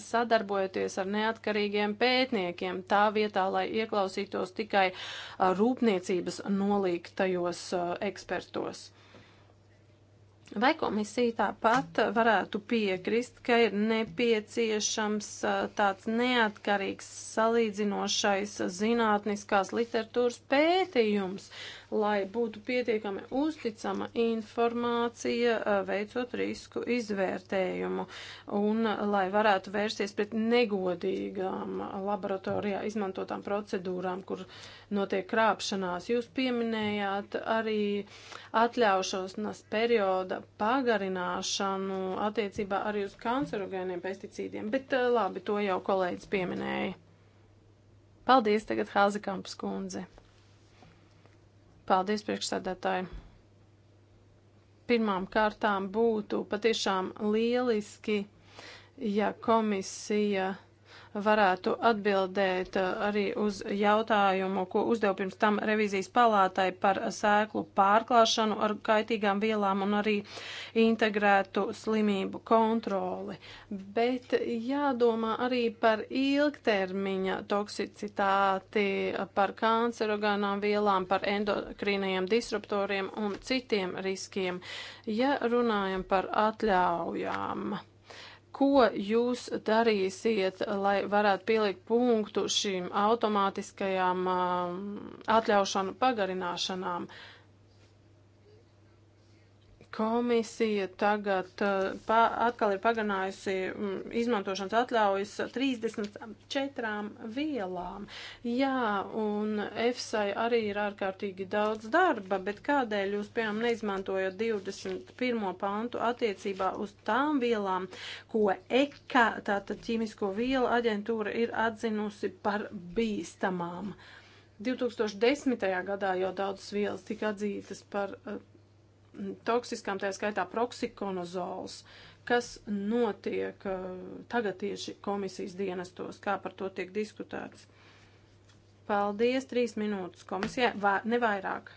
sadarbojoties ar neatkarīgiem pētniekiem, tā vietā, lai ieklausītos tikai uh, rūpniecības nolīgtajos uh, ekspertos? Vai komisija tāpat varētu piekrist, ka ir nepieciešams tāds neatkarīgs salīdzinošais zinātniskās literatūras pētījums, lai būtu pietiekami uzticama informācija, veicot risku izvērtējumu un lai varētu vērsties pret negodīgām laboratorijā izmantotām procedūrām, kur notiek krāpšanās. Jūs pieminējāt arī atļaušanas perioda pagarināšanu attiecībā arī uz kancerogēniem pesticīdiem, bet labi, to jau kolēģis pieminēja. Paldies tagad Hāzekampas kundze. Paldies, priekšsēdētāji! Pirmām kārtām būtu patiešām lieliski, ja komisija varētu atbildēt uh, arī uz jautājumu, ko uzdev pirms tam revīzijas palātai par sēklu pārklāšanu ar kaitīgām vielām un arī integrētu slimību kontroli. Bet jādomā arī par ilgtermiņa toksicitāti, par kancerogānām vielām, par endokrīnajiem disruptoriem un citiem riskiem. Ja runājam par atļaujām. Ko jūs darīsiet, lai varētu pielikt punktu šīm automātiskajām um, atļaušanu pagarināšanām? Uh, Komisija tagad uh, pa, atkal ir pagarinājusi mm, izmantošanas atļaujas 34 vielām. Jā, un EFSAI arī ir ārkārtīgi daudz darba, bet kādēļ jūs, piemēram, neizmantojat 21. pantu attiecībā uz tām vielām, ko EKA, tātad ķīmisko vielu aģentūra, ir atzinusi par bīstamām? 2010. gadā jau daudzas vielas tika atzītas par uh, toksiskām, tā skaitā proksikonozols, kas notiek uh, tagad tieši komisijas dienestos, kā par to tiek diskutēts. Paldies, trīs minūtes komisijai, vai, nevairāk.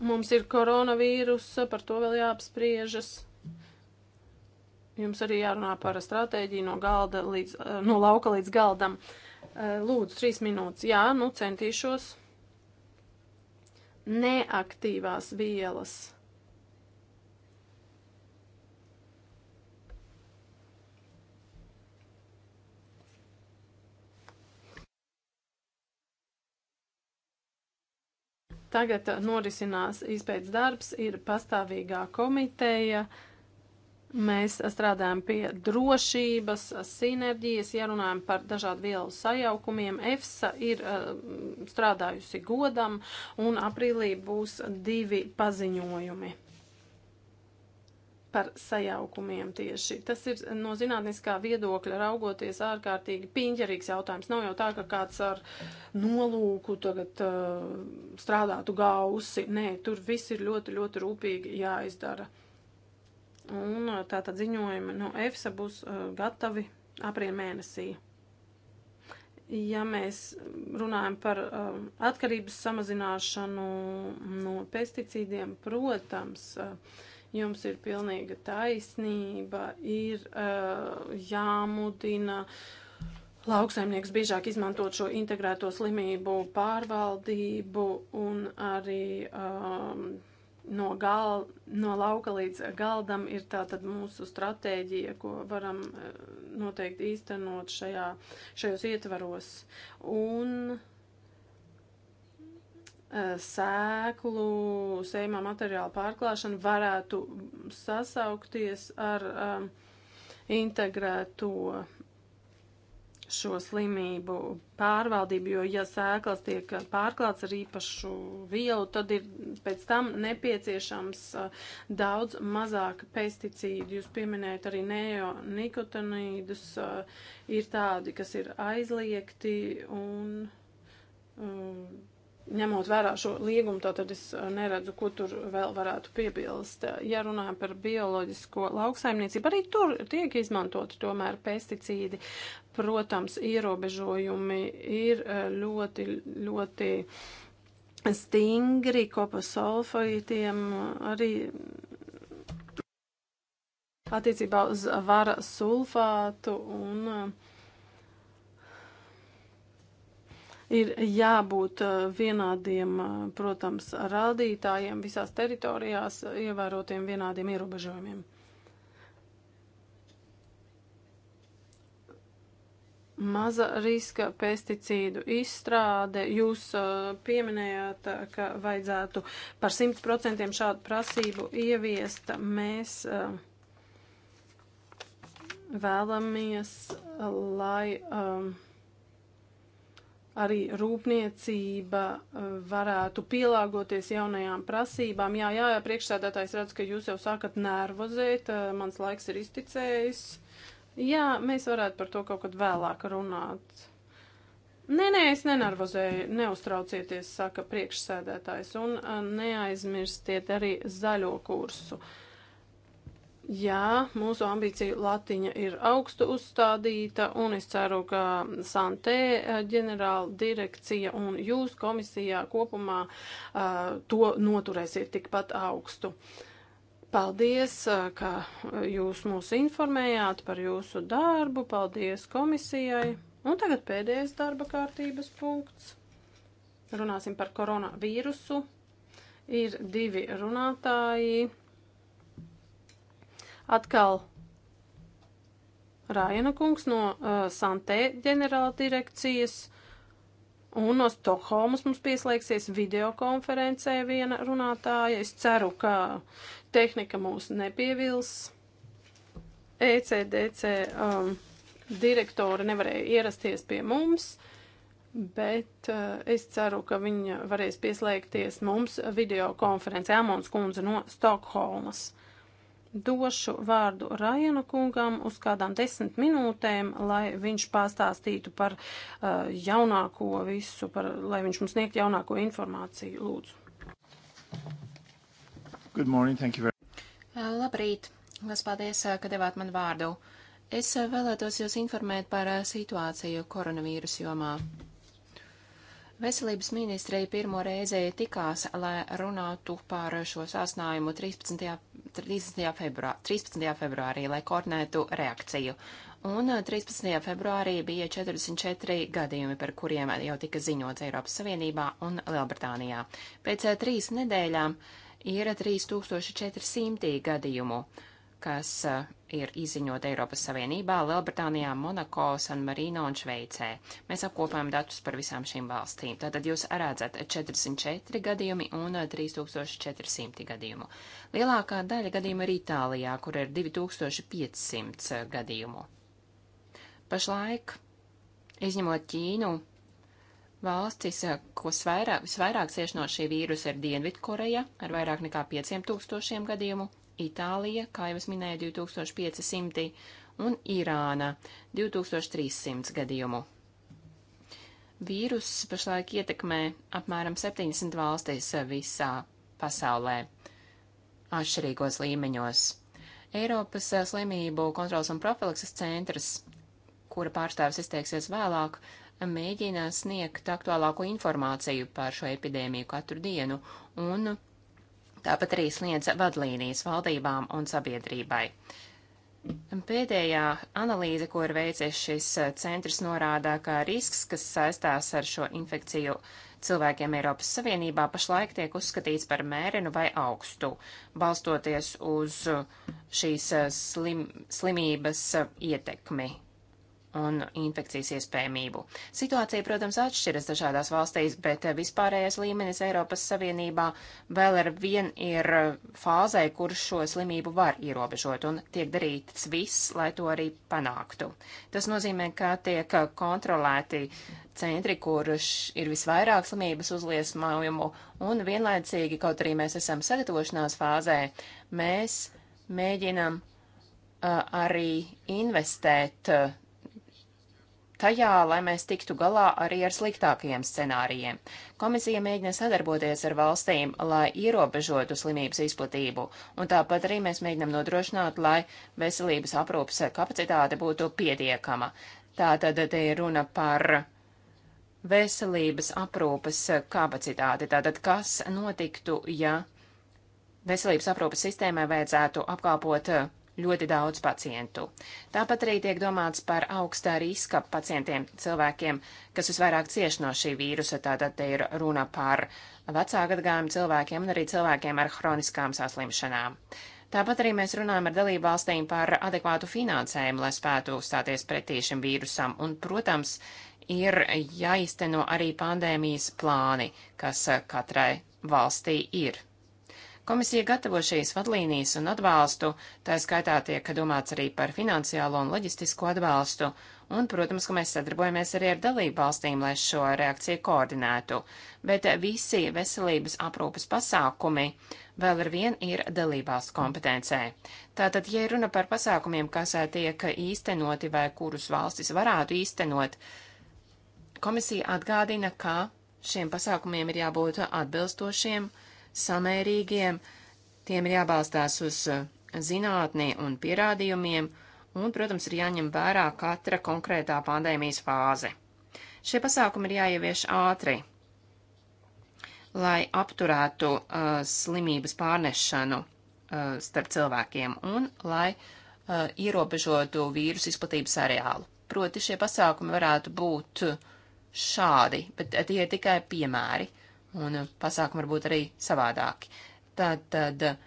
Mums ir koronavīrusa, par to vēl jāapspriežas. Jums arī jārunā par stratēģiju no, galda līdz, uh, no lauka līdz galdam. Uh, lūdzu, trīs minūtes. Jā, nu centīšos neaktīvās vielas. Tagad norisinās izpētes darbs, ir pastāvīgā komiteja, uh, Mēs strādājam pie drošības, sinerģijas, ja runājam par dažādu vielu sajaukumiem. EFSA ir uh, strādājusi godam un aprīlī būs divi paziņojumi par sajaukumiem tieši. Tas ir eh, no zinātniskā viedokļa raugoties ārkārtīgi piņķerīgs jautājums. Nav jau tā, ka kāds ar nolūku tagad uh, strādātu gausi. Nē, tur viss ir ļoti, ļoti rūpīgi jāizdara. Un uh, tātad ziņojumi no EFSA būs uh, gatavi aprīļa mēnesī. Ja mēs runājam par uh, atkarības samazināšanu no pesticīdiem, protams, jums ir pilnīga taisnība, ir jāmudina lauksaimnieks biežāk izmantot šo integrēto slimību pārvaldību un arī um, no, gal, no lauka līdz galdam ir tātad mūsu stratēģija, ko varam e, noteikti īstenot šajā, šajos ietvaros. Un e, sēklu, sējumā materiālu pārklāšana varētu sasaukties ar um, integrēto šo slimību pārvaldību, jo, ja sēklas tiek pārklāts ar īpašu vielu, tad ir pēc tam nepieciešams daudz mazāk pesticīdu. Jūs pieminējat arī neonikotinīdus, ir tādi, kas ir aizliegti un. Um, ņemot vērā šo līgumu, tātad es uh, neredzu, ko tur vēl varētu piebilst. Ja runājam par bioloģisko lauksaimniecību, arī tur tiek izmantoti tomēr pesticīdi. Protams, ierobežojumi ir uh, ļoti, ļoti stingri, kopasolfaitiem uh, arī attiecībā uz vara sulfātu un uh, Ir jābūt uh, vienādiem, uh, protams, rādītājiem visās teritorijās, ievērotiem vienādiem ierobežojumiem. maza riska pesticīdu izstrāde. Jūs uh, pieminējāt, ka vajadzētu par 100% šādu prasību ieviest. Mēs vēlamies, lai. Um, arī rūpniecība eh, varētu pielāgoties jaunajām prasībām. Jā, jā, jā priekšsēdētājs redz, ka jūs jau sākat nervozēt, eh, mans laiks ir izticējis. Jā, mēs varētu par to kaut kad vēlāk runāt. Nē, nē, es nenervozēju, neuztraucieties, saka priekšsēdētājs, un eh, neaizmirstiet arī zaļo kursu. Uh, Jā, mūsu ambīcija latiņa ir augstu uzstādīta, un es ceru, ka Santē eh, ģenerāla direkcija un jūs komisijā kopumā uh, to noturēsiet tikpat augstu. Paldies, eh, ka jūs mūs informējāt par jūsu darbu, paldies komisijai. Un tagad pēdējais darba kārtības punkts. Runāsim par koronavīrusu. Ir divi runātāji Atkal Rājana kungs no uh, Santē ģenerāla direkcijas. Un no Stokholmas mums pieslēgsies videokonferencē viena runātāja. Es ceru, ka tehnika mūs nepievils. ECDC um, direktori nevarēja ierasties pie mums, bet uh, es ceru, ka viņa varēs pieslēgties mums videokonferencē Amons kundze no Stokholmas. Došu vārdu Rajana kungam uz kādām desmit minūtēm, lai viņš pastāstītu par uh, jaunāko visu, par, lai viņš mums sniegtu jaunāko informāciju. Lūdzu. Good morning, thank you very much. Labrīt, liels paldies, uh, ka devāt man vārdu. Es uh, vēlētos jūs informēt par uh, situāciju koronavīrus jomā. Veselības ministrija pirmo reizi tikās, lai runātu par šo sasnājumu 13. 13. Februā, 13. februārī, lai koordinētu reakciju. Un 13. februārī bija 44 gadījumi, par kuriem jau tika ziņots Eiropas Savienībā un Lielbritānijā. Pēc trīs nedēļām ir 3400 gadījumu kas ir izziņota Eiropas Savienībā, Lielbritānijā, Monako, San Marino un Šveicē. Mēs apkopējam datus par visām šīm valstīm. Tātad jūs redzat 404 gadījumi un 3400 gadījumu. Lielākā daļa gadījumu ir Itālijā, kur ir 2500 gadījumu. Pašlaik, izņemot Ķīnu, valstis, ko svairāk, visvairāk cieši no šī vīrusa, ir Dienvidkoreja ar vairāk nekā 5000 gadījumu. Itālija, kā jau es minēju, 2500 un Irāna 2300 gadījumu. Vīruss pašlaik ietekmē apmēram 70 valstīs visā pasaulē, atšķirīgos līmeņos. Eiropas slimību kontrols un profilakses centrs, kura pārstāvis izteiksies vēlāk, mēģina sniegt aktuālāko informāciju par šo epidēmiju katru dienu un Tāpat arī sniedz vadlīnijas valdībām un sabiedrībai. Pēdējā analīze, ko ir veicis šis eh, centrs, norāda, ka risks, kas saistās ar šo infekciju cilvēkiem Eiropas Savienībā, pašlaik tiek uzskatīts par mērenu vai augstu, balstoties uz eh, šīs eh, slim, slimības ietekmi un infekcijas iespējamību. Situācija, protams, atšķiras dažādās valstīs, bet eh, vispārējais līmenis Eiropas Savienībā vēl ar vien ir eh, fāzē, kur šo slimību var ierobežot, un tiek darīts viss, lai to arī panāktu. Tas nozīmē, ka tiek eh, kontrolēti centri, kur ir visvairāk slimības uzliesmojumu, un vienlaicīgi, kaut arī mēs esam sagatavošanās fāzē, mēs mēģinam uh, arī investēt uh, tajā, lai mēs tiktu galā arī ar sliktākajiem scenārijiem. Komisija mēģina sadarboties ar valstīm, lai ierobežotu slimības izplatību, un tāpat arī mēs mēģinam nodrošināt, lai veselības aprūpas kapacitāte būtu pietiekama. Tātad te ir runa par veselības aprūpas kapacitāti. Tātad kas notiktu, ja veselības aprūpas sistēmai vajadzētu apkalpot ļoti daudz pacientu. Tāpat arī tiek domāts par augstā riska pacientiem, cilvēkiem, kas visvairāk cieš no šī vīrusa, tātad te ir runa par vecāku gadgājumu cilvēkiem un arī cilvēkiem ar hroniskām saslimšanām. Tāpat arī mēs runājam ar dalību valstīm par adekvātu finansējumu, lai spētu uzstāties pretī šim vīrusam. Un, protams, ir jāizteno arī pandēmijas plāni, kas katrai valstī ir. Komisija gatavo šīs vadlīnijas un atbalstu, tā skaitā tiek domāts arī par finansiālo un loģistisko atbalstu, un, protams, ka mēs sadarbojamies arī ar dalību valstīm, lai šo reakciju koordinētu, bet visi veselības aprūpas pasākumi vēl ar vien ir dalībās kompetencē. Tātad, ja runa par pasākumiem, kas eh, tiek īstenoti vai kurus valstis varētu īstenot, komisija atgādina, ka šiem pasākumiem ir jābūt atbilstošiem, uh, samērīgiem, tiem ir jābalstās uz eh, zinātnī un pierādījumiem, un, protams, ir jāņem vērā katra konkrētā pandēmijas fāze. Šie pasākumi ir jāievieš ātri, lai apturētu uh, slimības pārnešanu uh, starp cilvēkiem un lai uh, ierobežotu vīrusu izplatības areālu. Proti šie pasākumi varētu būt šādi, bet tie ir tikai piemēri un uh, pasākumi varbūt arī savādāki. Tātad uh,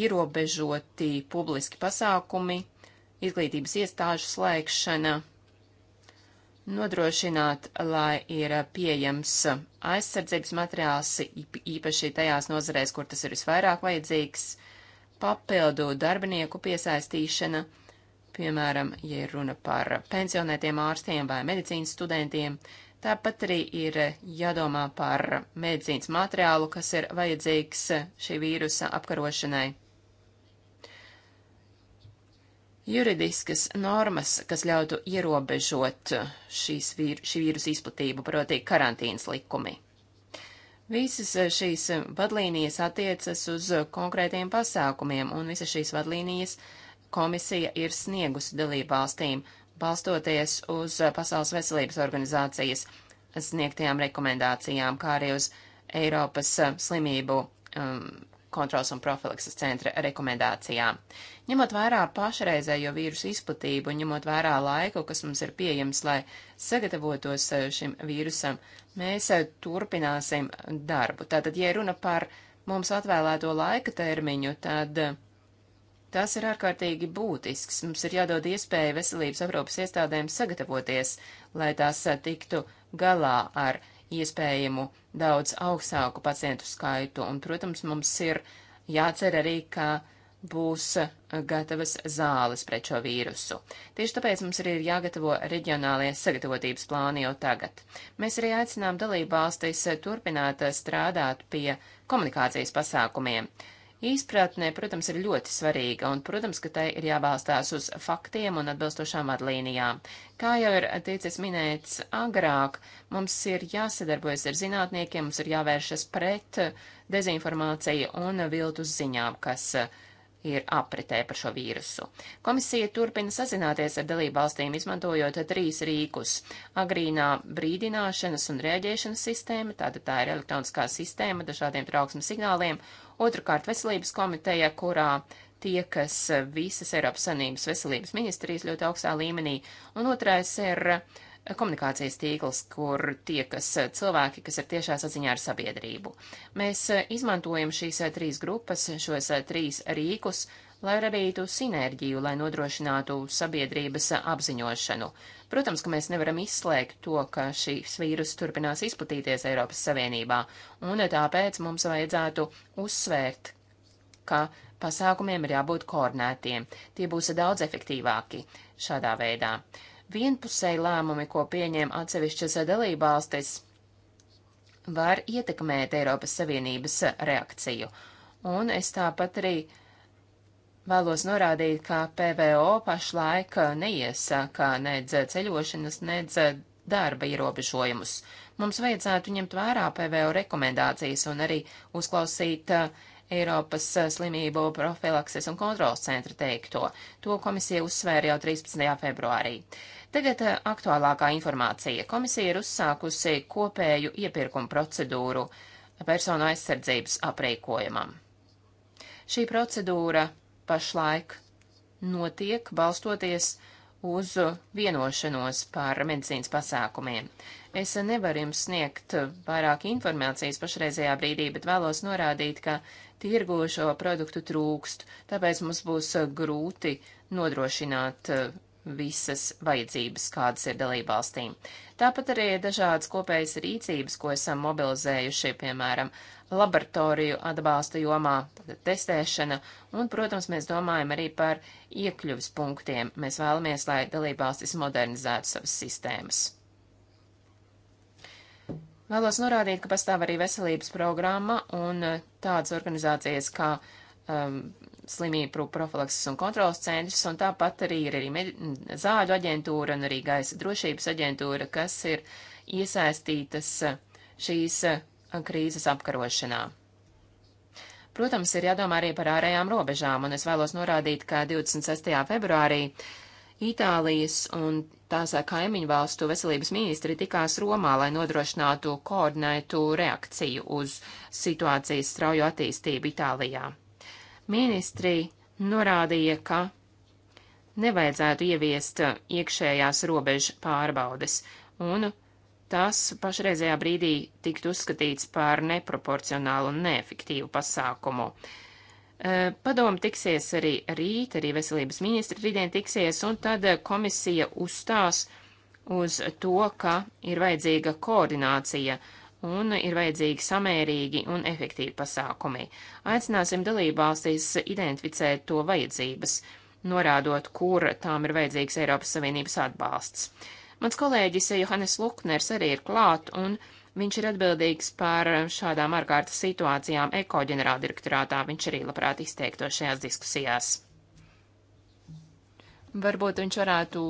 ierobežoti publiski pasākumi, izglītības iestāžu slēgšana, nodrošināt, lai ir uh, pieejams aizsardzības materiāls, īpaši tajās nozarēs, kur tas ir visvairāk vajadzīgs, papildu darbinieku piesaistīšana, piemēram, ja ir runa par pensionētiem ārstiem vai medicīnas studentiem, Tāpat arī ir jādomā par medicīnas materiālu, kas ir vajadzīgs šī vīrusa apkarošanai. Juridiskas normas, kas ļautu ierobežot šīs vīr, šī vīrusa izplatību, proti karantīnas likumi. Visas šīs vadlīnijas attiecas uz konkrētiem pasākumiem, un visas šīs vadlīnijas komisija ir sniegusi dalībvalstīm valstīm balstoties uz Pasaules veselības organizācijas sniegtajām rekomendācijām, kā arī uz Eiropas um, slimību um, kontrols un profilakses centra rekomendācijām. Ņemot vērā pašreizējo vīrusu izplatību un ņemot vērā laiku, kas mums ir pieejams, lai sagatavotos uh, šim vīrusam, mēs uh, turpināsim darbu. Tātad, ja runa par mums atvēlēto laika termiņu, tad uh, Tas ir ārkārtīgi būtisks. Mums ir jādod iespēja veselības aprūpas iestādēm sagatavoties, lai tās eh, tiktu galā ar iespējamu daudz augstāku pacientu skaitu. Un, protams, mums ir jācer arī, ka būs eh, gatavas zāles pret šo vīrusu. Tieši tāpēc mums arī ir jāgatavo reģionālie sagatavotības plāni jau tagad. Mēs arī aicinām dalībvalstis eh, turpināt strādāt pie komunikācijas pasākumiem. Izpratnē, protams, ir ļoti svarīga, un, protams, ka tai ir jābalstās uz faktiem un atbilstošām vadlīnijām. Kā jau ir teicis minēts agrāk, mums ir jāsadarbojas ar zinātniekiem, mums ir jāvēršas pret dezinformāciju un viltus ziņām, kas ir apritē par šo vīrusu. Komisija turpina sazināties ar dalību valstīm, izmantojot trīs rīkus - agrīnā brīdināšanas un rēģēšanas sistēma, tātad tā ir elektroniskā sistēma dažādiem trauksmes signāliem, Otrakārt, veselības komiteja, kurā tiekas visas Eiropas Sanības veselības ministrijas ļoti augstā līmenī. Un otrais ir eh, komunikācijas tīkls, kur tiekas eh, cilvēki, kas ir tiešā saziņā ar sabiedrību. Mēs eh, izmantojam šīs trīs grupas, šos trīs rīkus, lai radītu sinerģiju, lai nodrošinātu sabiedrības apziņošanu. Protams, ka mēs nevaram izslēgt to, ka šīs vīrus turpinās izplatīties Eiropas Savienībā, un tāpēc mums vajadzētu uzsvērt, ka pasākumiem ir jābūt koordinētiem. Tie būs daudz efektīvāki šādā veidā. Vienpusēji lēmumi, ko pieņem atsevišķas dalībvalstis, var ietekmēt Eiropas Savienības reakciju. Un es tāpat arī uh, Vēlos norādīt, ka PVO pašlaik neiesaka nedz ceļošanas, nedz darba ierobežojumus. Mums vajadzētu ņemt vērā PVO rekomendācijas un arī uzklausīt eh, Eiropas slimību profilakses un kontrolas centra teikto. To komisija uzsvēra jau 13. februārī. Tagad eh, aktuālākā informācija. Komisija ir uzsākusi kopēju iepirkumu procedūru personu aizsardzības aprīkojumam. Šī procedūra pašlaik notiek balstoties uz vienošanos par medicīnas pasākumiem. Es nevaru jums sniegt vairāk informācijas pašreizajā brīdī, bet vēlos norādīt, ka tirgo šo produktu trūkst, tāpēc mums būs grūti nodrošināt visas vajadzības, kādas ir dalībvalstīm. Tāpat arī ir dažādas kopējas rīcības, ko esam mobilizējuši, piemēram, laboratoriju atbalsta jomā, testēšana, un, protams, mēs domājam arī par iekļuvis punktiem. Mēs vēlamies, lai dalībvalstis modernizētu savas sistēmas. Vēlos norādīt, ka pastāv arī veselības programma un tādas organizācijas kā um, slimību profilakses un kontrolas centrs, un tāpat arī ir arī zāļu aģentūra un arī gaisa drošības aģentūra, kas ir iesaistītas eh, šīs eh, krīzes apkarošanā. Protams, ir jādomā arī par ārējām robežām, un es vēlos norādīt, ka 26. februārī Itālijas un tās eh, kaimiņu valstu veselības ministri tikās Romā, lai nodrošinātu koordinētu reakciju uz situācijas straujo attīstību Itālijā. Ministrija norādīja, ka nevajadzētu ieviest iekšējās robežu pārbaudes, un tas pašreizējā brīdī tiktu uzskatīts par neproporcionālu un neefektīvu pasākumu. E, padomu tiksies arī rīt, arī veselības ministri rītdien tiksies, un tad komisija uzstās uz to, ka ir vajadzīga koordinācija uh, un ir vajadzīgi samērīgi un efektīvi pasākumi. Aicināsim dalībvalstīs identificēt to vajadzības, norādot, kur tām ir vajadzīgs Eiropas Savienības atbalsts. Mans kolēģis Johannes Lukners arī ir klāt, un viņš ir atbildīgs par šādām ārkārtas situācijām Eko ģenerāldirektorātā. Viņš arī labprāt izteikto šajās diskusijās. Varbūt viņš varētu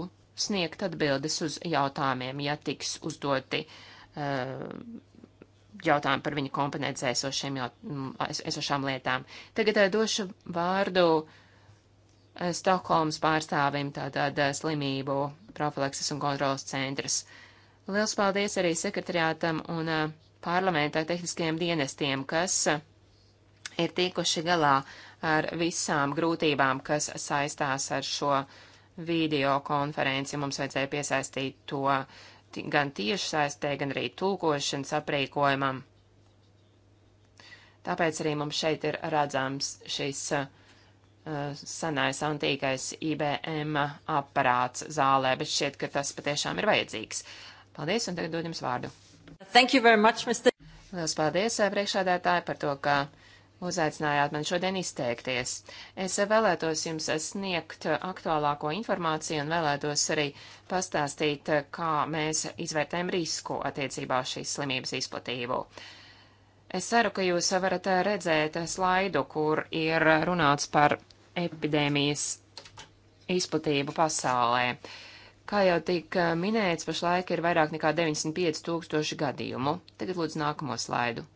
sniegt atbildes uz jautājumiem, ja tiks uzdoti uh, jautājumu par viņa kompetenci mm, esošām lietām. Tagad došu vārdu Stokholmas pārstāvim, tātad slimību profilakses un kontrolas centrs. Liels paldies arī sekretariātam un parlamentā tehniskajiem dienestiem, kas ir tikuši galā ar visām grūtībām, kas saistās ar šo video konferenci. Mums vajadzēja piesaistīt to uh, gan tiešsaistē, gan arī tulkošanas aprīkojumam. Tāpēc arī mums šeit ir redzams šis uh, senais antīkais IBM aparāts zālē, bet šķiet, ka tas patiešām ir vajadzīgs. Paldies, un tagad dod jums vārdu. Thank you very much, Mr. Lielas paldies, eh, priekšādētāji, par to, ka uzaicinājāt man šodien izteikties. Es vēlētos jums sniegt aktuālāko informāciju un vēlētos arī pastāstīt, kā mēs izvērtējam risku attiecībā uz šīs slimības izplatību. Es ceru, ka jūs varat redzēt slaidu, kur ir runāts par epidēmijas izplatību pasaulē. Kā jau tika minēts, pašlaik ir vairāk nekā 95 tūkstoši gadījumu. Tagad lūdzu nākamo slaidu.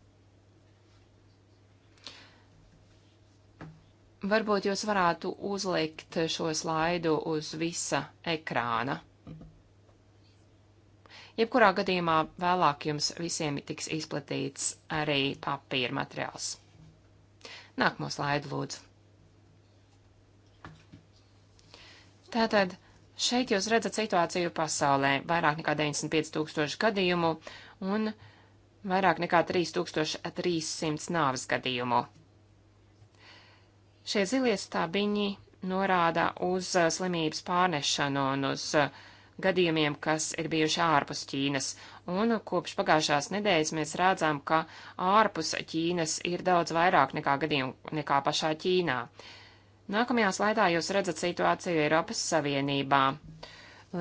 Varbūt jūs varētu uzlikt šo slaidu uz visa ekrāna. Jebkurā gadījumā vēlāk jums visiem tiks izplatīts arī papīra materiāls. Nākamo slaidu lūdzu. Tātad šeit jūs redzat situāciju pasaulē - vairāk nekā 95 tūkstoši gadījumu un vairāk nekā 3300 nāves gadījumu. Šie zilie stabiņi norāda uz uh, slimības pārnešanu un uz uh, gadījumiem, kas ir bijuši ārpus Ķīnas. Un uh, kopš pagājušās nedēļas mēs redzam, ka ārpus Ķīnas ir daudz vairāk nekā gadījumu nekā pašā Ķīnā. Nākamajā slaidā jūs redzat situāciju Eiropas Savienībā.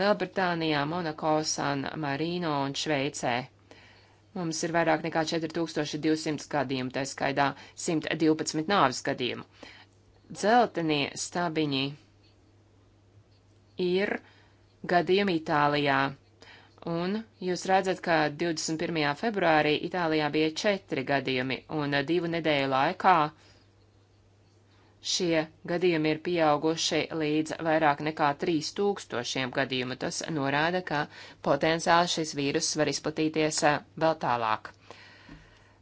Lielbritānijā, Monako, San Marino un Šveicē. Mums ir vairāk nekā 4200 gadījumu, tā skaidā 112 nāvis gadījumu dzeltenie stabiņi ir gadījumi Itālijā. Un jūs redzat, ka 21. februārī Itālijā bija četri gadījumi, un divu nedēļu laikā šie gadījumi ir pieauguši līdz vairāk nekā 3000 gadījumu. Tas norāda, ka potenciāli šis vīrus var izplatīties eh, vēl tālāk.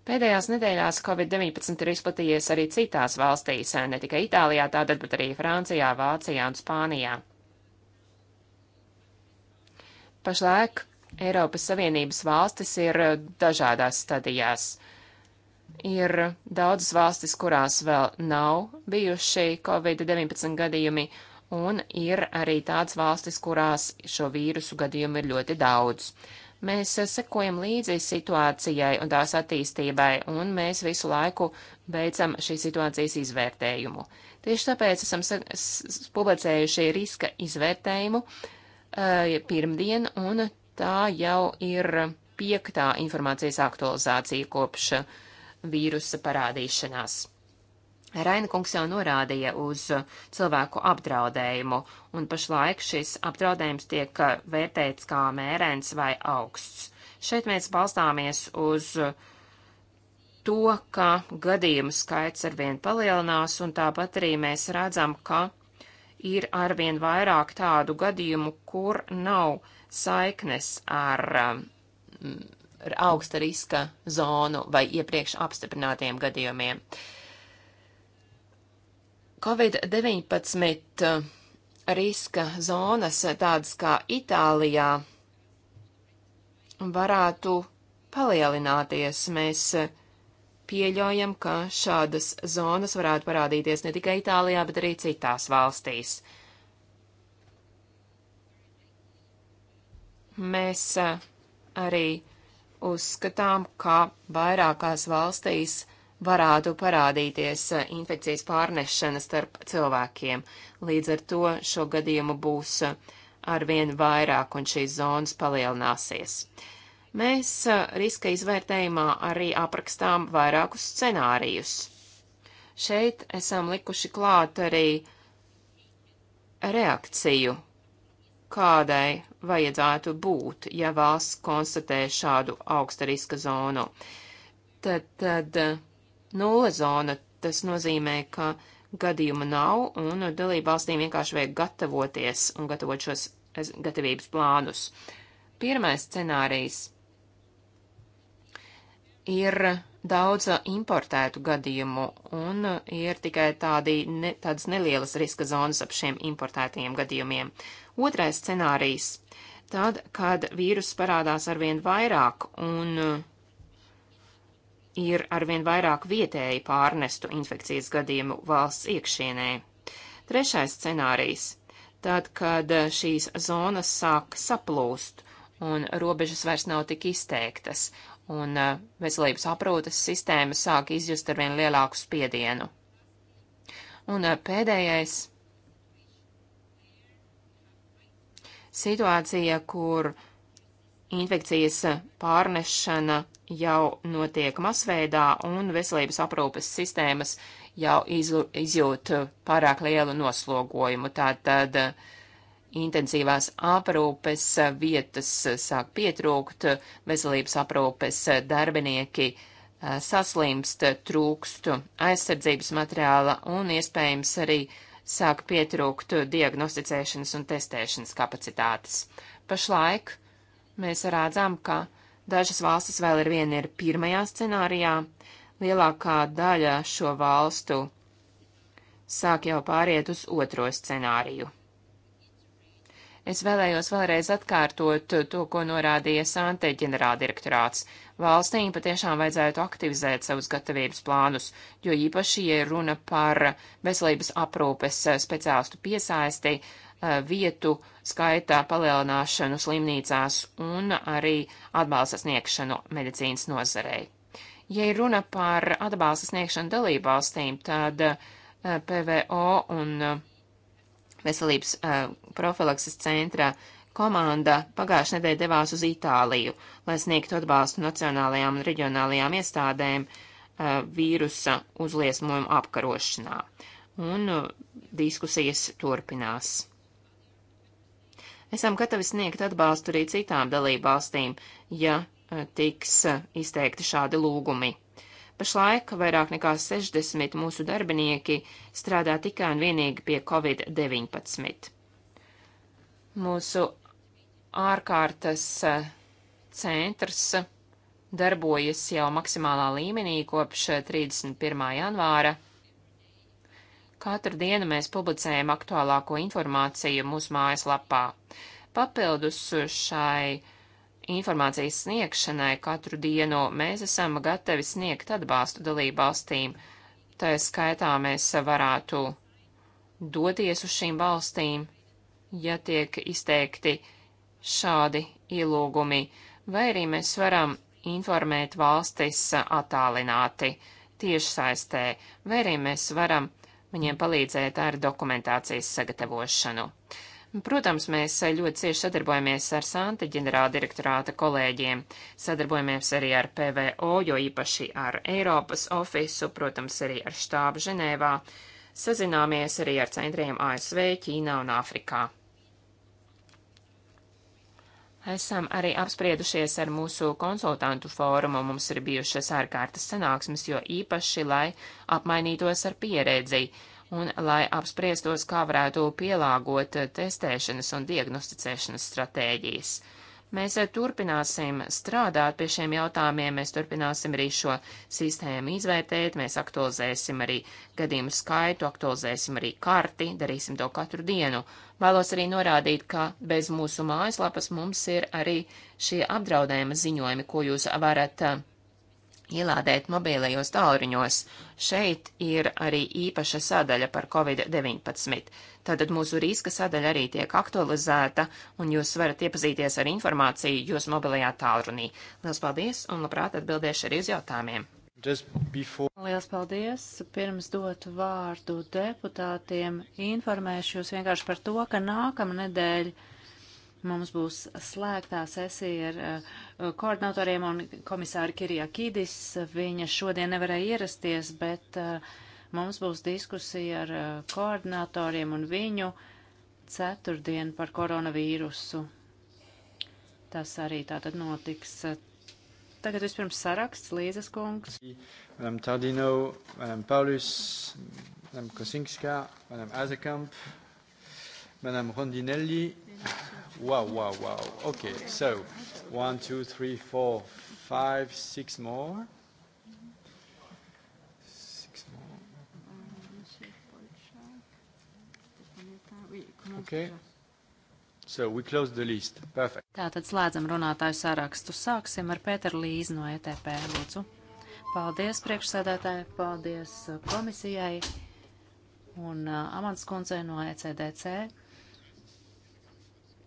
Pēdējās nedēļās Covid-19 ir izplatījies arī citās valstīs, ne tikai Itālijā, tātad, bet arī Francijā, Vācijā un Spānijā. Pašlaik Eiropas Savienības valstis ir eh, dažādās stadijās. Ir daudzas valstis, kurās vēl nav bijuši Covid-19 gadījumi, un ir arī tādas valstis, kurās šo vīrusu gadījumu ir ļoti daudz. Uh, Mēs eh, sekojam līdzi situācijai un tās attīstībai, un mēs visu laiku veicam šīs situācijas izvērtējumu. Tieši tāpēc esam publicējuši riska izvērtējumu eh, pirmdien, un tā jau ir piektā informācijas aktualizācija kopš vīrusa parādīšanās. Raina kungs jau norādīja uz cilvēku apdraudējumu, un pašlaik šis apdraudējums tiek vērtēts kā mērens vai augsts. Šeit mēs balstāmies uz to, ka gadījumu skaits arvien palielinās, un tāpat arī mēs redzam, ka ir arvien vairāk tādu gadījumu, kur nav saiknes ar, um, ar augsta riska zonu vai iepriekš apstiprinātiem gadījumiem. Uh, Covid-19 eh, riska zonas, tādas kā Itālijā, varētu palielināties. Mēs eh, pieļaujam, ka šādas zonas varētu parādīties ne tikai Itālijā, bet arī citās valstīs. Mēs eh, arī uzskatām, ka vairākās valstīs varētu parādīties eh, infekcijas pārnešana starp cilvēkiem. Līdz ar to šo gadījumu būs eh, arvien vairāk un šīs zonas palielināsies. Mēs eh, riska izvērtējumā arī aprakstām vairākus scenārijus. Šeit esam likuši klāt arī reakciju, kādai vajadzētu būt, ja valsts konstatē šādu augsta riska zonu. Tad, tad uh, nulle zona. Tas nozīmē, ka gadījuma nav un dalību valstīm vienkārši vajag gatavoties un gatavot šos gatavības plānus. Pirmais scenārijs ir daudz importētu gadījumu un ir tikai tādi, ne, tādas nelielas riska zonas ap šiem importētajiem gadījumiem. Otrais scenārijs - tad, kad vīrus parādās arvien vairāk un ir arvien vairāk vietēji pārnestu infekcijas gadījumu valsts iekšienē. Trešais scenārijs - tad, kad šīs zonas sāk saplūst un robežas vairs nav tik izteiktas, un eh, veselības aprūtes sistēma sāk izjust arvien lielāku spiedienu. Un eh, pēdējais - situācija, kur uh, infekcijas eh, pārnešana jau notiek masveidā un veselības aprūpes sistēmas jau izjūt eh, pārāk lielu noslogojumu. Tātad eh, intensīvās aprūpes vietas sāk pietrūkt, veselības aprūpes darbinieki saslimst, trūkst aizsardzības materiāla un iespējams arī sāk pietrūkt diagnosticēšanas un testēšanas kapacitātes. Pašlaik mēs redzam, ka dažas valstis vēl ir viena ir pirmajā scenārijā, lielākā daļa šo valstu sāk jau pāriet uz otro scenāriju. Es vēlējos vēlreiz atkārtot to, ko norādīja Sante ģenerāldirektorāts. Valstīm patiešām vajadzētu aktivizēt savus gatavības plānus, jo īpaši, ja runa par veselības aprūpes eh, speciālistu piesaisti, Eh, vietu skaitā palielināšanu slimnīcās un arī atbalsta sniegšanu medicīnas nozarei. Ja ir runa par atbalsta sniegšanu dalībvalstīm, tad eh, PVO un eh, veselības profilakses centra komanda pagājušajā nedēļā devās uz Itāliju, lai sniegtu atbalstu nacionālajām un reģionālajām iestādēm vīrusa uzliesmojumu apkarošanā. Un diskusijas turpinās. Esam gatavi sniegt atbalstu arī citām dalībvalstīm, ja e, tiks e, izteikti šādi lūgumi. Pašlaik vairāk nekā 60 mūsu darbinieki strādā tikai un vienīgi pie Covid-19. Mūsu ārkārtas e, centrs darbojas jau maksimālā līmenī kopš 31. janvāra Katru dienu mēs publicējam aktuālāko informāciju mūsu mājaslapā. Papildus šai informācijas sniegšanai katru dienu mēs esam gatavi sniegt atbalstu dalību valstīm. Tā skaitā mēs varētu doties uz šīm valstīm, ja tiek izteikti šādi ielūgumi, vai arī mēs varam informēt valstis attālināti tiešsaistē, vai arī mēs varam viņiem palīdzēt ar dokumentācijas sagatavošanu. Protams, mēs ļoti cieši sadarbojamies ar Santa ģenerāldirektorāta kolēģiem, sadarbojamies arī ar PVO, jo īpaši ar Eiropas ofisu, protams, arī ar štābu Ženēvā, sazināmies arī ar centriem ASV, Ķīnā un Āfrikā. Esam arī apspriedušies ar mūsu konsultantu fórumu, mums ir bijušas ārkārtas sanāksmes, jo īpaši, lai apmainītos ar pieredzi un lai apspriestos, kā varētu pielāgot testēšanas un diagnosticēšanas stratēģijas. Mēs eh, turpināsim strādāt pie šiem jautājumiem, mēs turpināsim arī šo sistēmu izvērtēt, mēs aktualizēsim arī gadījumu skaitu, aktualizēsim arī karti, darīsim to katru dienu. Vēlos arī norādīt, ka bez mūsu mājaslapas mums ir arī šie apdraudējuma ziņojumi, ko jūs varat uh, ielādēt mobilajos tālruņos. Šeit ir arī īpaša sadaļa par Covid-19. Tātad mūsu riska sadaļa arī tiek aktualizēta, un jūs varat iepazīties ar informāciju jūsu mobilajā tālrunī. Lielas paldies, un labprāt atbildēšu arī uz jautājumiem. Before... Lielas paldies! Pirms dotu vārdu deputātiem, informēšu jūs vienkārši par to, ka nākamā nedēļa Mums būs slēgtā sesija ar uh, koordinatoriem un komisāru Kirijā Kīdis. Viņa šodien nevarēja ierasties, bet uh, mums būs diskusija ar uh, koordinatoriem un viņu ceturtdien par koronavīrusu. Tas arī tātad notiks. Tagad vispirms saraksts Līzes kungs. Madam Tardino, Madam Paulus, Madam Kosinska, Madam Azekamp. Madame Rondinelli. Wow, wow, wow. Okay, so one, two, three, four, five, six more. Six more. Okay. So we close the list. Perfect. Tātad slēdzam runātāju sārakstu. Sāksim ar Pēteru Līzi no ETP, lūdzu. Paldies priekšsēdētāji, paldies uh, komisijai un uh, Amants kundzei no ECDC.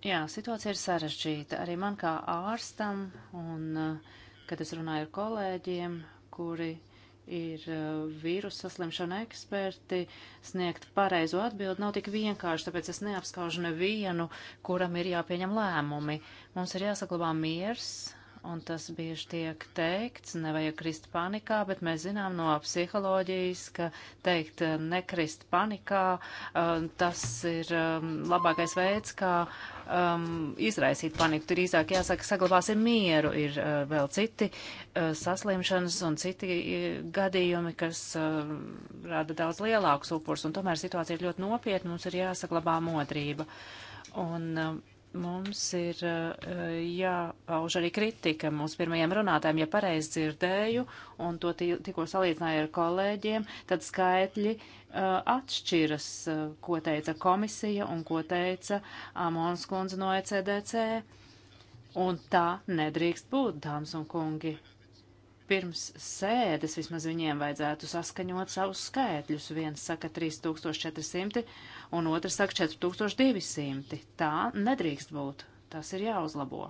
Jā, situācija ir sarežģīta. Arī man kā ārstam, un eh, kad es runāju ar kolēģiem, kuri ir eh, vīrusu saslimšana eksperti, sniegt pareizo atbildi nav tik vienkārši, tāpēc es neapskaužu nevienu, kuram ir jāpieņem lēmumi. Mums ir jāsaglabā miers, un tas bieži tiek teikts, nevajag krist panikā, bet mēs zinām no psiholoģijas, ka teikt eh, nekrist panikā, eh, tas ir eh, labākais veids, kā um, izraisīt paniku. Tur īsāk jāsaka, saglabāsim mieru. Ir uh, vēl citi uh, saslimšanas un citi uh, gadījumi, kas uh, rada daudz lielākus upurs, un tomēr situācija ir ļoti nopietna, mums ir jāsaglabā modrība. Un, uh, mums ir eh, jāpauž arī kritika mūsu pirmajiem runātājiem, ja pareizi dzirdēju, un to tikko salīdzināju ar kolēģiem, tad skaitļi eh, atšķiras, eh, ko teica komisija un ko teica Amons kundze no ECDC. Un tā nedrīkst būt, dāmas un kungi pirms sēdes vismaz viņiem vajadzētu saskaņot savus skaitļus. Viens saka 3400 un otrs saka 4200. Tā nedrīkst būt. Tas ir jāuzlabo.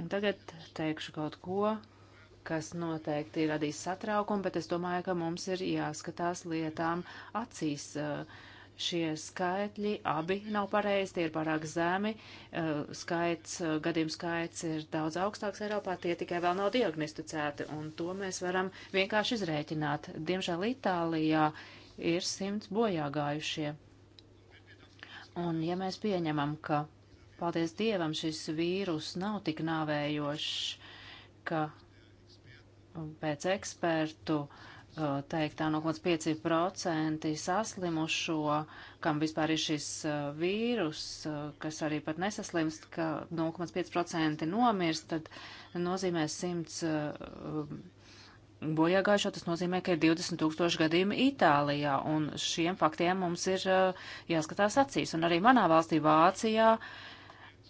Un tagad teikšu kaut ko, kas noteikti radīs satraukumu, bet es domāju, ka mums ir jāskatās lietām acīs. Uh, Šie skaitļi abi nav pareizi, tie ir pārāk zemi. Eh, skaits, eh, gadījums skaits ir daudz augstāks Eiropā, tie tikai vēl nav diagnosticēti, un to mēs varam vienkārši izrēķināt. Diemžēl Itālijā ir simts bojāgājušie. Un ja mēs pieņemam, ka, paldies Dievam, šis vīrus nav tik nāvējošs, ka pēc ekspertu uh, Uh, teikt, tā no kaut kāds 5% saslimušo, kam vispār ir šis uh, vīrus, uh, kas arī pat nesaslimst, ka 0,5% nomirst, tad nozīmē 100 bojāgājušo, tas nozīmē, ka ir 20 tūkstoši gadījumi Itālijā, un šiem faktiem mums ir jāskatās acīs. Un arī manā valstī Vācijā uh,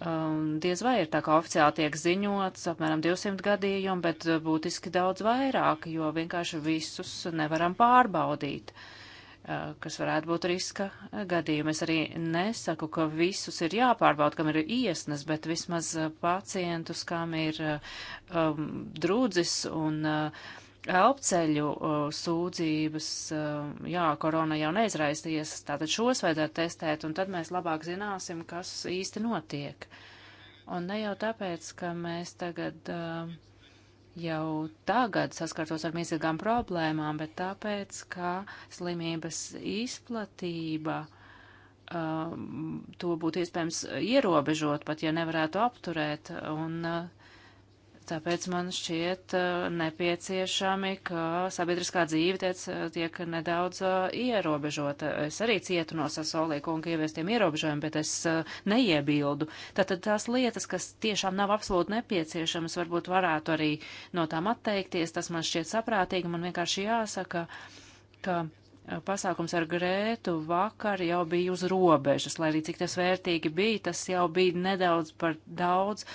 um, diez vai ir tā kā oficiāli tiek ziņots, apmēram 200 gadījumu, bet uh, būtiski daudz vairāk, jo vienkārši visus nevaram pārbaudīt, uh, kas varētu būt riska gadījumi. Es arī nesaku, ka visus ir jāpārbauda, kam ir iesnas, bet vismaz uh, pacientus, kam ir uh, um, drūdzis un uh, elpceļu uh, sūdzības, uh, jā, korona jau neizraisties, tātad šos vajadzētu testēt, un tad mēs labāk zināsim, kas īsti notiek. Un ne jau tāpēc, ka mēs tagad uh, jau tagad saskartos ar milzīgām problēmām, bet tāpēc, ka slimības izplatība to būtu iespējams ierobežot, pat ja nevarētu apturēt, un uh, Tāpēc man šķiet uh, nepieciešami, ka sabiedriskā dzīve tiec, uh, tiek nedaudz uh, ierobežota. Es arī cietu no sasolīkunga ieviestiem ierobežojumiem, bet es neiebildu. Tātad tās lietas, kas tiešām nav absolūti nepieciešamas, varbūt varētu arī no tām atteikties. Tas man šķiet saprātīgi. Man vienkārši jāsaka, ka pasākums ar Grētu vakar jau bija uz robežas, lai arī cik tas vērtīgi bija, tas jau bija nedaudz par daudz,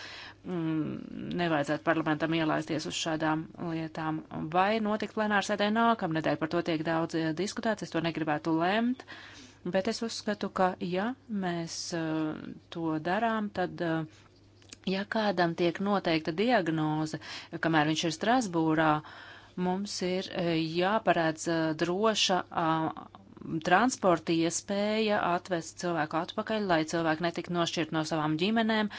mm, nevajadzētu parlamentam ielaisties uz šādām lietām. Vai notikt plenārsēdē nākamnedēļ, par to tiek daudz eh, diskutēts, es to negribētu lemt, bet es uzskatu, ka ja mēs uh, to darām, tad. Uh, Ja kādam tiek noteikta diagnoze, kamēr viņš ir Strasbūrā, mums ir jāparādz droša transporta iespēja atvest cilvēku atpakaļ, lai cilvēki netiktu nošķirt no savām ģimenēm,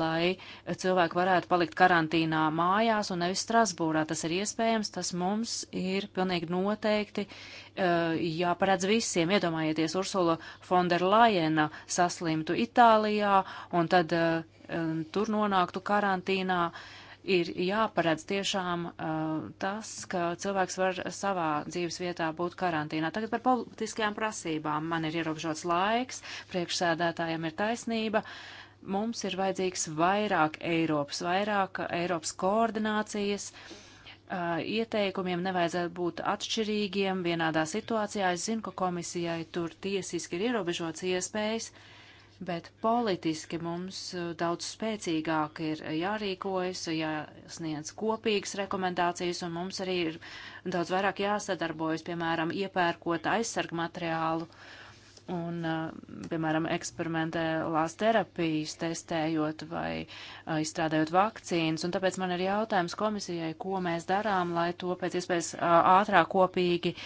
lai cilvēki varētu palikt karantīnā mājās un nevis Strasbūrā. Tas ir iespējams, tas mums ir pilnīgi noteikti eh, jāparedz visiem. Iedomājieties, Ursula Fonderlajena saslimtu Itālijā un tad eh, tur nonāktu karantīnā. Uh, ir jāparedz tiešām uh, tas, ka cilvēks var savā dzīves vietā būt karantīnā. Tagad par politiskajām prasībām. Man ir ierobežots laiks, priekšsēdētājiem ir taisnība. Mums ir vajadzīgs vairāk Eiropas, vairāk Eiropas koordinācijas. Uh, ieteikumiem nevajadzētu būt atšķirīgiem vienādā situācijā. Es zinu, ka komisijai tur tiesiski ir ierobežots iespējas, bet politiski mums uh, daudz spēcīgāk ir jārīkojas, jāsniedz kopīgas rekomendācijas, un mums arī ir daudz vairāk jāsadarbojas, piemēram, iepērkot aizsargu materiālu un, uh, piemēram, eksperimentēlās terapijas testējot vai uh, izstrādājot vakcīnas, un tāpēc man ir jautājums komisijai, ko mēs darām, lai to pēc iespējas ātrāk kopīgi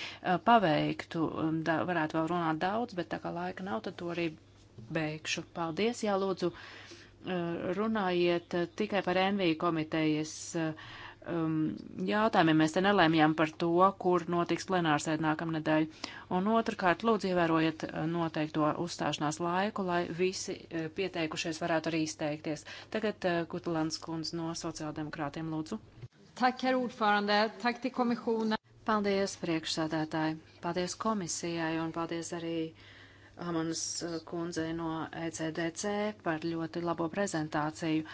paveiktu. Um, da, varētu vēl runāt daudz, bet tā kā laika nav, tad to arī beigšu. Paldies, jā, lūdzu, eh, runājiet eh, tikai par NV komitejas eh, um, jautājumiem. Mēs te nelēmjām par to, kur notiks plenārsēd nākamnedēļ. Un otrkārt, lūdzu, ievērojiet noteikto uzstāšanās laiku, lai visi pieteikušies varētu arī izteikties. Tagad uh, Gutelans kundz no sociāldemokrātiem, lūdzu. Tak, herr ordförande, tak til kommissionen. Paldies, priekšsādātāji. Paldies komisijai un paldies arī uh, Hamanas eh, kundzei no ECDC par ļoti labo prezentāciju.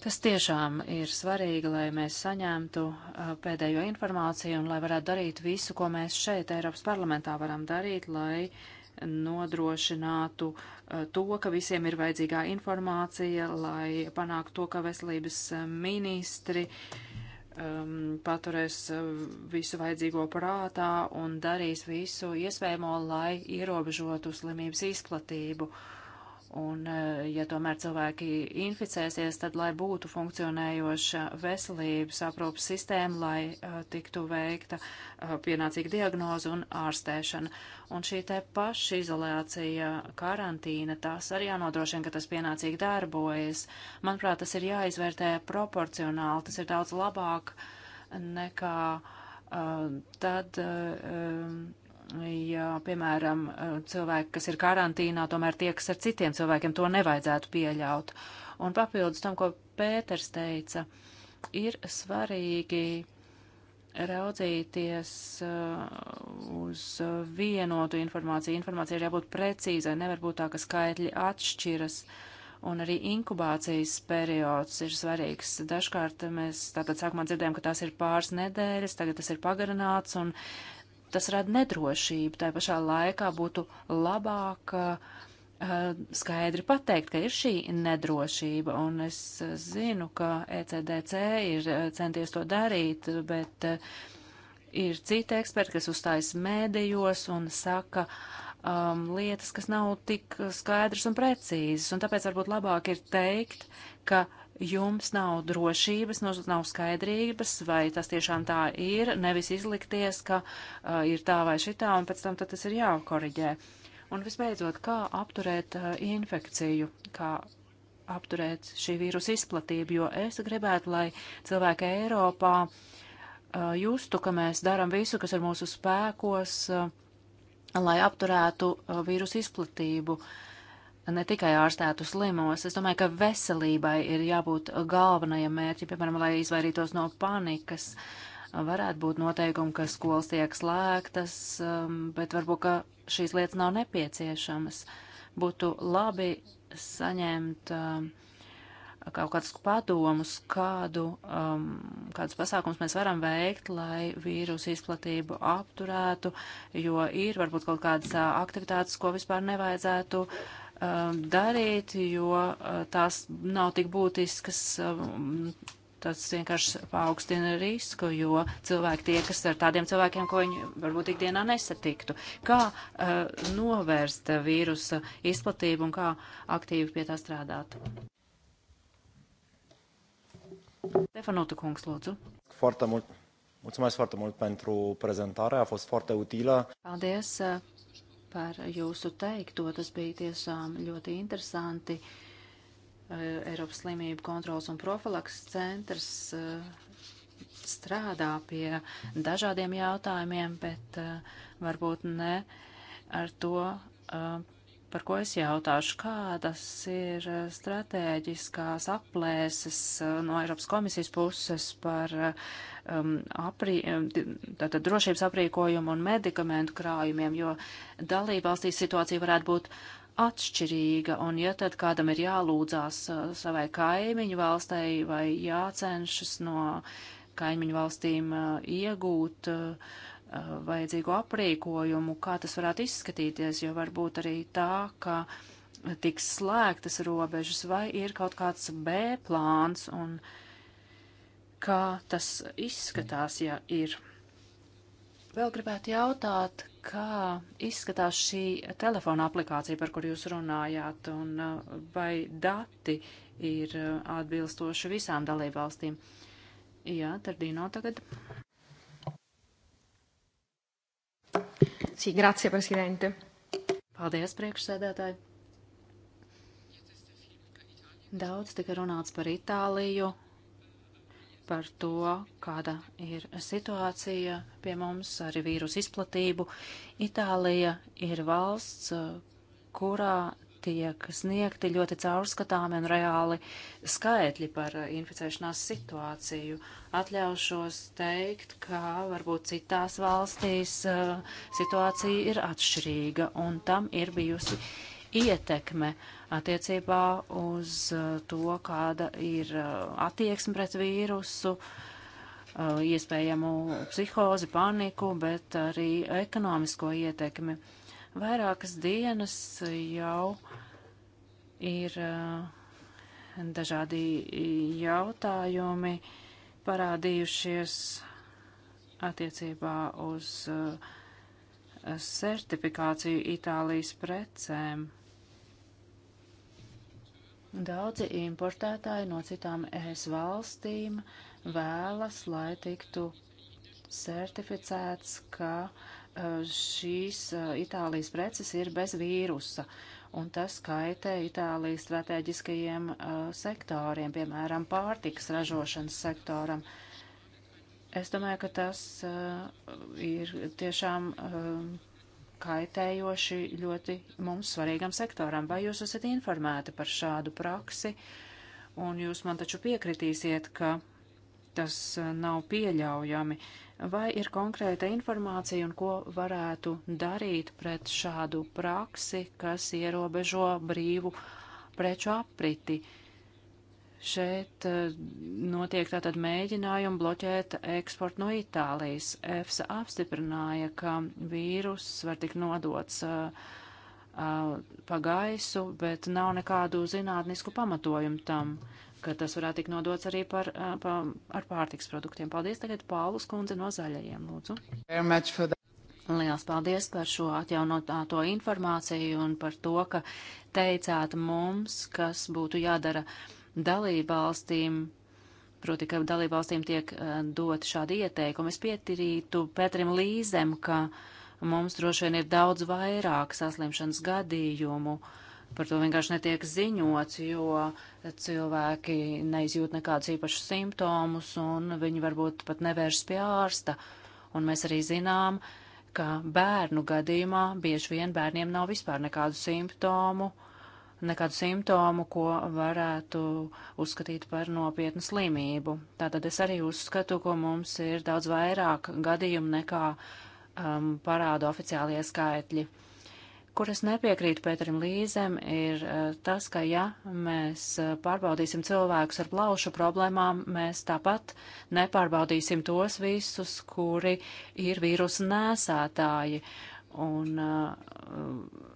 Tas tiešām ir svarīgi, lai mēs saņemtu eh, pēdējo informāciju un lai varētu darīt visu, ko mēs šeit Eiropas parlamentā varam darīt, lai nodrošinātu eh, to, ka visiem ir vajadzīgā informācija, lai panāktu to, ka veselības ministri uh, um, paturēs uh, visu vajadzīgo prātā un darīs visu iespējamo, lai ierobežotu slimības izplatību. Uh, Un, e, ja tomēr cilvēki inficēsies, tad, lai būtu funkcionējoša veselības aprūpas sistēma, lai uh, tiktu veikta uh, pienācīga diagnoze un ārstēšana. Un šī te paša izolācija, karantīna, tas arī jānodrošina, ka tas pienācīgi darbojas. Manuprāt, tas ir jāizvērtē proporcionāli, tas ir daudz labāk nekā uh, tad. Uh, um, ja, piemēram, cilvēki, kas ir karantīnā, tomēr tiekas ar citiem cilvēkiem, to nevajadzētu pieļaut. Un papildus tam, ko Pēters teica, ir svarīgi raudzīties uh, uz vienotu informāciju. Informācija ir jābūt precīzai, nevar būt tā, ka skaitļi atšķiras. Un arī inkubācijas periods ir svarīgs. Dažkārt mēs tātad sākumā dzirdējām, ka tās ir pāris nedēļas, tagad tas ir pagarināts, un uh, tas rada nedrošību. Tā pašā laikā būtu labāk eh, skaidri pateikt, ka ir šī nedrošība, un es zinu, ka ECDC ir eh, centies to darīt, bet eh, ir citi eksperti, kas uzstājas mēdījos un saka, um, lietas, kas nav tik skaidras un precīzas, un tāpēc varbūt labāk ir teikt, ka uh, jums nav drošības, nu, nav skaidrības, vai tas tiešām tā ir, nevis izlikties, ka uh, ir tā vai šitā, un pēc tam tas ir jākoriģē. Un visbeidzot, kā apturēt uh, infekciju, kā apturēt šī vīrusa izplatību, jo es gribētu, lai cilvēki Eiropā uh, justu, ka mēs darām visu, kas ir mūsu spēkos, uh, lai apturētu uh, vīrusa izplatību. Uh, ne tikai ārstētu slimos. Es domāju, ka veselībai ir jābūt galvenajam mērķim, piemēram, lai izvairītos no panikas. Varētu būt noteikumi, ka skolas tiek slēgtas, um, bet varbūt, ka šīs lietas nav nepieciešamas. Būtu labi saņemt um, kaut kādus padomus, kādu, um, kādus pasākums mēs varam veikt, lai vīrusu izplatību apturētu, jo ir varbūt kaut kādas uh, aktivitātes, ko vispār nevajadzētu uh, Um, darīt, jo uh, tās nav tik būtiskas um, tas vienkārši paaugstina risku, jo cilvēki tiekas ar tādiem cilvēkiem, ko viņi varbūt ikdienā nesatiktu. Kā uh, novērst vīrusa izplatību un kā aktīvi pie tā strādāt? Stefanuta kungs, lūdzu. Foarte mult. Mulțumesc foarte mult pentru prezentare, a fost foarte utilă. Paldies uh, par jūsu teikto. Tas bija tiešām ļoti interesanti. Eh, Eiropas slimību kontrols un profilaks centrs eh, strādā pie dažādiem jautājumiem, bet eh, varbūt ne ar to, par ko es jautāšu, kādas ir stratēģiskās aplēses no Eiropas komisijas puses par uh, um, aprī, um, tātad drošības aprīkojumu un medikamentu krājumiem, jo dalībvalstīs situācija varētu būt atšķirīga, un ja tad kādam ir jālūdzās uh, savai kaimiņu valstei vai jācenšas no kaimiņu valstīm uh, iegūt uh, uh vajadzīgo aprīkojumu, kā tas varētu izskatīties, jo varbūt arī tā, ka tiks slēgtas robežas vai ir kaut kāds B plāns un uh, kā tas izskatās, ja ir. Vēl gribētu jautāt, kā izskatās šī telefona aplikācija, par kur jūs runājāt, un uh, vai dati ir uh, atbilstoši visām dalībvalstīm? Jā, Tardīno tagad. Sī, grazie, prezidente. Paldies, priekšsēdētāji. Daudz tika runāts par Itāliju par to, kāda ir situācija pie mums ar vīrusu izplatību. Itālija ir valsts, kurā tiek sniegti ļoti caurskatāmi un reāli skaitļi par inficēšanās situāciju. Atļaušos teikt, ka varbūt citās valstīs eh, situācija ir atšķirīga, un tam ir bijusi ietekme attiecībā uz uh, to, kāda ir uh, attieksme pret vīrusu, uh, iespējamu psihozi, paniku, bet arī ekonomisko ietekmi. Vairākas dienas jau ir dažādi jautājumi parādījušies attiecībā uz certifikāciju Itālijas precēm. Daudzi importētāji no citām ES valstīm vēlas, lai tiktu certificēts, ka e, šīs e, Itālijas preces ir bez vīrusa, un tas kaitē Itālijas strateģiskajiem e, sektoriem, piemēram, pārtikas ražošanas sektoram. Es domāju, ka tas ir tiešām kaitējoši ļoti mums svarīgam sektoram. Vai jūs esat informēti par šādu praksi? Un jūs man taču piekritīsiet, ka tas eh, nav pieļaujami. Vai ir konkrēta informācija un ko varētu darīt pret šādu praksi, kas ierobežo brīvu preču apriti? Uh, Šeit eh, notiek tātad mēģinājumi bloķēt eksportu no Itālijas. EFSA apstiprināja, ka vīruss var tik nodots uh, uh, pa gaisu, bet nav nekādu zinātnisku pamatojumu tam, ka tas varētu tik nodots arī par, uh, pa, ar pārtiks produktiem. Paldies tagad Pālus kundze no zaļajiem, lūdzu. Liels paldies par šo atjaunotāto informāciju un par to, ka teicāt mums, kas būtu jādara. Uh, dalībvalstīm, proti, ka dalībvalstīm tiek eh, dot šādi ieteikumi. Es pietirītu Petrim Līzem, ka mums droši vien ir daudz vairāk saslimšanas gadījumu. Par to vienkārši netiek ziņots, jo cilvēki neizjūt nekādus īpašus simptomus un viņi varbūt pat nevēršas pie ārsta. Un mēs arī zinām, ka bērnu gadījumā bieži vien bērniem nav vispār nekādu simptomu. Uh, nekādu simptomu, ko varētu uzskatīt par nopietnu slimību. Tātad es arī uzskatu, ka mums ir daudz vairāk gadījumu nekā um, parāda oficiālie skaitļi. Kur es nepiekrītu Pēterim Līzem, ir uh, tas, ka ja mēs uh, pārbaudīsim cilvēkus ar plaušu problēmām, mēs tāpat nepārbaudīsim tos visus, kuri ir vīrusu nēsātāji. Un, uh,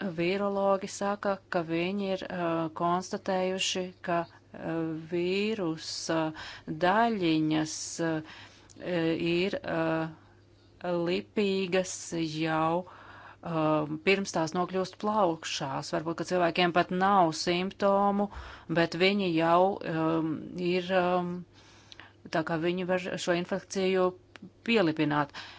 virologi saka, ka viņi ir uh, konstatējuši, ka uh, vīrusa daļiņas uh, ir uh, lipīgas jau uh, pirms tās nokļūst plaukšās. Varbūt, ka cilvēkiem pat nav simptomu, bet viņi jau um, ir, um, tā kā viņi var šo infekciju pielipināt. Uh,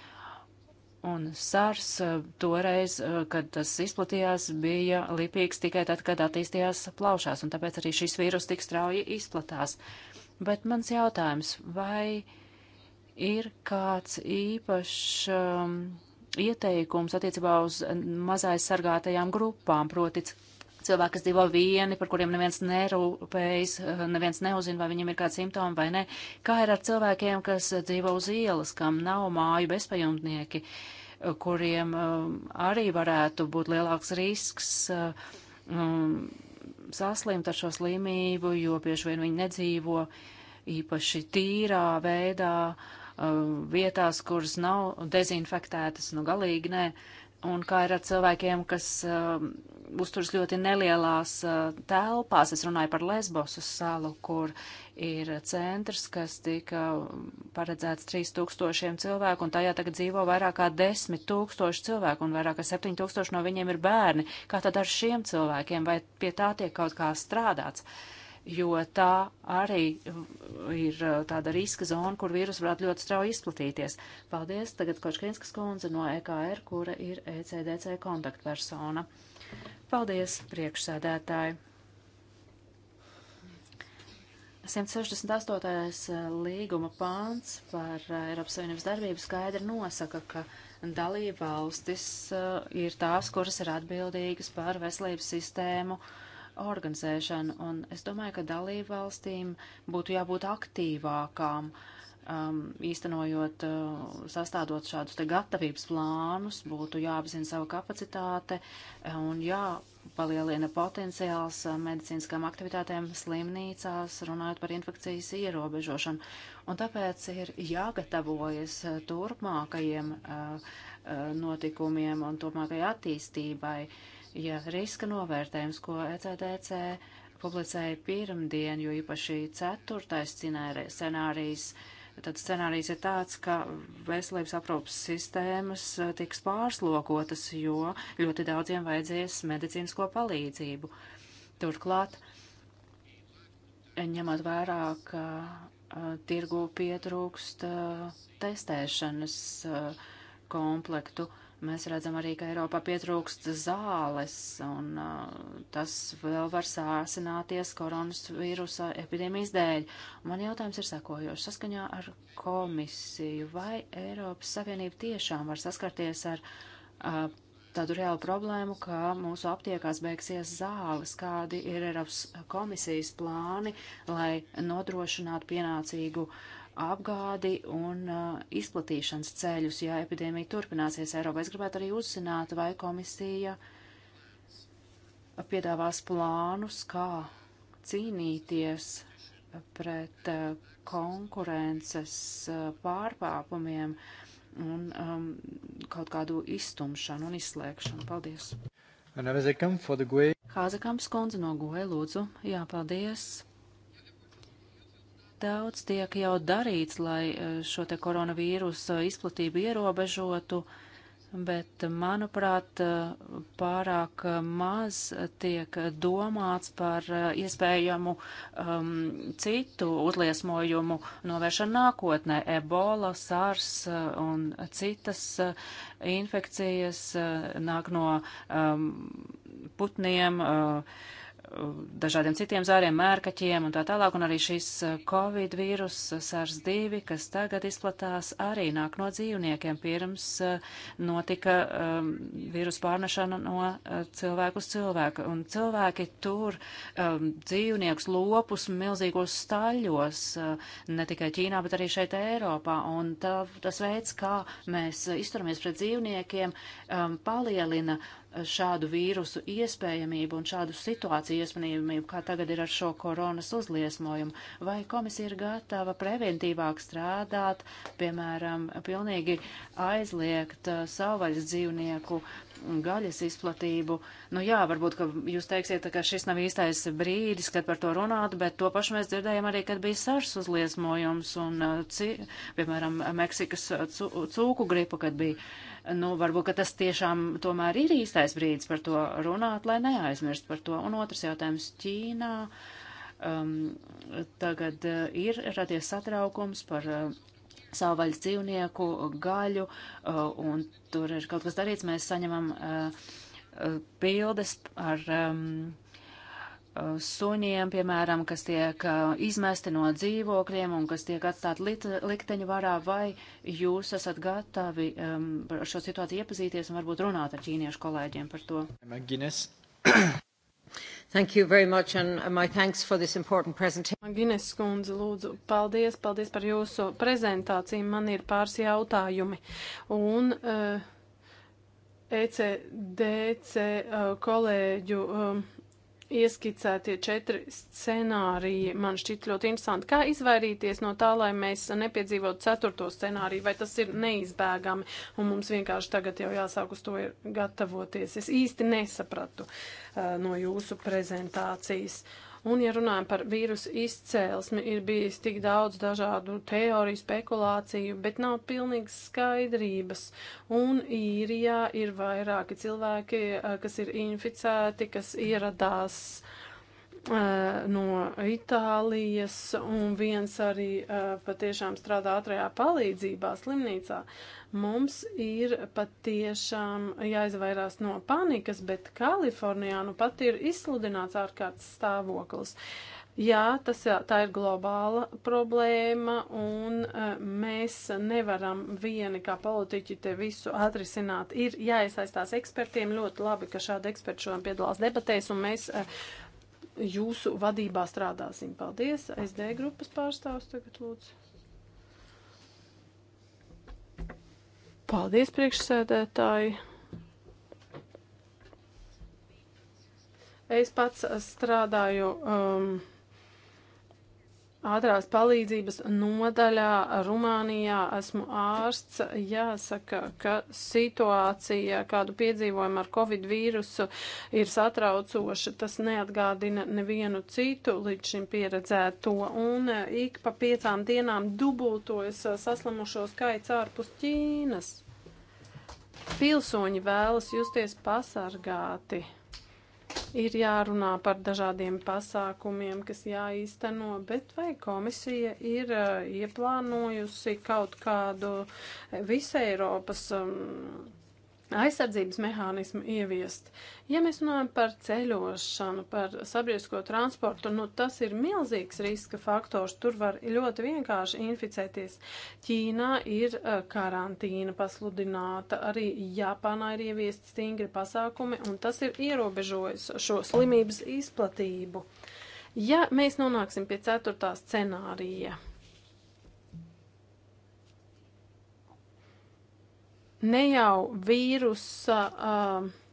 Un SARS eh, toreiz, eh, kad tas izplatījās, bija lipīgs tikai tad, kad attīstījās plaušās, un tāpēc arī šis vīrus tik strauji izplatās. Bet mans jautājums, vai ir kāds īpašs um, ieteikums attiecībā uz mazais sargātajām grupām, proti cilvēki, kas dzīvo vieni, par kuriem neviens nerūpējas, eh, neviens neuzina, vai viņiem ir kāds simptomi vai nē. Kā ir ar cilvēkiem, kas eh, dzīvo uz ielas, kam nav māju bezpajumtnieki, eh, kuriem arī varētu būt lielāks risks um, saslimt ar šo slimību, jo bieži vien viņi nedzīvo īpaši tīrā veidā, um, vietās, kuras nav dezinfektētas, nu galīgi nē. Uh, Un kā ir ar cilvēkiem, kas uh, uzturas ļoti nelielās uh, telpās, es runāju par Lesbosu salu, kur ir centrs, kas tika um, paredzēts 3000 cilvēku, un tajā tagad dzīvo vairāk kā 10 tūkstoši cilvēku, un vairāk kā 7000 no viņiem ir bērni. Kā tad ar šiem cilvēkiem, vai pie tā tiek kaut kā strādāts? Uh, jo tā arī ir uh, tāda riska zona, kur vīrus varētu ļoti strauji izplatīties. Paldies, tagad Kočkinskas kundze no EKR, kura ir ECDC kontaktpersona. Paldies, priekšsēdētāji. 168. Uh, līguma pāns par uh, Eiropas Savienības darbību skaidri nosaka, ka dalība valstis ir tās, kuras ir atbildīgas par veselības sistēmu uh, organizēšanu, un es domāju, ka dalību valstīm būtu jābūt aktīvākām, um, īstenojot, uh, sastādot šādus te gatavības plānus, būtu jāapzina savu kapacitāte un jāpalielina potenciāls uh, medicīniskām aktivitātēm slimnīcās, runājot par infekcijas ierobežošanu. Un tāpēc ir jāgatavojas uh, turpmākajiem uh, uh, notikumiem un turpmākajai attīstībai. Uh, ja riska novērtējums, ko ECDC publicēja pirmdien, jo īpaši ceturtais scenārijs, tad scenārijs ir tāds, ka veselības aprūpas sistēmas e, tiks pārslogotas, jo ļoti daudziem vajadzēs medicīnisko palīdzību. Turklāt, ņemot vērā, ka e, tirgu pietrūkst e, testēšanas komplektu. Mēs redzam arī, ka Eiropā pietrūkst zāles, un uh, tas vēl var sāsināties koronas vīrusa epidēmijas dēļ. Man jautājums ir sekojošs. Saskaņā ar komisiju, vai Eiropas Savienība tiešām var saskarties ar uh, tādu reālu problēmu, ka mūsu aptiekās beigsies zāles, kādi ir Eiropas komisijas plāni, lai nodrošinātu pienācīgu uh, apgādi un uh, izplatīšanas ceļus, ja epidēmija turpināsies Eiropā. Es gribētu arī uzzināt, vai komisija piedāvās plānus, kā cīnīties pret uh, konkurences uh, pārpāpumiem un um, kaut kādu iztumšanu un izslēgšanu. Paldies! Hāzekamps kundze no Goja, lūdzu. Jā, paldies. Daudz tiek jau darīts, lai e, šo te koronavīrusa e, izplatību ierobežotu, bet, manuprāt, e, pārāk maz tiek domāts par iespējamu um, citu uzliesmojumu novēršanu nākotnē - ebola, sars un citas infekcijas nāk no um, putniem. Uh, dažādiem citiem zāriem, mērkaķiem un tā tālāk, un arī šis eh, Covid vīrus eh, SARS-2, kas tagad izplatās, arī nāk no dzīvniekiem. Pirms eh, notika um, vīrusu pārnešana no cilvēku uz cilvēku, un cilvēki tur um, dzīvniekus lopus milzīgos staļļos, uh, ne tikai Ķīnā, bet arī šeit Eiropā, un tā, tas veids, kā mēs izturamies pret dzīvniekiem, um, palielina šādu vīrusu iespējamību un šādu situāciju iespējamību, kā tagad ir ar šo koronas uzliesmojumu? Vai komisija ir gatava preventīvāk strādāt, piemēram, pilnīgi aizliegt uh, savvaļas dzīvnieku gaļas izplatību? Nu jā, varbūt, ka jūs teiksiet, ka šis nav īstais brīdis, kad par to runāt, bet to pašu mēs dzirdējam arī, kad bija sars uzliesmojums un, uh, ci, piemēram, Meksikas uh, cūku gripa, kad bija nu, varbūt, ka tas tiešām tomēr ir īstais brīdis par to runāt, lai neaizmirst par to. Un otrs jautājums - Ķīnā um, tagad uh, ir radies satraukums par uh, savvaļas dzīvnieku gaļu, uh, un tur ir kaut kas darīts, mēs saņemam uh, uh bildes ar. Um, suņiem, piemēram, kas tiek izmesti no dzīvokļiem un kas tiek atstāti likteņu varā, vai jūs esat gatavi um, ar šo situāciju iepazīties un varbūt runāt ar ķīniešu kolēģiem par to? Magines. Thank you very much and uh, my thanks for this important presentation. Magines skundze, lūdzu, paldies, paldies par jūsu prezentāciju. Man ir pāris jautājumi. Un uh, ECDC uh, kolēģu. Um, ieskicētie četri scenāriji man šķiet ļoti interesanti. Kā izvairīties no tā, lai mēs nepiedzīvotu ceturto scenāriju, vai tas ir neizbēgami, un mums vienkārši tagad jau jāsāk uz to gatavoties. Es īsti nesapratu uh, no jūsu prezentācijas. Uh, Un, ja runājam par vīrusu izcēlesmi, ir bijis tik daudz dažādu teoriju, spekulāciju, bet nav pilnīgas skaidrības. Un īrijā ir vairāki cilvēki, eh, kas ir inficēti, kas ieradās Eh, no Itālijas, un viens arī eh, patiešām strādā ātrajā palīdzībā slimnīcā. Mums ir patiešām jāizvairās no panikas, bet Kalifornijā nu pat ir izsludināts ārkārtas stāvoklis. Jā, tas, tā ir globāla problēma, un eh, mēs nevaram vieni kā politiķi te visu atrisināt. Ir jāiesaistās ekspertiem ļoti labi, ka šādi eksperti šodien piedalās debatēs, un mēs uh, jūsu vadībā strādāsim. Paldies. SD grupas pārstāvs tagad lūdzu. Paldies, priekšsēdētāji. Es pats strādāju. Um, ātrās palīdzības nodaļā Rumānijā esmu ārsts. Jāsaka, ka situācija, kādu piedzīvojam ar covid vīrusu, ir satraucoša. Tas neatgādina nevienu citu līdz šim pieredzēto. Un eh, ik pa piecām dienām dubultojas eh, saslimušo skaits ārpus Ķīnas. Pilsoņi vēlas justies pasargāti. Ir jārunā par dažādiem pasākumiem, kas jāīsteno, bet vai komisija ir eh, ieplānojusi kaut kādu visai Eiropas. Um, aizsardzības mehānismu ieviest. Ja mēs runājam par ceļošanu, par sabiedrisko transportu, nu tas ir milzīgs riska faktors. Tur var ļoti vienkārši inficēties. Ķīnā ir eh, karantīna pasludināta, arī Japānā ir ieviesti stingri pasākumi, un tas ir ierobežojis šo slimības izplatību. Ja mēs nonāksim pie ceturtā scenārija, ne jau vīrusa. Uh,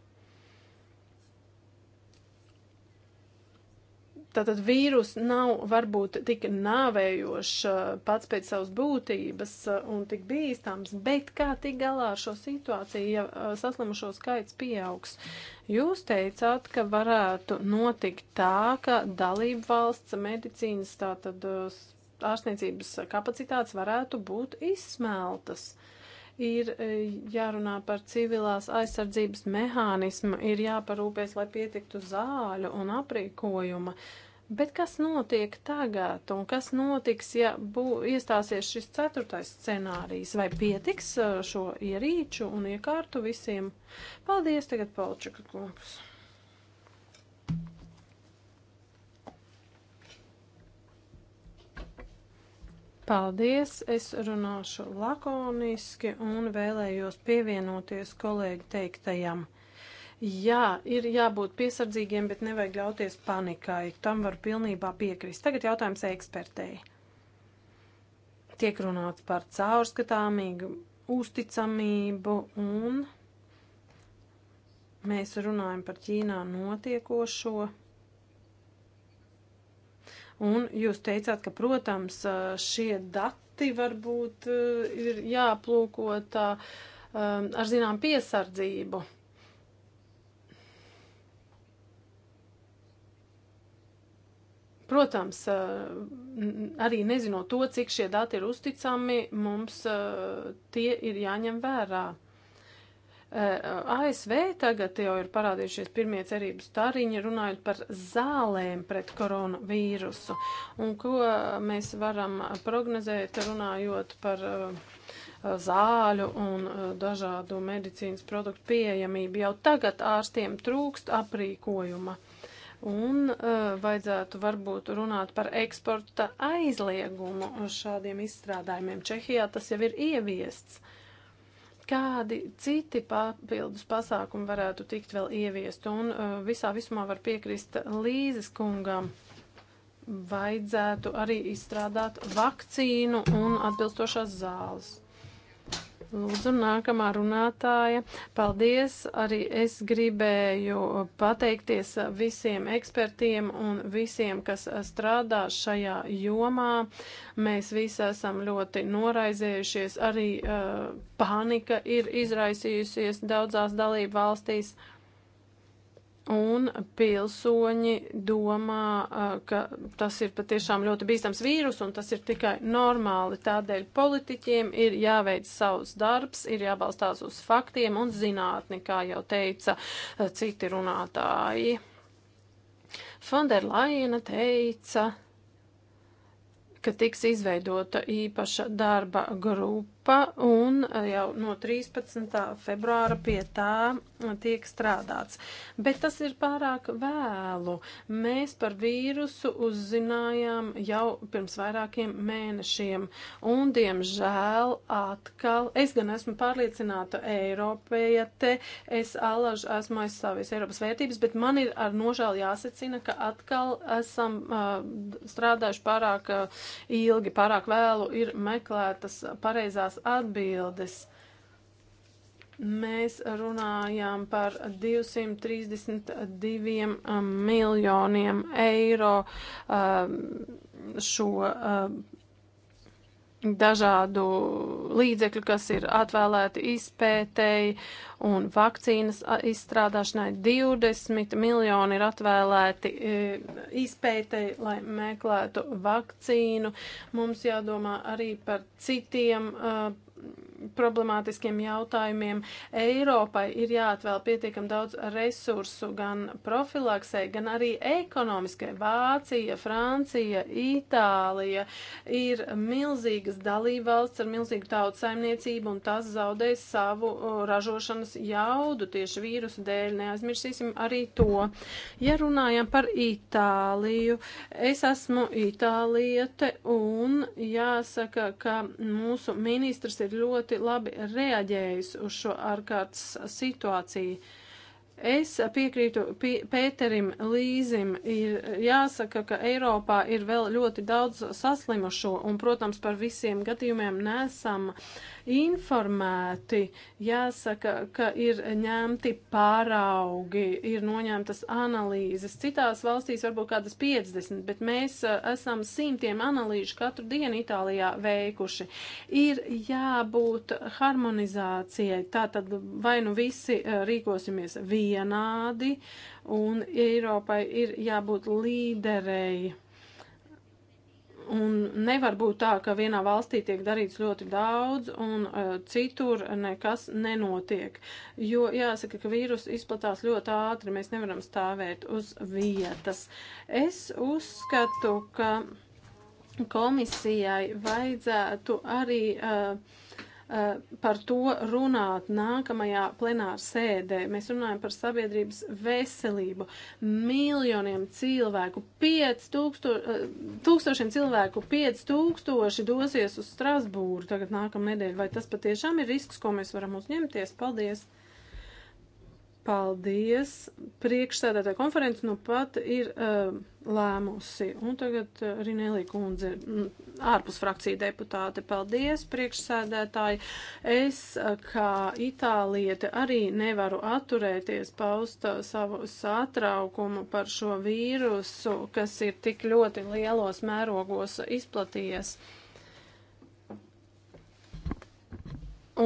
Tātad vīrus nav varbūt tik nāvējošs uh, pats pēc savas būtības uh, un tik bīstams, bet kā tik galā ar šo situāciju, ja uh, saslimušo skaits pieaugs? Jūs teicāt, ka varētu notikt tā, ka dalību valsts medicīnas tātad ārstniecības kapacitātes varētu būt izsmeltas. Uh, ir e, jārunā par civilās aizsardzības mehānismu, ir jāparūpēs, lai pietiktu zāļu un aprīkojuma. Bet kas notiek tagad un kas notiks, ja bū, iestāsies šis ceturtais scenārijs? Vai pietiks e, šo ierīču un iekārtu visiem? Paldies tagad, Palčaka kungs! Paldies, es runāšu lakoniski un vēlējos pievienoties kolēģi teiktajam. Jā, ir jābūt piesardzīgiem, bet nevajag ļauties panikai. Tam var pilnībā piekrist. Tagad jautājums ekspertei. Tiek runāts par caurskatāmīgu uzticamību un mēs runājam par Ķīnā notiekošo. Un jūs teicāt, ka, protams, šie dati varbūt ir jāplūko tā ar zinām piesardzību. Protams, arī nezinot to, cik šie dati ir uzticami, mums tie ir jāņem vērā. Eh, ASV tagad jau ir parādījušies pirmie cerību stariņi runājot par zālēm pret koronavīrusu. Un ko mēs varam prognozēt runājot par eh, zāļu un eh, dažādu medicīnas produktu pieejamību. Jau tagad ārstiem trūkst aprīkojuma. Un uh, vajadzētu varbūt runāt par eksporta aizliegumu uz šādiem izstrādājumiem. Čehijā tas jau ir ieviests. Uh, kādi citi papildus pasākumi varētu tikt vēl ieviest. Un uh, visā visumā var piekrist Līzes kungam. Vajadzētu arī izstrādāt vakcīnu un atbilstošās zāles. Lūdzu, nākamā runātāja. Paldies! Arī es gribēju pateikties visiem ekspertiem un visiem, kas strādā šajā jomā. Mēs visi esam ļoti noraizējušies. Arī uh, panika ir izraisījusies daudzās dalību valstīs. Uh, Un pilsoņi domā, ka tas ir patiešām ļoti bīstams vīrus un tas ir tikai normāli. Tādēļ politiķiem ir jāveic savs darbs, ir jābalstās uz faktiem un zinātni, kā jau teica citi runātāji. Fonderlaina teica, ka tiks izveidota īpaša darba grupa grupa un eh, jau no 13. februāra pie tā eh, tiek strādāts. Bet tas ir pārāk vēlu. Mēs par vīrusu uzzinājām jau pirms vairākiem mēnešiem un, diemžēl, atkal, es gan esmu pārliecināta Eiropējiete, es alaž esmu aizstāvis Eiropas vērtības, bet man ir ar nožēlu jāsacina, ka atkal esam uh, strādājuši pārāk uh, ilgi, pārāk vēlu ir meklētas pareizās tās atbildes. Mēs runājām par 232 um, miljoniem eiro um, šo um, dažādu līdzekļu, kas ir atvēlēti izpētēji un vakcīnas izstrādāšanai. 20 miljoni ir atvēlēti e, izpētēji, lai meklētu vakcīnu. Mums jādomā arī par citiem uh, problemātiskiem jautājumiem. Eiropai ir jāatvēl pietiekam daudz resursu gan profilaksē, gan arī ekonomiskai. Vācija, Francija, Itālija ir milzīgas dalībvalsts ar milzīgu tautsaimniecību, un tas zaudēs savu ražošanas jaudu tieši vīrusu dēļ. Neaizmirsīsim arī to. Ja runājam par Itāliju, es esmu itāliete, un jāsaka, ka mūsu ministrs ir ļoti ļoti labi reaģējusi uz šo ārkārtas situāciju. Es piekrītu Pēterim Līzim, ir jāsaka, ka Eiropā ir vēl ļoti daudz saslimušo, un, protams, par visiem gadījumiem nesam uh, informēti. Jāsaka, ka ir ņemti pāraugi, ir noņemtas analīzes. Citās valstīs varbūt kādas 50, bet mēs uh, esam simtiem analīžu katru dienu Itālijā veikuši. Ir jābūt harmonizācijai. Tātad vai nu visi uh, rīkosimies vienādi, un Eiropai ir jābūt līderei Un nevar būt tā, ka vienā valstī tiek darīts ļoti daudz un uh, citur nekas nenotiek. Jo jāsaka, ka vīrus izplatās ļoti ātri, mēs nevaram stāvēt uz vietas. Es uzskatu, ka komisijai vajadzētu arī. Uh, Eh, par to runāt nākamajā plenāra sēdē. Mēs runājam par sabiedrības veselību. Miljoniem cilvēku, 5000, eh, tūkstošiem cilvēku, 5000 dosies uz Strasbūru tagad nākamnedēļ. Vai tas patiešām ir risks, ko mēs varam uzņemties? Paldies! Paldies! Priekšsēdētā konference nu pat ir uh, lēmusi. Un tagad uh, eh, Rinēlī kundze, ārpus frakcija deputāte, paldies, priekšsēdētāji. Es, uh, kā itālieti, arī nevaru atturēties paust uh, savu satraukumu par šo vīrusu, kas ir tik ļoti lielos mērogos izplatījies.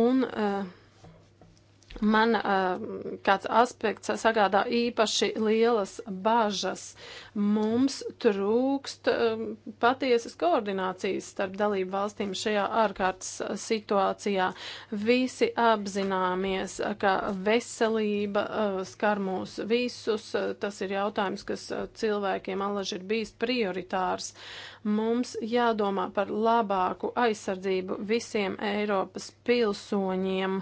Un, uh, Man uh, kāds aspekts sagādā īpaši lielas bažas. Mums trūkst uh, patiesas koordinācijas starp dalību valstīm šajā ārkārtas situācijā. Visi apzināmies, ka veselība uh, skar mūs visus. Tas ir jautājums, kas cilvēkiem alaži ir bijis prioritārs. Uh, Mums jādomā par labāku aizsardzību visiem Eiropas pilsoņiem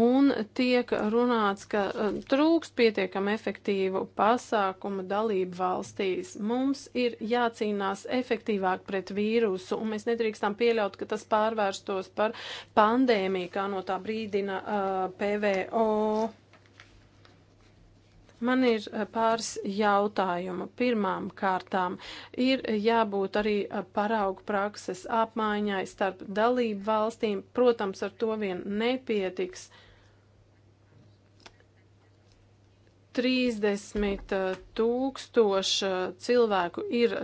un tiek runāts, ka uh, trūkst pietiekam efektīvu pasākumu dalību valstīs. Mums ir jācīnās efektīvāk pret vīrusu un mēs nedrīkstam pieļaut, ka tas pārvērstos par pandēmiju, kā no tā brīdina uh, PVO. Man ir eh, pāris jautājumu. Pirmām kārtām ir jābūt arī eh, paraugu prakses apmaiņai starp dalību valstīm. Protams, ar to vien nepietiks. 30 eh, tūkstoši cilvēku ir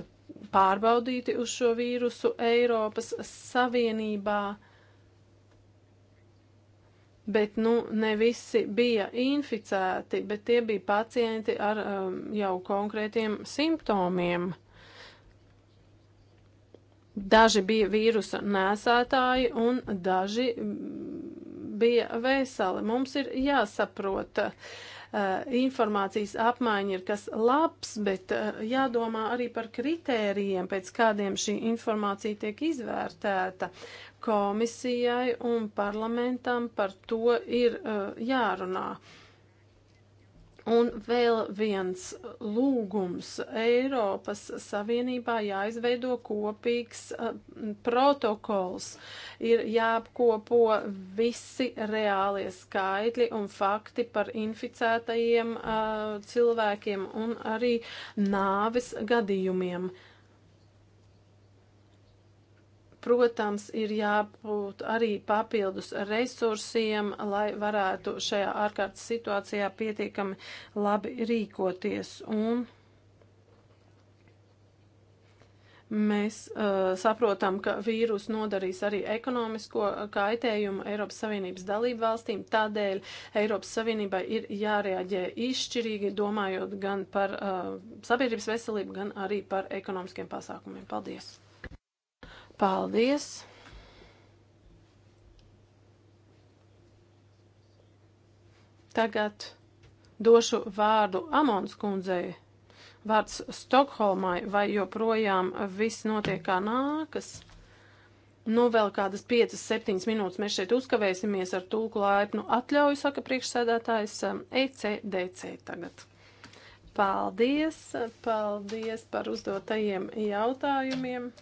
pārbaudīti uz šo vīrusu Eiropas Savienībā bet nu ne visi bija inficēti, bet tie bija pacienti ar um, jau konkrētiem simptomiem. Daži bija vīrusa nēsātāji un daži mm, bija veseli. Mums ir jāsaprota. Uh, informācijas apmaiņa ir kas labs, bet jādomā arī par kritērijiem, pēc kādiem šī informācija tiek izvērtēta. Komisijai un parlamentam par to ir jārunā. Un vēl viens lūgums Eiropas Savienībā jāizveido kopīgs uh, protokols. Ir jāapkopo visi reālie skaitļi un fakti par inficētajiem uh, cilvēkiem un arī nāves gadījumiem. Uh, Protams, ir jābūt arī papildus resursiem, lai varētu šajā ārkārtas situācijā pietiekami labi rīkoties. Un mēs uh, saprotam, ka vīrus nodarīs arī ekonomisko kaitējumu Eiropas Savienības dalību valstīm. Tādēļ Eiropas Savienībai ir jārēģē izšķirīgi, domājot gan par uh, sabiedrības veselību, gan arī par ekonomiskiem pasākumiem. Paldies! Paldies! Tagad došu vārdu Amons kundzei. Vārds Stokholmai, vai joprojām viss notiek kā nākas? Nu, vēl kādas 5-7 minūtes mēs šeit uzkavēsimies ar tūku laipnu atļauju, saka priekšsēdētājs um, ECDC tagad. Paldies, paldies par uzdotajiem jautājumiem.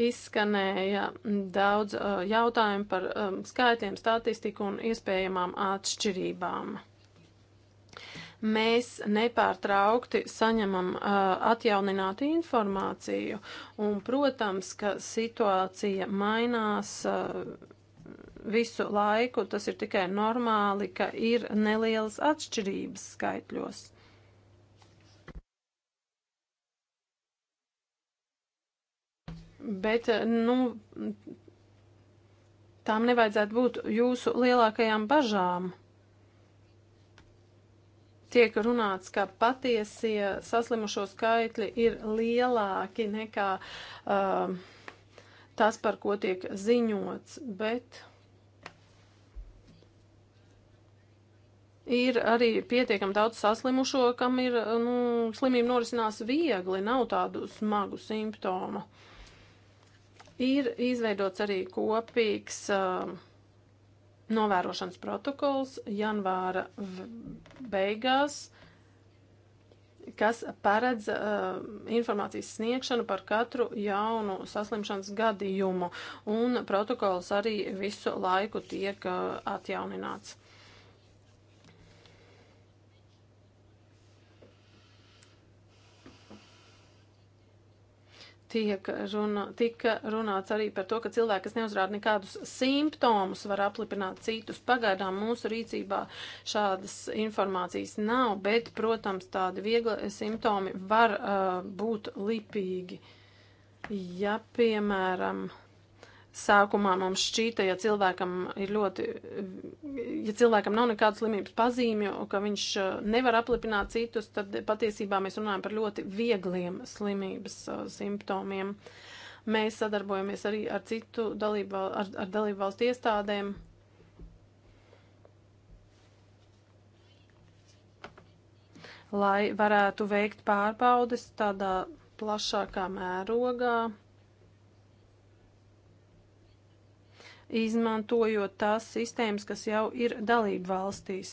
Izskanēja daudz uh, jautājumu par um, skaitļiem, statistiku un iespējamām atšķirībām. Mēs nepārtraukti saņemam uh, atjauninātu informāciju, un, protams, ka situācija mainās. Uh, visu laiku, tas ir tikai normāli, ka ir nelielas atšķirības skaitļos. Bet, eh, nu, tām nevajadzētu būt jūsu lielākajām bažām. Tiek runāts, ka patiesie saslimušo skaitļi ir lielāki nekā uh, tas, par ko tiek ziņots, bet ir arī pietiekami daudz saslimušo, kam ir, eh, nu, slimība norisinās viegli, nav tādu smagu simptomu. Uh, Ir izveidots arī kopīgs uh, novērošanas protokols janvāra beigās, kas paredz uh, informācijas sniegšanu par katru jaunu saslimšanas gadījumu, un protokols arī visu laiku tiek uh, atjaunināts. tiek runa, tika runāts arī par to, ka cilvēki, kas neuzrāda nekādus simptomus, var apliprināt citus. Pagaidām mūsu rīcībā šādas informācijas nav, bet, protams, tādi viegli simptomi var uh, būt lipīgi. Ja, piemēram, Sākumā mums šķīta, ja cilvēkam ir ļoti, ja cilvēkam nav nekādas slimības pazīmju, ka viņš uh, nevar aplipināt citus, tad patiesībā mēs runājam par ļoti viegliem slimības uh, simptomiem. Mēs sadarbojamies arī ar citu dalību, ar, ar dalību valstu iestādēm, lai varētu veikt pārbaudes tādā plašākā mērogā. izmantojot tās sistēmas, kas jau ir dalību valstīs.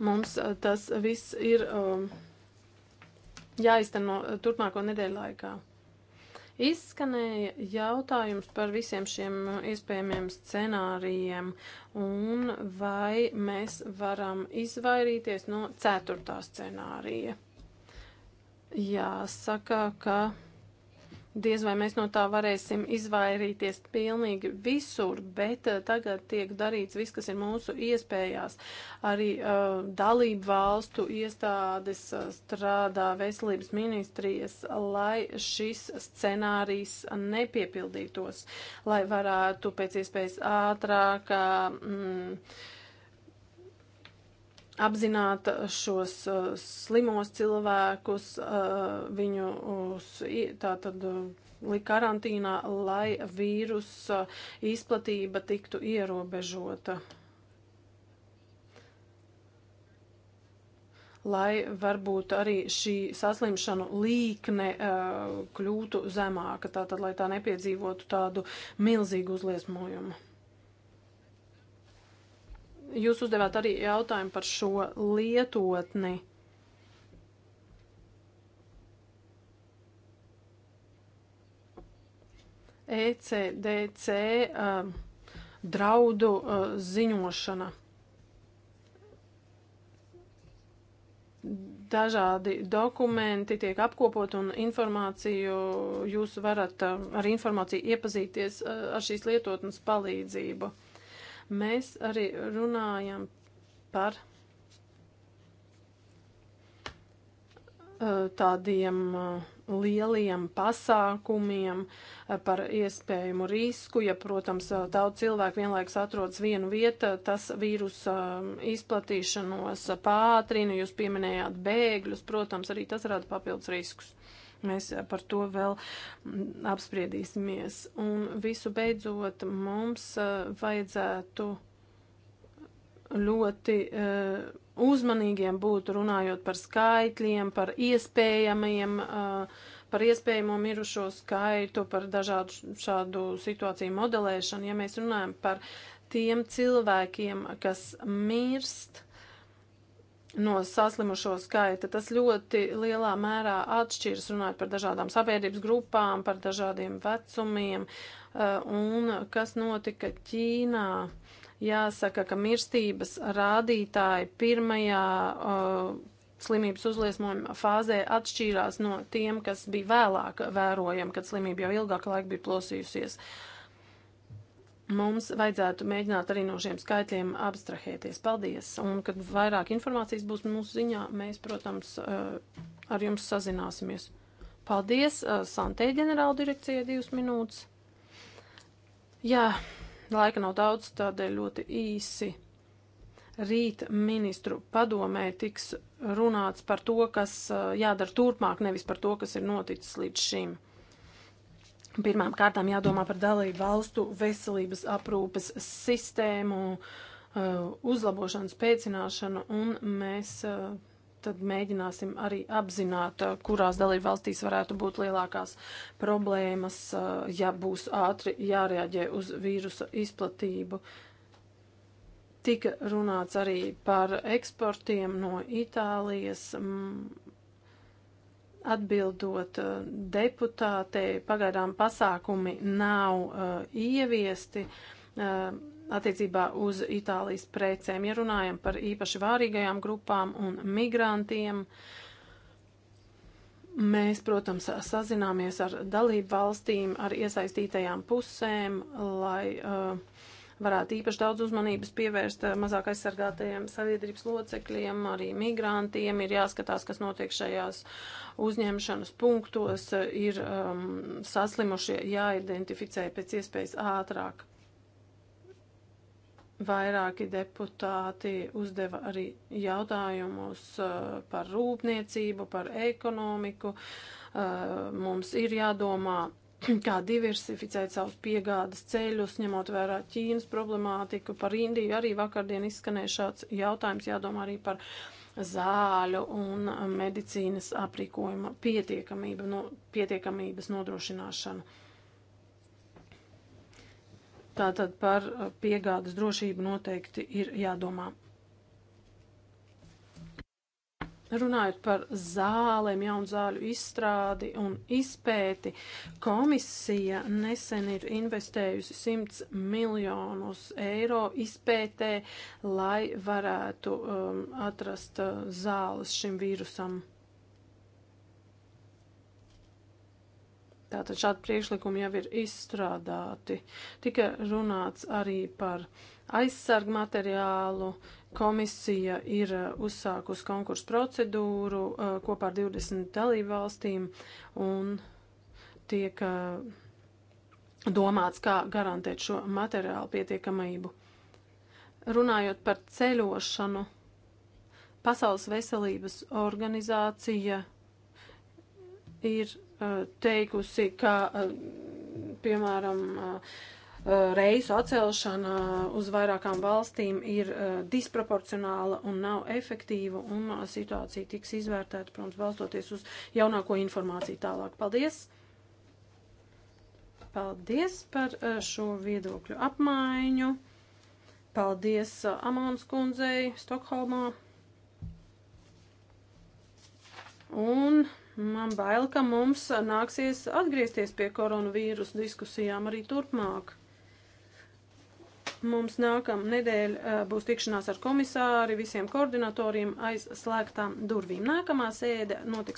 Mums tas viss ir um, jāizteno turpmāko nedēļu laikā. Izskanēja jautājums par visiem šiem iespējamiem scenārijiem un vai mēs varam izvairīties no ceturtā scenārija. Jāsaka, ka Diez vai mēs no tā varēsim izvairīties pilnīgi visur, bet eh, tagad tiek darīts viss, kas ir mūsu iespējās. Arī uh, dalību valstu iestādes eh, strādā veselības ministrijas, lai šis scenārijs nepiepildītos, lai varētu pēc iespējas ātrāk. Mm, apzināt uh, šos uh, slimos cilvēkus, uh, viņu uz, uh, tātad uh, likt karantīnā, lai vīrusa izplatība tiktu ierobežota. Lai varbūt arī šī saslimšanu līkne uh, kļūtu zemāka, tātad, lai tā nepiedzīvotu tādu milzīgu uzliesmojumu. Jūs uzdevāt arī jautājumu par šo lietotni. ECDC um, draudu uh, ziņošana. Dažādi dokumenti tiek apkopot un informāciju, jūs varat uh, ar informāciju iepazīties uh, ar šīs lietotnes palīdzību. Uh, Mēs arī runājam par eh, tādiem eh, lieliem pasākumiem, eh, par iespējamu risku, ja, protams, daudz cilvēku vienlaikus atrodas vienu vietu, tas vīrusa izplatīšanos pātrina, jūs pieminējāt bēgļus, protams, arī tas rada papildus riskus. Mēs par to vēl mm, apspriedīsimies. Un visu beidzot mums eh, vajadzētu ļoti eh, uzmanīgiem būt runājot par skaitļiem, par iespējamiem, eh, par iespējamo mirušo skaitu, par dažādu šādu situāciju modelēšanu. Ja mēs runājam par tiem cilvēkiem, kas mirst, no saslimušo skaita. Tas ļoti lielā mērā atšķiras runājot par dažādām sabiedrības grupām, par dažādiem vecumiem eh, un kas notika Ķīnā. Jāsaka, ka mirstības rādītāji pirmajā uh, slimības uzliesmojuma fāzē atšķīrās no tiem, kas bija vēlāk vērojami, kad slimība jau ilgāk laika bija plosījusies. Uh, mums vajadzētu mēģināt arī no šiem skaitļiem abstrahēties. Paldies! Un, kad vairāk informācijas būs mūsu ziņā, mēs, protams, eh, ar jums sazināsimies. Paldies! Eh, Santei ģenerāla direkcija divas minūtes. Jā, laika nav daudz, tādēļ ļoti īsi. Rīt ministru padomē tiks runāts par to, kas eh, jādara turpmāk, nevis par to, kas ir noticis līdz šim. Pirmām kārtām jādomā par dalību valstu veselības aprūpes sistēmu, uh, uzlabošanu, spēcināšanu, un mēs uh, tad mēģināsim arī apzināt, uh, kurās dalību valstīs varētu būt lielākās problēmas, ja būs ātri jārēģē uz vīrusa izplatību. Tika runāts arī par eksportiem no Itālijas. Atbildot uh, deputātei, pagaidām pasākumi nav uh, ieviesti. Uh, attiecībā uz Itālijas precēm. Ja runājam par īpaši vārīgajām grupām un migrantiem, mēs, protams, sazināmies ar dalību valstīm, ar iesaistītajām pusēm, lai uh, varētu īpaši daudz uzmanības pievērst eh, mazāk aizsargātajiem sabiedrības locekļiem, arī migrantiem. Ir jāskatās, kas notiek šajās uzņemšanas punktos, ir um, saslimušie jāidentificē pēc iespējas ātrāk. Vairāki deputāti uzdeva arī jautājumus uh, par rūpniecību, par ekonomiku. Uh, mums ir jādomā kā diversificēt savus piegādes ceļus, ņemot vērā Ķīnas problemātiku. Par Indiju arī vakardien izskanēja šāds jautājums, jādomā arī par zāļu un medicīnas aprīkojuma pietiekamību, no, pietiekamības nodrošināšanu. Tātad par piegādes drošību noteikti ir jādomā. Runājot par zālēm, jaunu zāļu izstrādi un izpēti, komisija nesen ir investējusi 100 miljonus eiro izpētē, lai varētu um, atrast uh, zāles šim vīrusam. Tātad šādi priekšlikumi jau ir izstrādāti. Tika runāts arī par aizsargu materiālu, uh, Komisija ir eh, uzsākusi konkursu procedūru eh, kopā ar 20 dalību valstīm un tiek eh, domāts, kā garantēt šo materiālu pietiekamību. Runājot par ceļošanu, Pasaules veselības organizācija ir teikusi, ka, piemēram, Eh, reisu atcelšana eh, uz vairākām valstīm ir eh, disproporcionāla un nav efektīva, un situācija tiks izvērtēta, protams, balstoties uz jaunāko informāciju tālāk. Paldies! Paldies par šo viedokļu apmaiņu. Paldies Amāns kundzei Stokholmā. Un man bail, ka mums nāksies atgriezties pie koronavīrus diskusijām arī turpmāk. Mums nākam nedēļ būs tikšanās ar komisāri, visiem koordinatoriem aiz slēgtām durvīm. Nākamā sēde notiks.